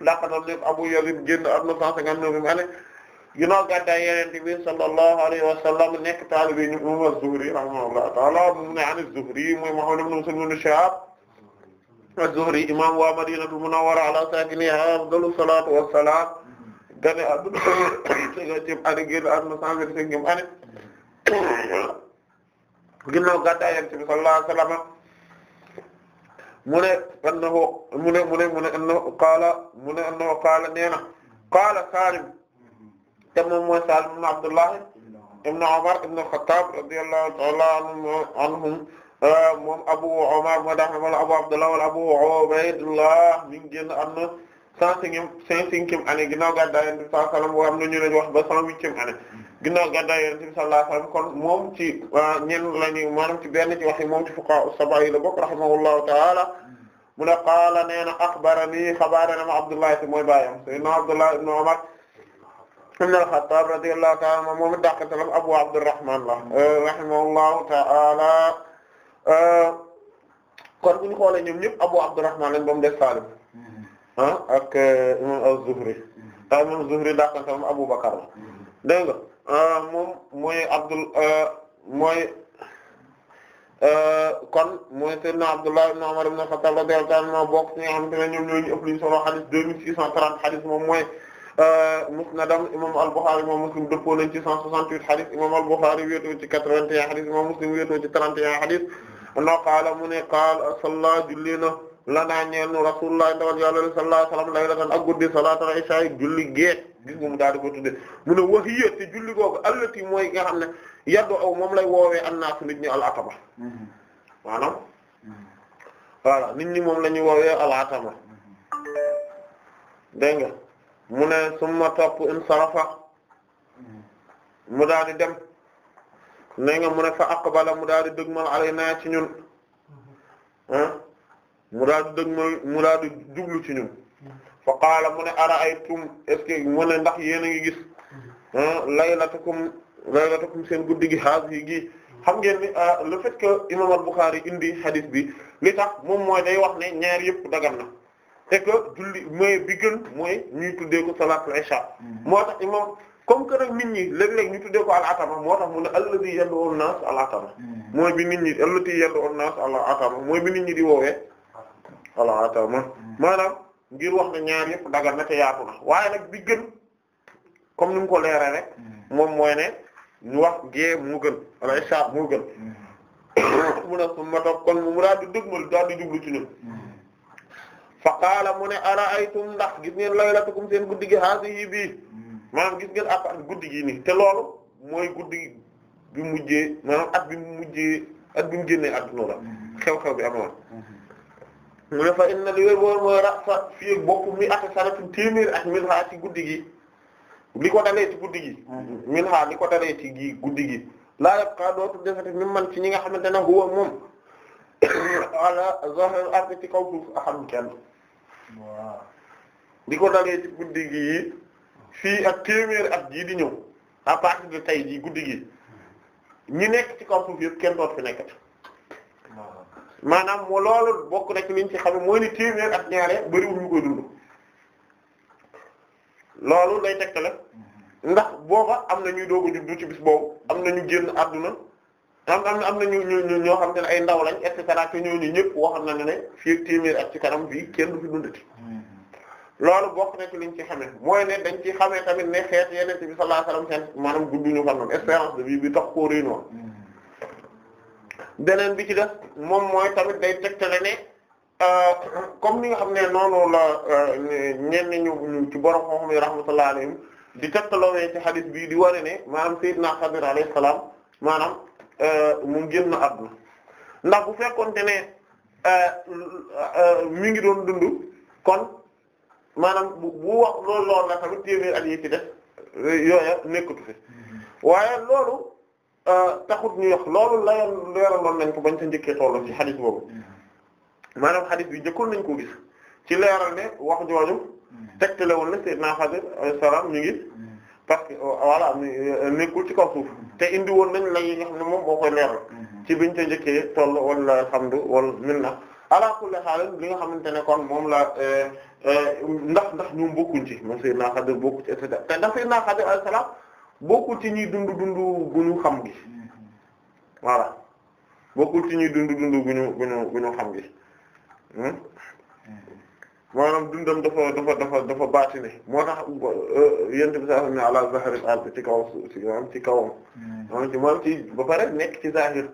laqatal nekk Abu Yazid génn am na 159 année ginnaaw gàddaay Yonent bi sallallahu alayhi wa sallam nekk taalibe ñu moom az-Zuhri rahimahullahu ta'ala mu ne an az-Zuhri mooy Muhammad ibn Muslim ibn Shihab az-Zuhri imam wa Madinatul Munawwara ala sakiniha afdalu salatu wassalam gane adduna cinquantième année génn am na 125e année ginnaaw gàddaay Yonent bi sallallahu alayhi wa sallam mune ne annahu mu ne mu ne mu ne annahu qaala mu ne annahu qaala nee na qaala Saalim te moom mooy Saalim ibn Abdullah ibn Umar ibn al-Khattab radiyallahu ta'ala anhum moom Abu Umar moo daax ne wala Abu Abdullah wala Abu Ubaydullah mi ngi génn am na cent cinquième cent cinquième année ginnaaw gàddaay am na ñu ne wax ba cent huitième année ginnaaw gàddaay yonent bi sallallahu alayhi wasallam kon moom ci ñenn lañu maanaam ci benn ci wax yi moom ci fuqaha as-sab'a yi la bokk rahimahullahu ta'ala mu ne qaala nee na axbarani xabaarana ma Abdullah te mooy baayam sayyidina Abdullah ibn Umar ibn al-Khattab radiyallahu ta'ala anhu moom dàqantalam Abu Abdurrahman la euh, rahimahullahu ta'ala euh, kon bu ñu xoolee ñoom ñëpp Abu Abdurrahman lañ ba mu def Salim ah ak euh, imam az-Zuhri ta mm-hmm. imam az-Zuhri dàqantalam Abu Bakr la mm-hmm. dégg nga Euh, moom euh, mooy Abdul euh, mooy kon mooy Seydina Abdullah ibn Umar ibn Khattab radiyallahu anhu bokk ci nga xamante ñoom ñoo ñu ëpp lu ñu solo hadith 2630 hadith moom mooy musnadam imam al-Bukhari imam Muslim dëppoo nañ ci 168 hadith imam al-Bukhari wéetoo ci 81 hadith imam Muslim wéetoo ci 31 hadith noo qaala mu ne qaala salla julli na lanaa ñeenu rasulullah ndawal yàlla sallallahu alayhi wasallam laylatan ak guddi salaatul isha julli geet gis nga mu daal di ko mu ne wahiya te julli googu allati mooy nga xam ne yaddu aw moom lay woowee annaas nit ñi al atama maanaam nit ñi moom lañuy ñuy woowee al atama dégg nga mu ne summa topp insarafa mu daal dem nee mu ne fa aqbala mu daal di dëgmal alay naa ci ñun ah mu daal di dëgmal mu daal di jublu ci ñun fa qaala mu ne ara'aytum est ce que ndax yéen a ngi gis ah, laylatakum laylatakum seen guddi gi xaas yi gi xam ngeen ni ah, le fait que imam al-Bukhari indi hadith bi li tax moom mooy day wax ne ñaar yëpp dagan na c'est que julli mooy bi gën mooy ñuy tuddee ko salatul isha moo tax imam comme que nag nit ñi léeg-léeg ñu tuddee ko al-atama moo tax mu ne allati yad'u an-nas al-atama hmm. mooy nit ñi allati yad'u an-nas al-atama mooy bi nit ñi di woowee alaatama mm. maanaam ngir wax na ñaar yëpp dagar na te yaatu na waaye nag bi gën comme ni mu ko leeral rek mm. moom mooy ne ñu wax gée mu gën wala ishaab mu gën mm. [COUGHS] mu ne ma toog kon mu daal di dëgmal daal di jublu fa qaala mu ne ara'aytum ndax gis ngeen laylatukum seen guddi gi haadihi bii maanaam gis ngeen ak guddi gi nii te loolu mooy guddi bi mujjee maanaam at bi mu mujjee at bi mu génnee adduna la xew-xew bi amoon mu ne fa inna li wér mooy mooy rasa fii bopp mi ak saratum téeméer ak min ha ci guddi gi li ko dalee ci guddi gi mhm. min ha li ko dalee ci gi guddi gi laa yap ka dootu defati mi man ci ñi nga xamante ne huwa moom [COUGHS] ala zahir ardi ci kaw suuf a xam kenn li ko dalee ci guddi gi fii ak téeméer ak jii di ñëw à partir de tey jii guddi gi ñi nekk ci kaw suuf yëpp kenn doot fi nekkati maanaam moo loolu bokk na ci liñ ci xam mooy ni téeméer ak ñaare bariwul ñu koy dund loolu lay tegtale ndax booba am na ñuy doog a juddu ci bis boobu am na ñu génn àdduna am am am na ñu ñu ñoo xam te ne ay ndaw lañ et cetera te ñooñu ñëpp waxoon na ne fii téeméer ak ci kanam bii kenn du fi dundati loolu bokk na ci mooy ne dañ ci xamee tamit ne xeet yeneen bi sallallahu alayhi wasallam seen maanaam gudd ñu fan noonu espérance de bi tax koo réer beneen bi ci def moom mooy tamit day tegtale ne euh, comme ni nga xam ne noonu la euh, ñenn ñu ci borom xam-xam yi rahmatullahi alayhim di tegtaloo ci hadith bii di wane ne maanaam Seydina Xadir alayhi salaam maanaam euh, mu génn àdduna ndax bu fekkonte ne mi ngi doon dund kon maanaam bu bu wax loolu loolu la tamit téeméer at yi ci def yooya nekkatu fi mm-hmm. waaye loolu. Euh, taxut ñu wax loolu layoon leeraloon nañ ko bañ sa njëkkee tolloon ci xadis boobu maanaam xadis bi njëkkoon nañ ko gis ci leeral ne wax jooju tegtale woon na Seydina Xadir alayhi ngi parce que euh, voilà euh, nekkul ci kaw mm-hmm. te indi woon nañ la yi ne moom moo koy leeral mm-hmm. ci biñ ca njëkkee toll wala alhamdu wala minna ala kulli li nga xamante ne kon moom la ndax ndax ñoom bokkuñ ci moom Seydina Xadir bokku ci et cetera te ndax Xadir alayhi salaam bokkul ci ñuy dund dund gu ñu xam gi voilà bokkul ci ñuy dund dund gu ñu xam gi hmm? maanaam dundam dafa dafa dafa dafa baati ne moo tax euh, yent bi saa ne ala zahiril ard ci kaw ci maanaam ci kawam maanaam ci maanaam ci ba pare nekk ci zahir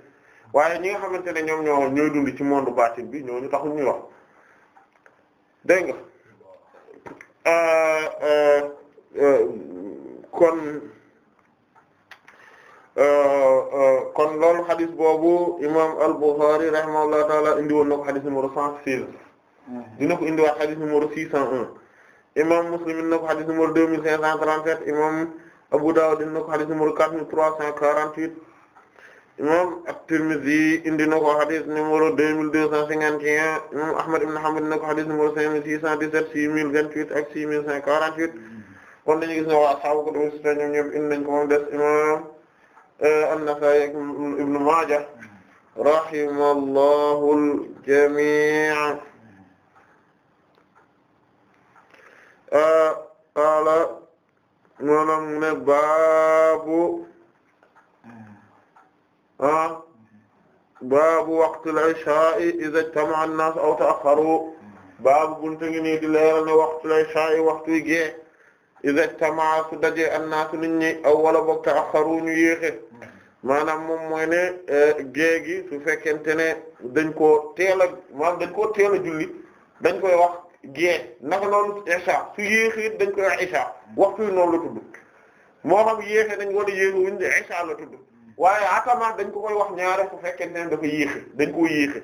waaye ñi nga xamante ne ñoom ñoo ñooy dund ci monde baatin bi ñooñu taxul ñuy wax dégg nga euh, euh, kon Euh, euh, kon loolu xadis boobu imam al-Bukhari rahimahullahu taala indi woon na ko xadis numéro cent seize mhm. dina ko indiwaat xadis numéro six cent un imam Muslim indi na ko xadis numéro deux mille cinq cent trente-sept imam Abu Dawud indi na ko xadis numéro quatre mille trois cent quarante-huit imam At-Tirmidhi na ko xadis numéro deux mille deux cent cinquante et imam Ahmad ibn Hanbal indi na ko xadis numéro cinq mille six cent dix-sept six mille vingt-huit ak six mille cent quarante-huit mhm. kon an-Nasaa'i ak Ibn Maaja rahimallahu al-jamii' qaala maanaam mu ne baabu baabu waqtil ishaa'i idhaa ijtama'a an-naas aw ta'akhkharu baabu buntu ngi nii di leeral ne waqtil ishaa'i waxtu gee isajtama su dajee annaasu nit ñi aw wala boog ta'axxaru ñu yéexe maanaam moom mooy ne géegi su fekkente ne dañ ko teel a dañ koo teel a julli dañ koy wax gée naka noonu isha su yéexe dañ koy wax isha waxtu wi noonu la tudd moo xam yéexe dañ war a yéexe wuñ isha la tudd waaye atama dañ ko koy wax ñaare su fekkente ne dafa yéexe dañ koo yéexe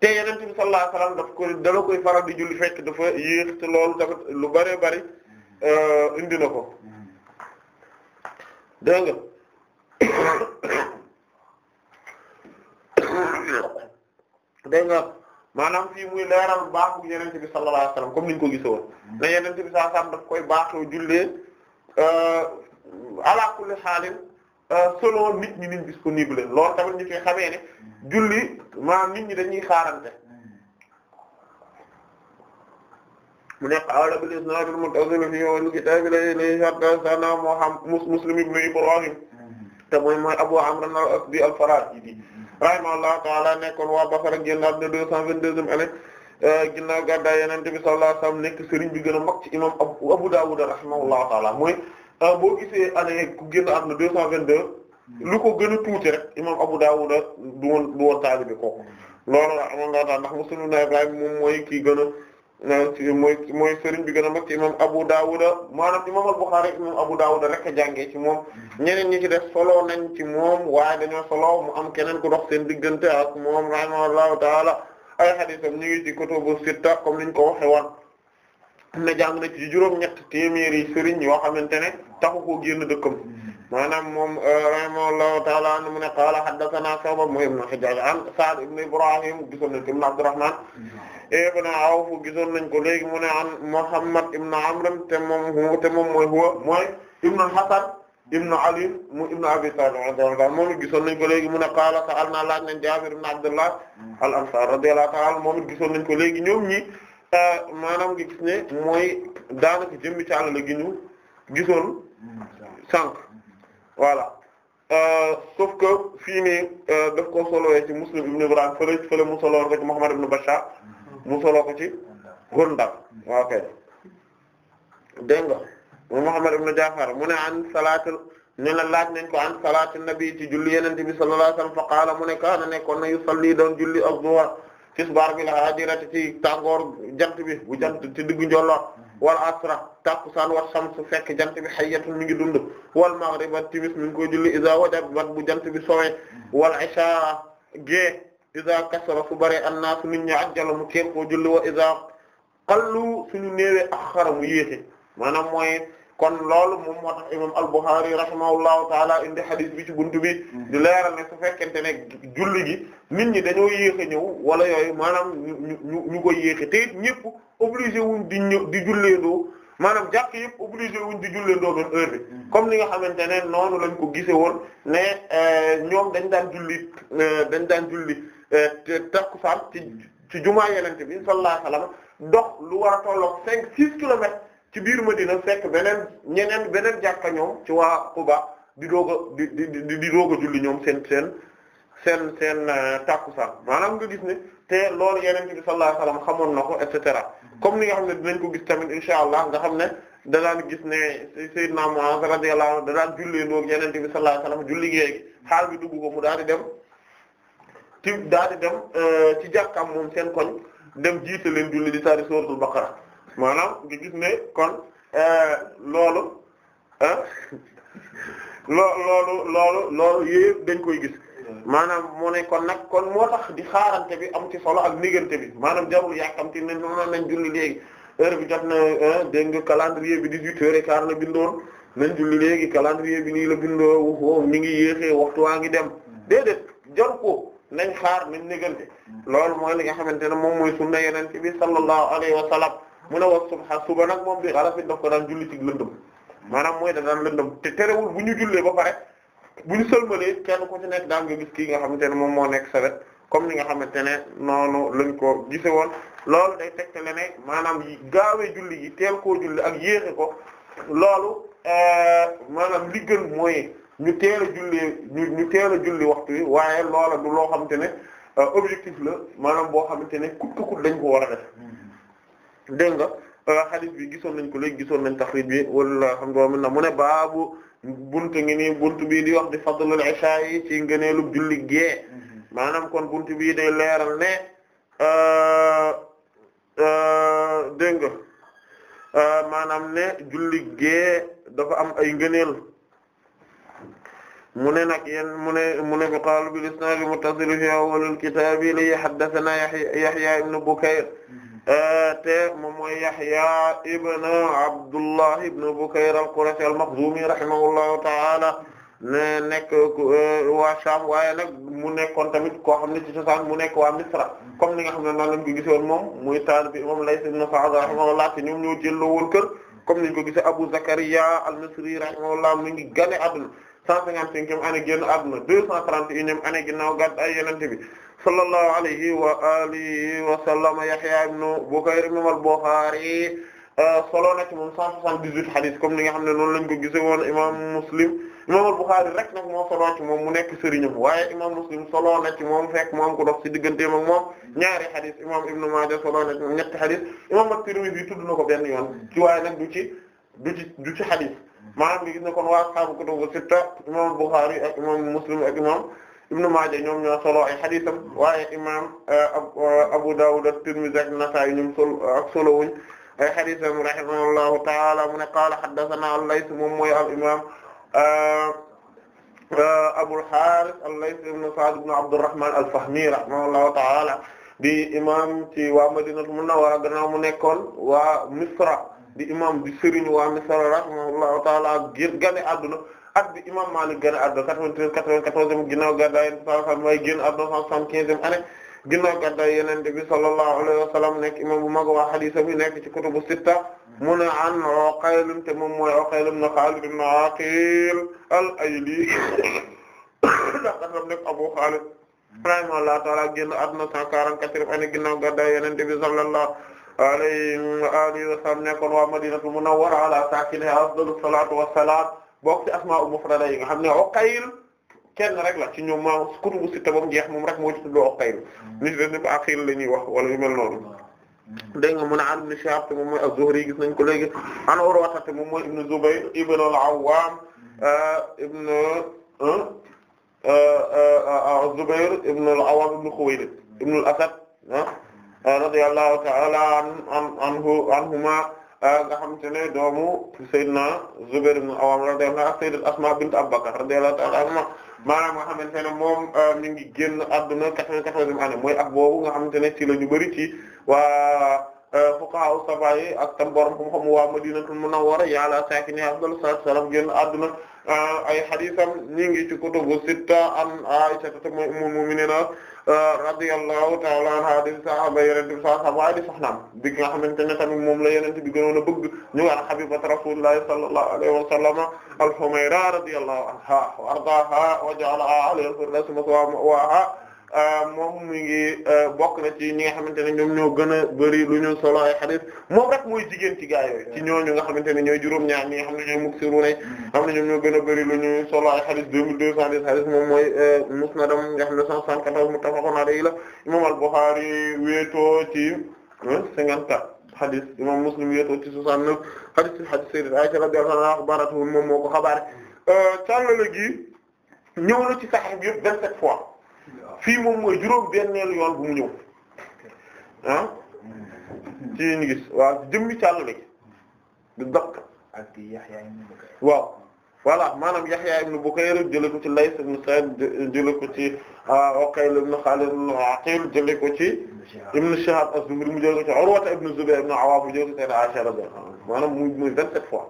te yenente bi sallallahu alayhi daf ko dala koy faral di julli fekk dafa yéex te loolu tamit lu bare bëri euh, indi na ko dégg nga maanaam fii muy leeral baaxu yenente bi sallallahu alayhi wasallam comme niñ ko gisoon ne yenente bi sallallahu daf koy baaxoo jullee euh, ala kulli xaalin Euh, selon nit ñi niñ disponible loolu tamit ñu koy xamee ne julli maanaam nit ñi dañuy xaarante mu nekk awla bil isnaadil muttasil fi awwal kitaab ilayhi haddathanaa Muslim ibn Ibrahim te mooy mooy Abu Amr al-Asdi al-Farahidi rahimahullahu ta'ala nekkoon waa Basra génnaat na deux cent vingt-deuxième année euh, ginnaaw gàddaay Yonent bi sallallahu alayhi wasallam nekk sëriñ bi gën a mag ci imam Abu Dawud rahimahullahu ta'ala mooy Ah, boo gisee année ku génn àdduna deux cent vingt deux lu ko gën a tuuti rek imam Abu Dawud du woon du woon taalibi kooku loolu la amoon nga tax ndax Muslim ibn Ibrahim moom mooy kii gën a ah, mooy mooy sëriñ bi gën a mag ci imam Abu Dawud maanaam imam al-Bukhari imam Abu Dawud rek a jàngee ci moom ñeneen ñi ci def solo nañ ci moom waaye dañoo solo mu am keneen ku dox seen diggante ak moom rahimahullahu taala ay haditham ñu ngi ci kutubu sitta comme niñ ko waxe na jàng na ci juróom-ñett téeméeri sëriñ yoo xamante ne taxu koo génn dëkkam maanaam moom euh, rahimahullahu taala anu mu ne qaala haddathana Shu'ba mu ibn Hajjaj an Sa'd ibn Ibrahim gisoon nañ ko ibn Abdurrahman ibn eh, Awf gisoon nañ ko léegi mu ne an Muhammad ibn Amr te moom te moom mooy huwa mooy ibn Hasan ibn Ali mu ibn Abi Talib radiyallahu moom it gisoon nañ ko léegi mu ne qaala sa'alna laaj nañ Jaabir ibn Abdullah al-Ansari radiyallahu ta'ala moom it gisoon nañ ko léegi ñoom ñi maanaam nga gis ne mooy daanaka jëmmi càll la gi ñu gisoon sànq voilà euh, sauf que fii nii euh, daf ko solowee ci Muslim ibn Ibrahim fële mu soloo ko ci Muhammad ibn Bashar mu soloo ko ci Gundar waaw kay dégg nga mu Muhammad ibn Jafar mu ne an salaatul ne laaj nañ ko an salaatu nabi ci julli yenente bi sallallahu alayhi fa qaala mu ne kaana nekkoon na yusalli doon julli ak tisbaar bi la hadirati ci tàngoor jant bi bu jant ci diggu njolloor wal asra takkusaan wa shamsu fekk jant bi hayyatun mi ngi dund wal maghriba timis mi ngi koy julli iza wajabat bu jant bi sowe wal isha gee iza kasara su bare annaasu nit ñi ajjala mu teel koo julli wa iza qallu suñu néewee axara mu yéexe maanaam mooy kon loolu moom moo tax imam al-Bukhari rahimahullahu taala indi hadith bi ci buntu bi mm. di leeral ne su fekkente ne julli gi nit ñi dañoo yéex a ñëw wala yooyu maanaam ñu ñu koy yéex a te it ñëpp obligé wuñ di ñëw di julleendoo maanaam jàkk yëpp obligé wuñ di julleendoo même heure bi mm. comme li nga xamante ne noonu lañ ko gise woon ne euh, ñoom dañ daan julli euh, dañ daan julli euh, takkusaan ci ci jumaa yenente bi sallallahu alayhi wasallam dox lu war a tolloog cinq six kilomètres ci biir Madina fekk beneen ñeneen beneen jàkka ñoom ci waa Quba di doog a di di di doog a julli ñoom seen seen seen seen euh, tàkkusaan maanaam nga gis ni te loolu yeneen bi sallallahu alayhi wasallam xamoon na ko et cetera comme ni nga xam ne dinañ ko gis tamit insha allah nga xam ne da daan gis ne sayyidna Muaz radiyallahu anhu da daan jullee loolu yeneen bi sallallahu alayhi wasallam julli géegi xaal bi dugg ko mu daal di dem ci daal di dem euh, ci jàkkaam moom seen koñ dem jiite leen julli di tari suratul Baqara maanaam nga gis ne kon euh, loolu loo loolu loolu loolu yëpp dañ koy gis maanaam moo ne kon nag kon moo tax di xaarante bi am ti solo ak négante bi maanaam jarul yàkkamti ne noonu nañ julli léegi heure bi jot na dégg nga calendrier bi 18 heures et la bindoon nañ julli léegi calendrier bi nii la bindoo mi ngi waa ngi dem déedéet jar ko nañ xaar nañ négante mm. loolu mooy li nga xamante ne moom mooy sunna yeneen ci bi sallallahu alayhi wa sallam mu ne wax subha suba nag moom bi xalafin daf ko daan julli ci lëndëm maanaam mooy da daan lëndëm te terewul bu ñu jullee ba pare bu ñu sëlmalee kenn ku ci nekk daan nga gis kii nga xamante ne moom moo nekk sa wet comme ni nga xamante ne noonu lañ ko gise woon loolu day tegtale ne maanaam gaawee julli yi teel koo julli ak yéexe ko loolu euh, maanaam li gën mooy ñu teel a julli ñu ñu teel a julli waxtu wi waaye loola du loo xamante ne euh, objectif la maanaam boo xamante ne kut dañ ko war a def dégg nga euh, hadith bi gisoon nañ ko léegi gisoon nañ taxrij bi walla alhamdulillahi na mu ne baabu buntu ngi nii buntu bii di wax di fadlul isha julli gee mhm. maanaam kon bii day leeral ne euh, euh, dégg nga maanaam ne julli gee dafa am ay ngëneel mu ne nag yéen mu ne mu ne bi qaala bil isnaad al muttasil fi awwal al kitaab te moom mooy Yahya ibn Abdullah ibn Bukayr al-Qurashi al-Makhzumi rahimahullahu ta'ala ne nekk eh, waa Sham waaye nag mu nekkoon tamit koo xam ne ci cosaan mu nekk waa Misra comme ni nga xam ne noonu lañ ko gisoon moom muy taal bi moom Layth ibn Sa'd rahimahullah te ñoom ñoo jëlloo woon kër comme niñ ko gisee Abu Zakariya al-Misri rahimahullah mu ngi gane àdduna 155e année génn àdduna 231e année ay gàddaay Yonent bi sallallahu alayhi wa alihi wa sallam Yahya ibn Bukayr imam al-Bukhari euh, solo na ci moom 178 hadith comme ni nga xam ne noonu lañ ko gise woon imam Muslim imam al rek nag moo solo ci moom mu nekk sëriñam waaye imam Muslim solo na moom fekk moom ko dox ci digganteem moom ñaari hadith imam Ibn Maaja solo na ci moom ñetti hadith imam at-Tirmidhi tudd na ko benn yoon ci waaye nag du maanaam nga gis ne kon waa ashaabu kutubu sitta imam Bukhari ak imam Muslim ak imam Ibn Maaja ñoom ñoo solo ay xadiisam waaye imam eh, eh, ta'ala mu qaala haddathanaa al-Layth moom mooy al imam eh, Abul Haaris al-Layth ibn Sa'd ta'ala di imam ci waa Madinatul Munawwara gannaaw mu nekkoon waa Misra di imam di sëriñu waa Misra rahimahullahu taala gane adduna at bi imam Malik gane adduna 93 94 ginnaaw gàddaay yonent bi sallallahu alayhi wa sallam bi sallallahu alayhi wa nekk imam bu mag waa hadith bi nekk ci kutubu sitta mu ne an Uqayl te moom mooy Uqayl ibn Khalid ibn Aqil al-Ayli ndax dafa nekk Abu Khalid rahimahullahu taala génn adduna 144e année ginnaaw gàddaay yonent bi sallallahu alayhim wa alihi wa sallam nekkoon waa madinatul munawwara ala saakiniha afdalu salaatu wa salaam bokk ci asmaa'u mufrada yi nga xam ne Uqayl kenn rek la ci ñoom ma kutubu sitta bam jeex moom rek moo ci tuddoo Uqayl ni def ne Aqil la ñuy wax wala yu mel noonu dégg nga mun a an ibn Shihab te moom mooy az-Zuhri gis nañ ko léegi an Urwa te moom mooy ibn Zubayr ibn al-Awwam euh, ibn euh, euh, Zubayr ibn al-Awwam ibn Khuwaylid ibn al-Asad radiyallahu ta'ala anhu anhuma ah, nga xam te ne doomu Seydina na ibn Awwam radiyallahu ak Sayyidat Asma bint Abu Bakr radiyallahu ta'ala anhuma maanaam nga xamante ne moom ah, mi ngi génn adduna quatre-vingt-quatorzième année mooy at boobu nga xamante ne ci la ñu bëri ci waa ah, fuqaha saba yi ak tam borom xam-xam waa Madinatul Munawwara yàlla saakini afdalu salaatu salaam génn adduna ay hadisam ñi ngi ci kutubu sitta an Aisha ummul mu'minina radiyallahu ta'ala anha di sahaba yenente bi saa waaye di soxnaam bi nga xamante ne tamit moom la yenente bi gënoon a bëgg ñu war habibat rasulillahi sallallahu alayhi wa sallama al-Humayra radiyallahu anha wa ardaaha wa ja'alaha alayhi wa sallam wa Euh, moom mu ngi euh, bokk na ci ñi nga xamante ne ñoom ñoo gën a bari lu ñu solo ay xadis moom rek mooy jigéen ci gaa yooyu ci ñooñu nga xamante ne ñooy juróom-ñaar ñi nga xam ne ñooy muksiru ne xam ne ñoo gën a bari lu ñu solo ay xadis deux mille moom mooy euh, musnadam nga xam ne cent soixante-quatorze muttafaqun alayhi la imam al-Bukhari wéetoo ci cinquante-quatre xadis imam Muslim wéetoo ci soixante-neuf xadis xadis sayyidati Aisha radiyallahu anha axbaratu moom moo ko xabaare càllala gi ñëw na ci Sahih bi yëpp vingt-sept fois fii moom mooy juróom benneelu yoon bu mu ñëw ah ci ñu gis waaw jëmmi càll la gi du daq ak Yahya ibn Bukayr waaw voilà maanaam Yahya ibn Bukayr jële ko ci Lays ibn Sa'd jële ko ci ah, Uqayl ibn Khalid al-Aqil jële ko ci ibn Shihab az-Zuhri mu jële ko ci Urwa ibn Zubayr ibn Awwam mu jële ko ci Sayyida Aisha radiyallahu anha maanaam mu muy vingt-sept fois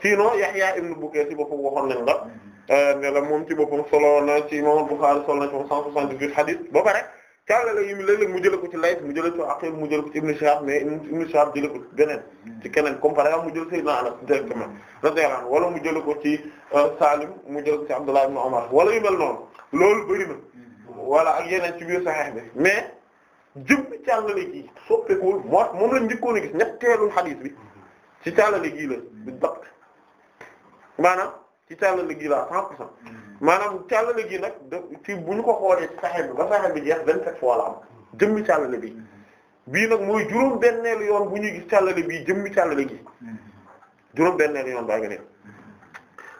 sinon Yahya ibn Bukayr ci boppam waxoon nañ la mm-hmm. Euh, ne la moom ci boppam solo na ci imam Bukhari solo na ci moom 178 hadith ba pare caalala yi léeg-léeg mu jëlee ko ci Layth mu jëlee ko Aqil mu jëlee ko ci Ibn Shihab mais Ibn Shihab jëlee ko ci beneen ci keneen comme par exemple mu jël Sayyidina Anas directement radiyallahu anhu wala mu jëlee ko ci euh, Salim mu jëlee ko ci Abdullah ibn Umar wala yu mel noonu loolu bëri na wala ak yeneen ci biir Sahih bi mais jëm ci caalala gi soppeekuwul moo moom lañ njëkkoon a gis ñetteelu hadith bi ci caalala gi la du dàq maanaam. ci càllale gi la 100 pour mm-hmm. maanaam càllale gi nag ci bu ñu ko xoolee ci saxee bi ba saxee bi jeex vingt-sept fois la am jëmmi càllale bi mm-hmm. nag mooy juróom benneelu yoon bu ñuy gis càllale bii jëmmi càllale gi mm-hmm. juróom benneelu yoon baa ngi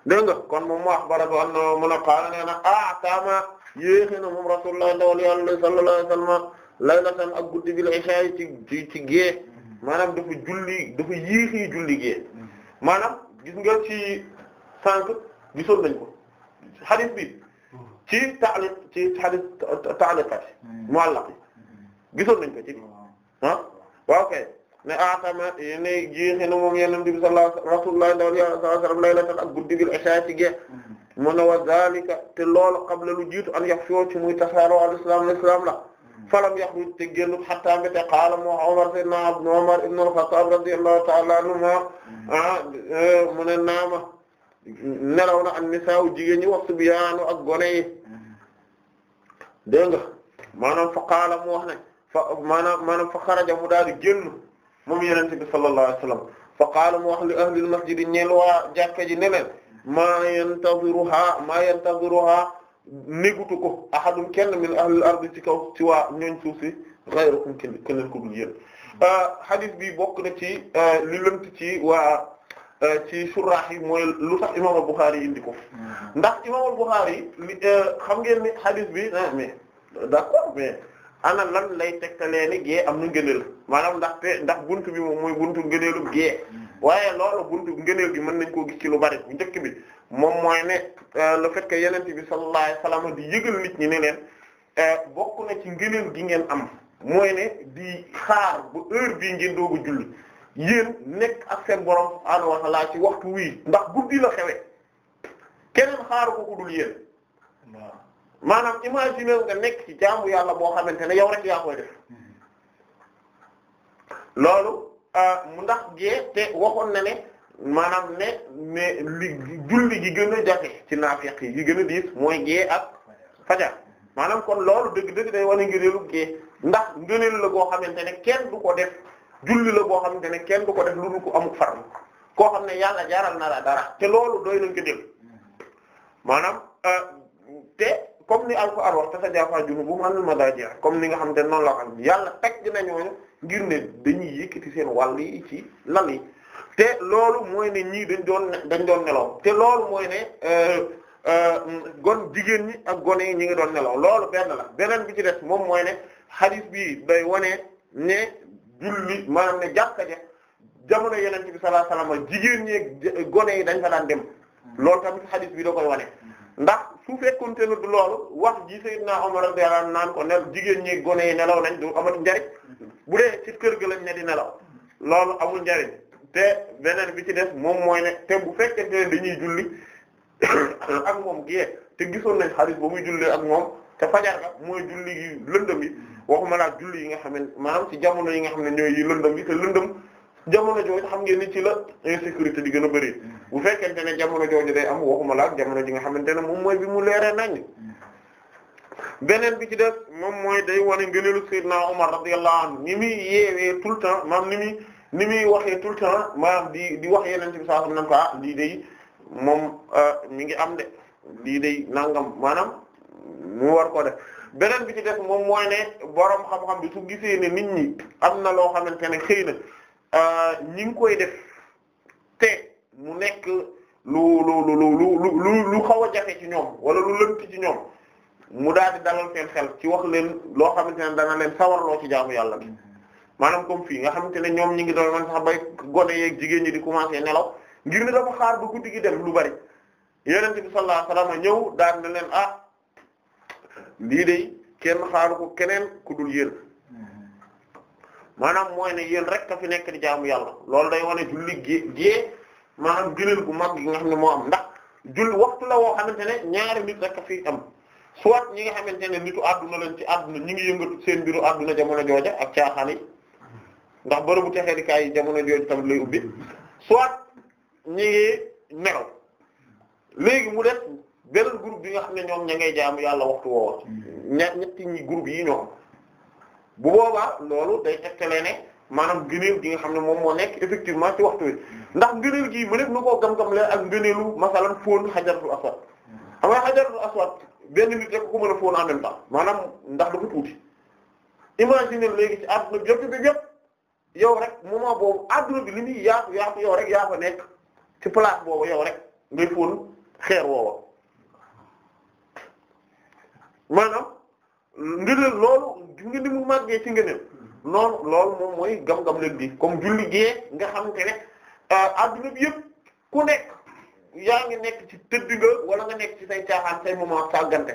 ne nga kon moom mu wax barab an na mun a qaala nee na ah taama yéexi na moom rasulullah ndawal yàlla sallallahu alayhi wasallam laylatan ak guddi bil isha ci ci ci maanaam dafa julli dafa yéexi julli gée maanaam gis sànq gisoon nañ ko hadith bi ci ta'liq ci hadith ta'liqat mu'allaq gisoon nañ ko ci ah waaw kay ne atama ne jeexina moom yonent bi sallallahu alayhi wa sallam sallallahu alayhi wa sallam laylatan ak guddi bil isha ci geex mu ne wa zalika te loolu qabla lu jiitu an yax foo ci muy tasaaroo al islam al islam la falam yaxruj te génnut hatta mbéte qaala moo Umar sayyidina Umar ibn al-Khattab radiyallahu ta'ala anhu ah, mu ne naama nelaw na an nisaaw jigéen ñi waxtu bi ak gone yi dégg nga maanaam fa qaala mu wax ne fa maanaam maanaam fa xaraja mu daal di génn moom yenente bi sallallahu alayhi wasallam fa qaala mu wax li ahlil masjid ñeel waa jàkka ji ne ma maa yantaziruha maa yantaziruha négutu ko ahadum kenn min ahlil ardi ci kaw ci wa ñooñ suuf si ghayrukum kenn keneen ko dul ah, bi bokk na ci ah, li ci suraax yi mooy lu tax imaam al indi ko hmm. ndax imaam al-Bukhari euh, xam ngeen ni hadith bi ah mais d'accord mais ana lan lay tegtalee ni gée am na ngëneel maanaam ndaxte ndax buntu bi moom mooy buntu ngëneelu gée hmm. waaye loolu buntu ngëneel gi mën nañ koo gis ci lu bari bu njëkk bi moom mooy ne euh, le fait que yonent bi sallallahu alayhi wasallam di yëgal nit ñi ne leen euh, bokk na ci ngëneel gi ngeen am mooy ne di xaar bu heure bii ngeen doog julli. yéen nekk ak seen borom subhaanahu wa laa ci waxtu wii ndax guddi la xewe keneen xaaru ko ku dul yéen maanaam imaginer nga nekk ci jaamu yàlla boo xamante ne yow rek yaa koy def loolu ah, mu ndax gee te waxoon na ne maanaam ne ne li julli gi gën a jafe ci naafiq yi gi gën a diis mooy gee ak fajar maanaam kon loolu dëgg-dëgg day wane ngëneelu gee ndax ngëneel la goo xamante ne kenn du ko def julli la boo xamante ne kenn du ko def lu dul ko amul farlu koo xam ne yàlla jaaral na la dara te loolu dooy nañ ko dégg maanaam euh, te comme ni alquran wax tatajaafa junubuhum anil madaaji' comme ni nga xamante ne noonu la xam yàlla teg na ngir ne dañuy yëkkati seen wàll yi ci lal yi te loolu mooy ne ñii dañ doon dañ doon nelaw te loolu mooy ne. Euh, euh, gon jigéen ñi ak gone yi ñi ngi doon nelaw loolu benn la beneen bi ci des moom mooy ne hadith bi day wone ne julli maanaam ne jàkka ja jamono yeneen bi sallallahu alayhi jigéen ñee gone yi dañ fa daan dem loolu tamit hadith bi da koy wane ndax su fekkonte ne du loolu wax ji sayyidna Umar radiyallahu anhu naan ko ne jigéen ñi gone yi nelaw nañ du amatu njariñ bu dee ci kër ga lañ ne di nelaw loolu amul njariñ te beneen bi ci def moom mooy ne te bu fekkente ne dañuy julli [COUGHS] ak moom gée te gisoon nañ hadith ba muy julli ak moom te fajar ga mooy julli gi lëndëm yi waxuma laa julli yi nga xam ne maanaam ci jamono yi nga xam ne ñooy yi lëndëm yi te lëndëm jamono jooju xam ngeen ni ci la insécurité di gën a bëri mm. bu fekkente ne jamono jooju day am waxuma laa jamono ji nga xamante ne moom mooy bi mu leeree nañ mm. beneen bi ci def moom mooy day wane ngëneelu Seydina Omar radiyallahu anhu ni muy yeewee tout le temps maam ni muy ni muy waxee tout le temps maam di di wax yeneen ci saa xam nan ko ah lii moom euh, mi ngi am de lii day nangam maanaam mu war ko def beneen bi ci def moom mooy ne borom xam-xam bi su gisee ne nit ñi am na loo xamante ne xëy na euh, ñi ngi koy def te mu nekk lu lu lu lu lu lu xaw a jafe ci ñoom wala lu lënt ci ñoom mu daal di dalal seen xel ci wax leen loo xamante ne dana leen sawarloo ci jaamu yàlla bi maanaam comme fii nga xamante ne ñoom ñi ngi doon man sax bay gone yeeg jigéen ñi di commencé nelaw ngir ne dafa xaar ba guddi gi dem lu bari yonent bi sallallahu alayhi ñëw daal na leen ah, lii de kenn xaaru keneen ku dul yéen maanaam mooy ne yéen rek ka fi nekk di jaamu yàlla loolu day wane julli gée gée maanaam gënal gu mag gi nga xam ne moo am ndax julli waxtu la woo xamante ne ñaari nit rek ka fi am soit ñi nga xamante ne nitu àdduna lañ ci àdduna ñi ngi yëngatu seen mbiru àdduna jamono jooja ak caaxaan yi ndax bërëbu texeedikaay yi jamono jooju tamit lay ubbi soit ñi ngi nelaw léegi mu def beneen groupe bi nga xam ne ñoom ña ngay jaamu yàlla waxtu woowa mm. ña ñetti ñi groupe yi ñoom bu boobaa loolu day tegtale ne maanaam ngëneel gi nga xam ne moom moo nekk effectivement ci waxtu wi mm. ndax ngëneel gii ma na koo gam-gam la ak ngëneelu masalan fóon xajaratul aswad xam nga xajaratul benn nit ko mën a fóon maanaam ndax dafa tuuti imaginer léegi ci àdduna bi yëpp bi yëpp yow rek moment boobu àdduna bi li muy yaatu yaatu yow rek yaa fa nekk ci place boobu yow rek ngay fóon xeer woowa maanaam ngëneel loolu ngeen di mu màggee ci ngëneel hmm. noonu loolu moom mooy gam-gam leen di comme julli gee nga xam te ne euh, adduna bi yëpp ku nekk yaa ngi nekk ci tëdd nga wala nga nekk ci say caaxaan say moment sàggante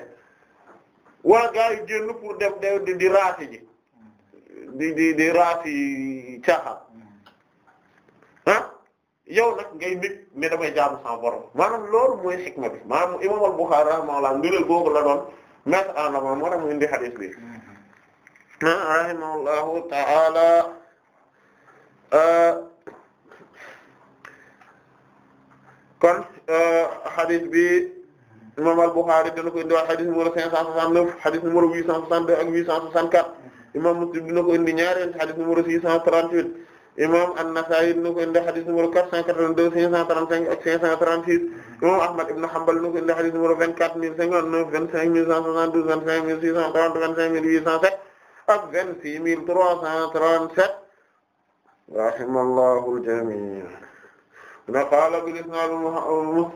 wala gaa yu génn pour dem di di raasi ji hmm. di di di raasi caaxaan hmm. ah yow nag ngay nit ne damay jaamu sama borom lool loolu mooy xikma bi maanaam imaam al-Bukhari rahimahullah ngëneel googu la doon mettre na avant moo tax mu indi hadith bi rahimahullahu ta'ala euh, kon hadith euh, bi imam al-Bukhari dina ko indi waa hadith numéro 569 hadith numéro 862 ak 864 imam Muslim dina ko indi ñaareel hadith numéro 638 imam An-Nasa'i nu ko indi hadith numéro 482 535 ak 536 imam Ahmad ibn Hanbal nu ko indi hadith numéro 24059 25172 25630 25807 ak 26337 rahimallahu al-jami' na qaala bil isnaad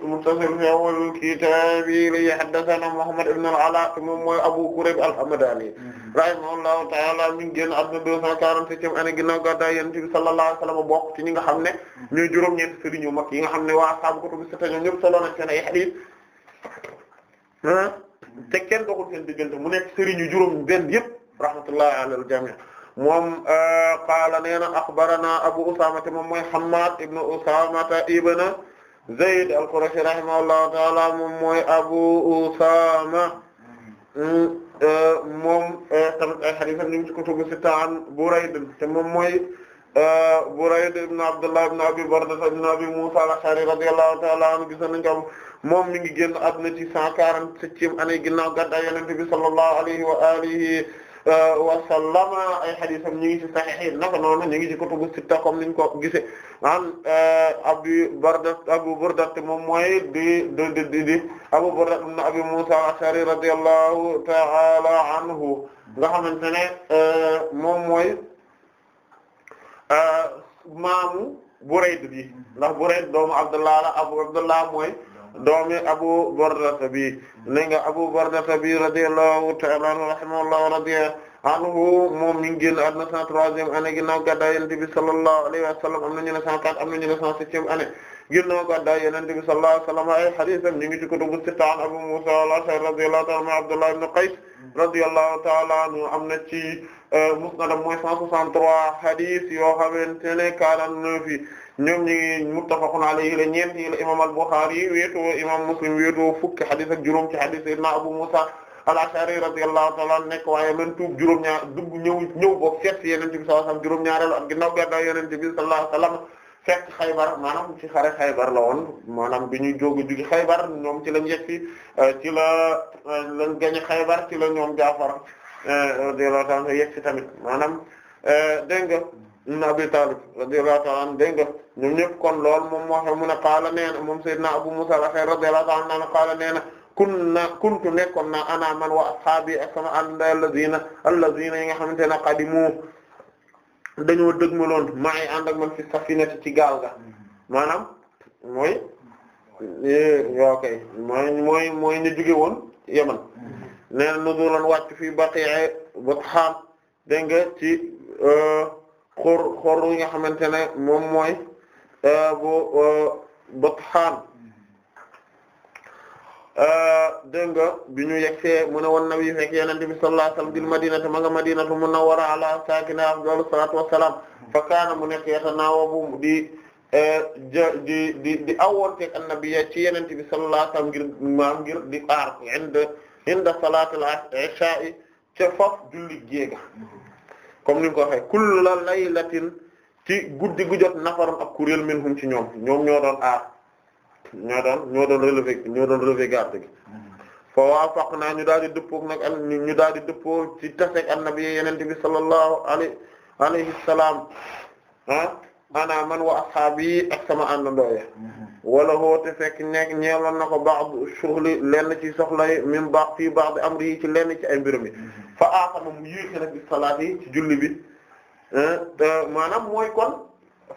muttasil fi awwal kitaab li haddathana Muhammad ibn al-Alaa moom mooy Abu Kurayb al-Hamdaani mm-hmm. rahimahullahu ta'aala mi ngi génn àdduna deux cent quarante-septième année ginnaaw gàddaay Yonent bi sallallahu alayhi wa sallam bokk ñi nga xam ne mm-hmm. ñooy juróom-ñeent sëriñ yu mag yi nga xam ne waa ashaabu kutubu sitta ñoom ñëpp solo na seen ay hadiis ah? mm-hmm. te kenn doxul seen diggante mu nekk sëriñ yu juróom benn yëpp rahmatullahi ala al-jamii' moom euh, qaala nee na axbarana Abu Usaama te moom mooy Hammaad ibn Usaama ibn Zayd al-Qurashi rahimahullahu ta'ala moom mooy Abu Usaama mm, euh, moom euh, tamit ay hadiisam ñu ngi ci kutubu sitta an Burayd te moom mooy Burayd ibn Abdullah ibn Abi Barda ibn Abi Muusa al-Ash'ari radiyallahu ta'ala anhu gis nañ ko moom mi ngi génn àdduna ci 147e année ginnaaw gàddaay Yonent bi sallallahu alayhi wa alihi Euh, wa sallama ay xadisam ñu ngi ci sahih naka noonu ñu ko ci sitta comme ko gisee an euh, Abu Burda Abu Burda moom mooy di di di di Abu Burda ibn Abi Musa al-Ash'ari radiyallahu ta'ala anhu nga xamante ne euh, moom mooy maamu Burayd bi ndax Burayd doomu Abdullah la Abu Abdullah mooy doomi Abu Burdata bi ne nga Abu Burdata bi radiyallahu ta'ala anhu rahimahullah wa radiya anhu moom mi ngi génn àdduna 103e année ginnaaw gàddaay Yonent bi sallallahu alayhi wa sallam am na ñu ne 104 am na ñu ne 107e année ginnaaw gàddaay Yonent bi sallallahu alayhi wa sallam ay hadiisam ñu ngi ci kutubu sitta an Abu Musa al-Ash'ari radiyallahu ta'ala anhu Abdullah ibn Qays radiyallahu ta'ala anhu am na ci Euh, musnadam mooy 163 hadis yoo xamante ne 49 yi ñoom ñi ngi muttafaqun alayhi la ñeent yi la imam al-Bukhari wéetoo imam Muslim wéetoo fukki hadis ak juróom ci hadis sayyidina Abu Musa al-Ash'ari radiyallahu ta'ala an nekk waaye lan tuub juróom-ñaar dugg ñëw ñëw boobu fekk Yonent bi sallallahu alayhi wasallam juróom-ñaareel ak ginnaaw gàddaay Yonent bi sallallahu alayhi wasallam fekk xaybar maanaam ci xare xaybar la woon maanaam bi ñu jóg jugi xaybar ñoom ci lañ yegg euh, ci la euh, lañ gañe xaybar ci la ñoom Jaafar Eh, radiyallahu ta'ala yegg si tamit maanaam eh, dégg nga ibn Abi Talib radiyallahu ta'ala anhu dégg kon lool moom moo xam mu ne qaala nee na moom sayyidina Abu Musa al-Ash'ari radiyallahu ta'ala anhu qaala nee na kunna kuntu nekkoon na ana man wa ashaabi ak sama ànd allazina allazina yi nga xamante ne qadimu dañoo dëgmaloon maa ngi ànd ak man fi safinati ci gaal ga maanaam mooy ok eh, mooy mooy mooy ñu jóge woon Yaman nee na nuzulan wàcc fii baqi'i bathaan dégg nga ci euh, xor xor yi nga xamante ne moom mooy euh, bu euh, bathaan dégg nga bi ñu yegsee mu ne woon nabi fekk yenente bi sallallahu alayhi wasallam bil madinati ma nga madinatu munawwara ala saakina afdalu salatu wassalam fa kaana mu nekk yatanaawabu di di di di awoonteeg annabi ci yenen bi sallallahu alayhi wasallam ngir maam di aar inde inda salaatul ishaa'i ca foofu julli géega comme ni nga ko waxee kulla laylatin ci guddi gu jot nafarum ak kuréel minhum ci ñoom ñoom ñoo doon aar ñoo doon ñoo doon relever ñoo doon relever garde gi fa waafaqnaa ñu daal di dëppoo nag ak ñu daal di dëppoo ci taseeg annabi yenente bi sallallahu alayhi alayhi salaam ah ana man wa ashaabi ak sama àndandoo ya mm-hmm. wala hoote fekk nekk ñeeloon na ko baax bu suxli lenn ci soxla yi min baax fii baax bi am rii ci lenn ci ay mbirum mi mm-hmm. fa aatama mu yéexi nag bi salaat yi ci julli bi eh, maanaam mooy kon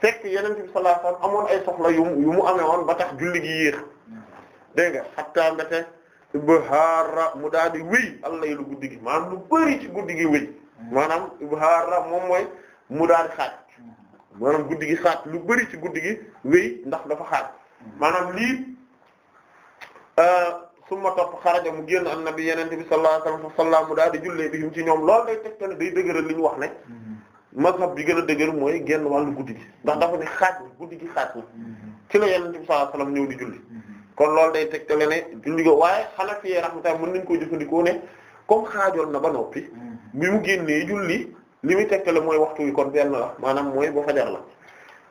fekk yeneen bi sallallahu alayhi amoon ay soxla yu mu yu amee woon ba tax julli gi yéex mm-hmm. dégg nga xattaa mbete ibhaara mu daal di wéy allay lu guddi gi maanaam lu bëri ci guddi gi wéy maanaam ibhaara moom mooy mu daal di xaaj maanaam guddi gi xaaj lu bari ci guddi gi wéy ndax dafa xaaj maanaam lii euh, summa topp xaraja mu génn am nabi yenente bi sallallahu alayhi wa sallam mu daal di jullee bihim ci ñoom lool day tegtale day dëgëral li ñu wax ne mazhab bi gën a dëgër mooy génn wàllu guddi gi ndax dafa ne xaaj na guddi gi xaaj na ci la yenente bi sallallahu alayhi wa ñëw di julli kon loolu day tegtale ne julli ko waaye xanaa fi rahmatullah mën nañ koo jëfandikoo ne comme xaajoon na ba noppi bi mu génnee julli li muy tegtale mooy waxtu wi kon benn la maanaam mooy ba fajar la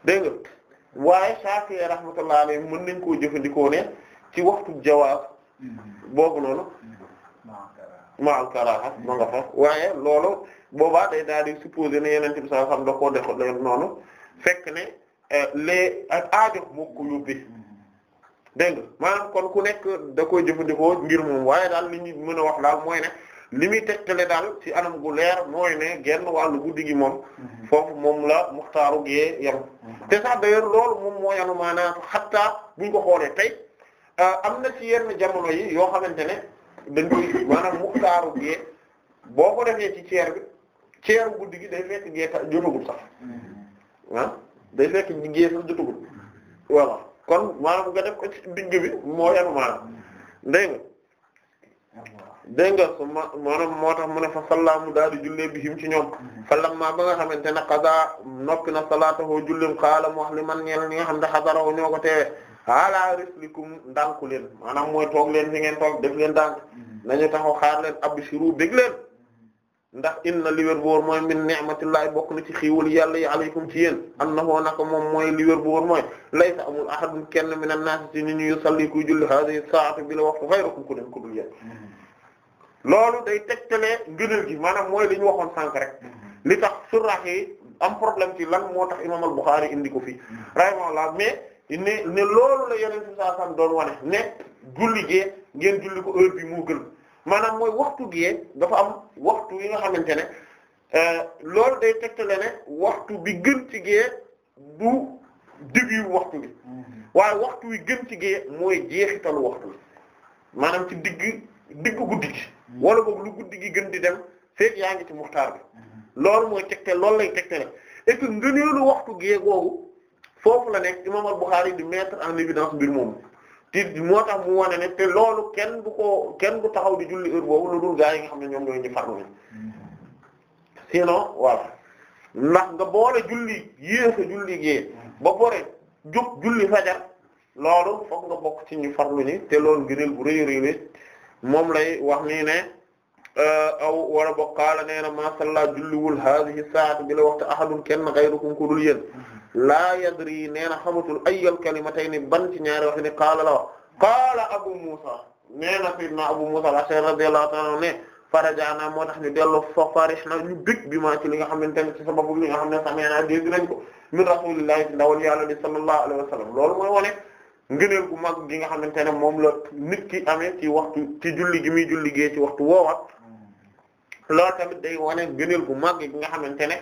dégg nga waaye Shafi'i rahmatullahi alayhi mën nañ koo jëfandikoo ne ci waxtu jawaab boobu noonu ma'al karaha ma nga fa waaye loolu boobaa day daal di supposé ne yeneen bi sa xam da koo def noonu fekk ne euh, les ak aajo moo ko yóbbee dégg nga maanaam kon ku nekk da koy jëfandikoo ngir moom waaye daal li mën a wax daal mooy ne li muy tegtale daal ci anam gu leer mooy ne genn wàllu guddi gi moom mhm. foofu moom la muxtaaru gee yam mhm. te sax d'ailleurs loolu moom moo yanu maanaam xattaa buñ ko xoolee tey euh, am na ci yenn jamono yi yoo xamante ne dañ koy maanaam muxtaaru gee boo ko defee ci ceer bi ceeru guddi gi day fekk gee ta sax mhm. ah, day fekk gee sax jotagul kon maanaam nga def ko digg bi moo yanu maanaam nga ah, dégg nga maanaam moo tax mu ne fa salla mu daal di jullee bihim ci ñoom fa lamma ba nga xamante ne qada noppi na salaatahu jullim qaala mu wax li man ñeel ñi nga xam ne xadarahu ñoo ko teewee ala rislikum ndànku leen maanaam mooy toog leen fi ngeen toog def leen ndànk nañu taxaw xaar leen abshiru bég leen ndax inna liweer wér boor mooy min ni'matillahi bokk na ci xiiwal yàlla yi alaykum ci yéen annahu naka moom mooy li wér boor mooy laysa amul ahadun kenn min an-nas ñu yusalli kuy julli bi la waxtu xayrukum ku dul yéen loolu day tegtalee ngëneel gi maanaam mooy li ñu waxoon sànq rek mm-hmm. li tax surrax yi am problème ci lan moo tax imaam al-Bukhari indi ko fii mm-hmm. la mais ne ne loolu la yeneen si saa doon wane ne julli gee ngeen julli ko heure bi moo gën maanaam mooy waxtu gee dafa am waxtu yi nga xamante ne euh, loolu day tegtale ne waxtu bi gën ci gee du début waxtu bi mm-hmm. waaye waxtu wi gën ci gee mooy jeexitalu waxtu bi maanaam ci digg diggu guddi gi wala boog lu guddi gi gën di dem feek yaa ngi ci muxtaar bi mhm. loolu mooy tegte loolu lay tegtale et que ngëneelu waxtu gee googu foofu la nekk imam al-Bukhari di mettre en évidence mbir moomu te moo tax mu wane ne te loolu kenn du ko kenn du taxaw di julli heure boobu lu dul gaa yi nga xam ne ñoom ñooy ñu farlu ni mhm. sinon voilà ndax nga boole julli yéex a julli gee mhm. ba pare jóg julli fajar loolu foog nga bokk ci ñu farlu ni te loolu ngëneel bu rëy rëy moom lay wax nii ne euh, aw wala bo qaala nee na ma salla julliwul haadihi saatu bi la waxtu ahadun kenn ghayrukum ku dul yéen laa yadri nee na xamatul ayyal kalimatayni ban ci ñaari wax ni qaala la wax qaala abu musa nee na sayyidina abu musa al-ash'ari radiyallahu ta'ala ne farajaana moo tax ñu dellu fa farih na ñu bég bi ma ci li nga xamante ne ci sababu li nga xam ne sami'na dégg nañ ko min rasulillahi ndawal yàlla bi sallallahu alayhi wa sallam loolu mooy wone ngëneel gu mag gi nga xamante ne moom la nit ki amee ci waxtu ci julli gi muy julli gee ci waxtu woowaat loolu tamit day wane ngëneel gu mag gi nga xamante ne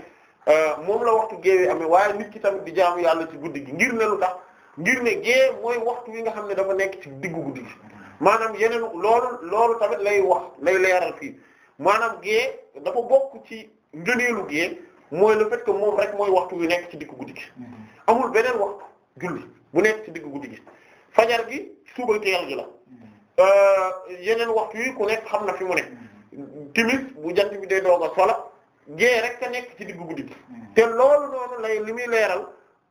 euh, moom la waxtu géewee amee waaye nit ki tamit di jaamu yàlla ci guddi gi ngir ne lu tax ngir ne gée mooy waxtu wi nga xam ne dafa nekk ci diggu guddi gi maanaam yeneen loolu loolu tamit lay wax lay leeral fii maanaam gée dafa bokk ci ngëneelu gée mooy le fait que moom rek mooy waxtu wi nekk ci diggu guddi mm-hmm. amul beneen waxtu julli bu nekk ci digg guddi gi fajar gi suba teel gi la hmm. euh, yeneen waxtu yi ku nekk xam na fi mu ne hmm. timis bu jant bi day doog a sola gée rek ka nekk ci digg guddi gi hmm. te loolu noonu lay li muy leeral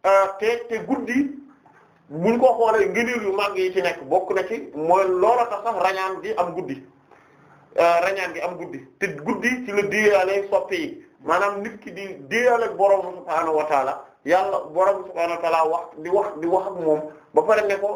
euh, te te guddi buñ ko xoolee ngëneel yu màgg yi ci nekk bokk na ci mooy loola tax sax rañaan gi am guddi euh, rañaan gi am guddi te guddi ci la diyaale soppi yi maanaam nit ki di diyaale borom subhaanahu wa yàlla borom subhaanahu wa ta'aala wax di wax di wax moom ba pare ne ko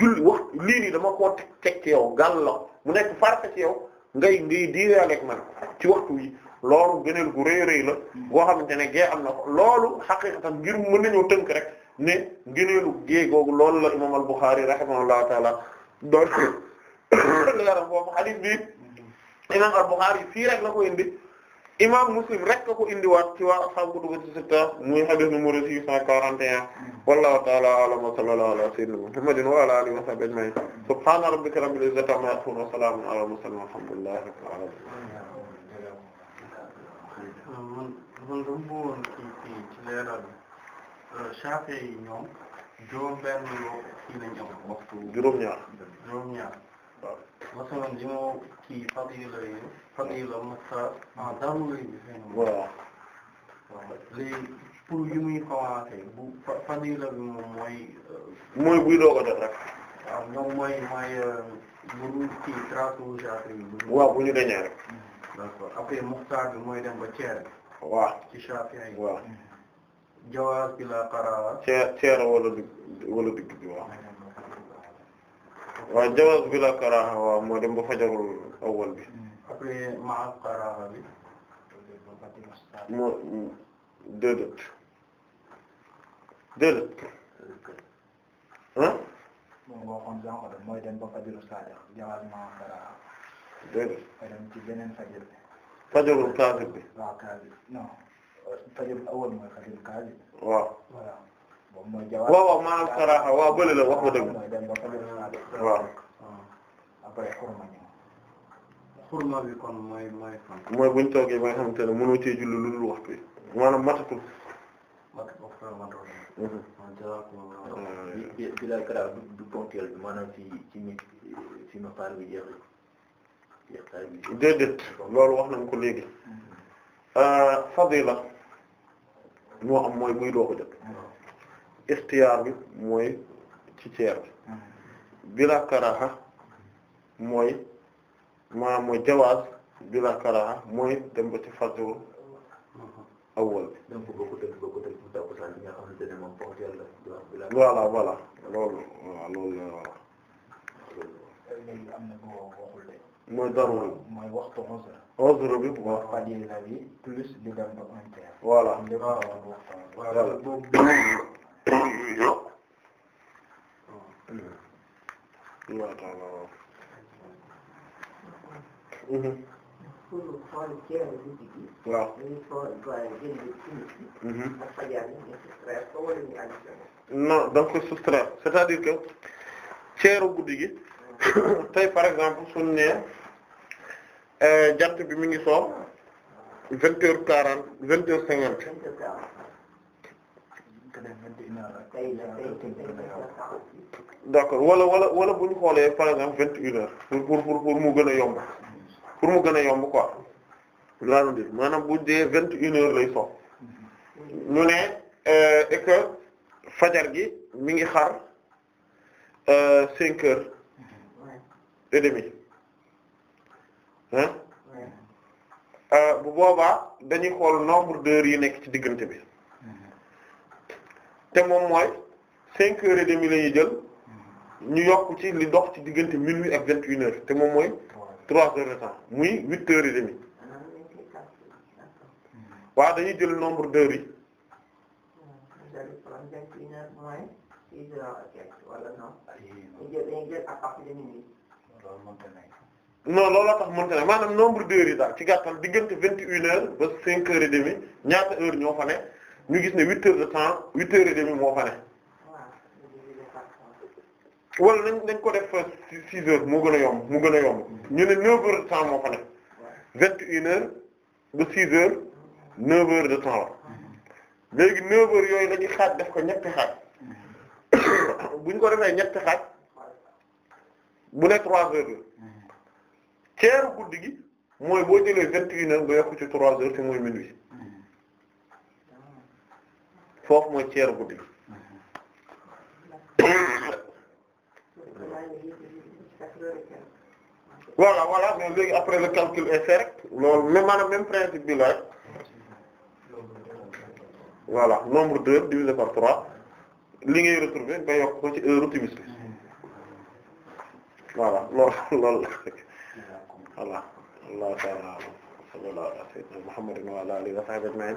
julli wax lii nii dama koo teg ci yow gàllankoor mu nekk farata ci yow ngay ngay diiraale ak man ci waxtu yi loolu gëneel gu rëy rëy la boo xamante ne gee am na ko loolu xaqiiqatan ngir mën nañoo tënk rek ne gëneelu gee googu loolu la imaam al-Bukhari rahimahullahu ta'aala doon [COUGHS] leeral boobu hadith bi imaam al-Bukhari rek la ko indi. imam Muslim rek ko indiwaat ci waa ashaabu kutubu sitta muy hadith numéro 641 wallahu ta'ala a'lam wa sallallahu ala sayyidina Muhammadin wa ala alihi wa sahbihi ajma'in subhana rabbika rabbil izzati amma yasifun wa salamun ala mursalin walhamdulillahi rabbil alamin man lu mu woon ci ci ci leeral Shafi'i yi ñoom juróom benn yoo kii lañ am waxtu juróom-ñaar juróom-ñaar waaw masalan li ma kii fadila yi fadila masa ah daanu lay gis. voilà. léegi pour yu muy commencé mooy. mooy buy doog a def rek. waaw moom mooy mooy bu ñu kii traçé wu si waaw bu mooy dem ba ceer. waaw ci jawaaz bi la qaraara. ceer ceer wala digg wala waa jawaaz bi la karaaha waaw moo dem ba fajarul awwal bi. après ma'a ah. moom boo xam sànq de mooy dem ba fajarul saadiq jawaaz ma'a karaaha. déedéet. fajar bi. fajarul bi. waaw kaazib non mooy fajarul kaazib. waaw waaw waaw maanaam saraaxa waaw la wax nga dëgg waaw. xurma bi kon mooy mooy fan. mooy buñ toogee ba nga xamante ne mënoo cee julli lu dul waxtu bi maanaam matatul. matatul waaw du ponctuel loolu wax nañ ko léegi mhm. ah, fadila moo am mooy buy doo ixtiyaar bi mooy ci ceer bi bila karaha mooy mooy jawaaz bila karaha mooy dem ci fardu awwal bi voilà loolu waaw loolu mooy darul mooy non donc soustraire c'est-à-dire que ceeru guddi gi [COUGHS] tey par exemple suñ ne euh, jant bi mi ngi soo vingt heures quarante vingt heures cinquante d'accord wala wala wala bu ñu xoolee par exemple vingt une heures pour pour pour pour mu gën a yomb pour mu gën a yomb quoi laalu di maanaam bu dee vingt une heures lay sox ñu ne euh, et fajar gi mi ngi xaar euh, cinq heures et demie hein euh, bu boobaa dañuy xool nombre d'heures yi nekk ci diggante bi te moom mooy cinq heures et demie la jël ñu yokk ci li dox ci diggante minuit ak vingt une heures te moom mooy trois heures de temps muy huit heures et demie waaw dañuy jël nombre d'heures yi non loolu tax mënta ne maanaam nombre d'heures yi daal ci gàttal diggante vingt une heures ba cinq heures et demie ñaata heure ñoo fa ne ñu gis ne huit heures de temps huit heures et demie moo fa ne wala nañ nañ ko def six heures moo gën a yomb mu gën a yomb ñu ne neuf heures de temps moo fa ne vingt et une heures ba six heures neuf heures de temps la léegi neuf heures yooyu la xaaj def ko ñetti xaaj [COUGHS] buñ ko defee ñetti xaaj bu ne trois heures la ceeru guddi gi mooy boo jëlee vingt et une heures nga yokk ci trois heures ci mooy minuit foofu mooy ceeru guddi voilà voilà mais léegi après le calcul est fait rek loolu même maanaam bi la rek nombre d'heures divisé par trois li ngay retrouver nga yokk ko ci heure timis bi voilà [LAUGHS] loolu loolu la voilà allah ta'ala sallallahu ala sayyidina muhammadin wa ala alihi wa sahbihi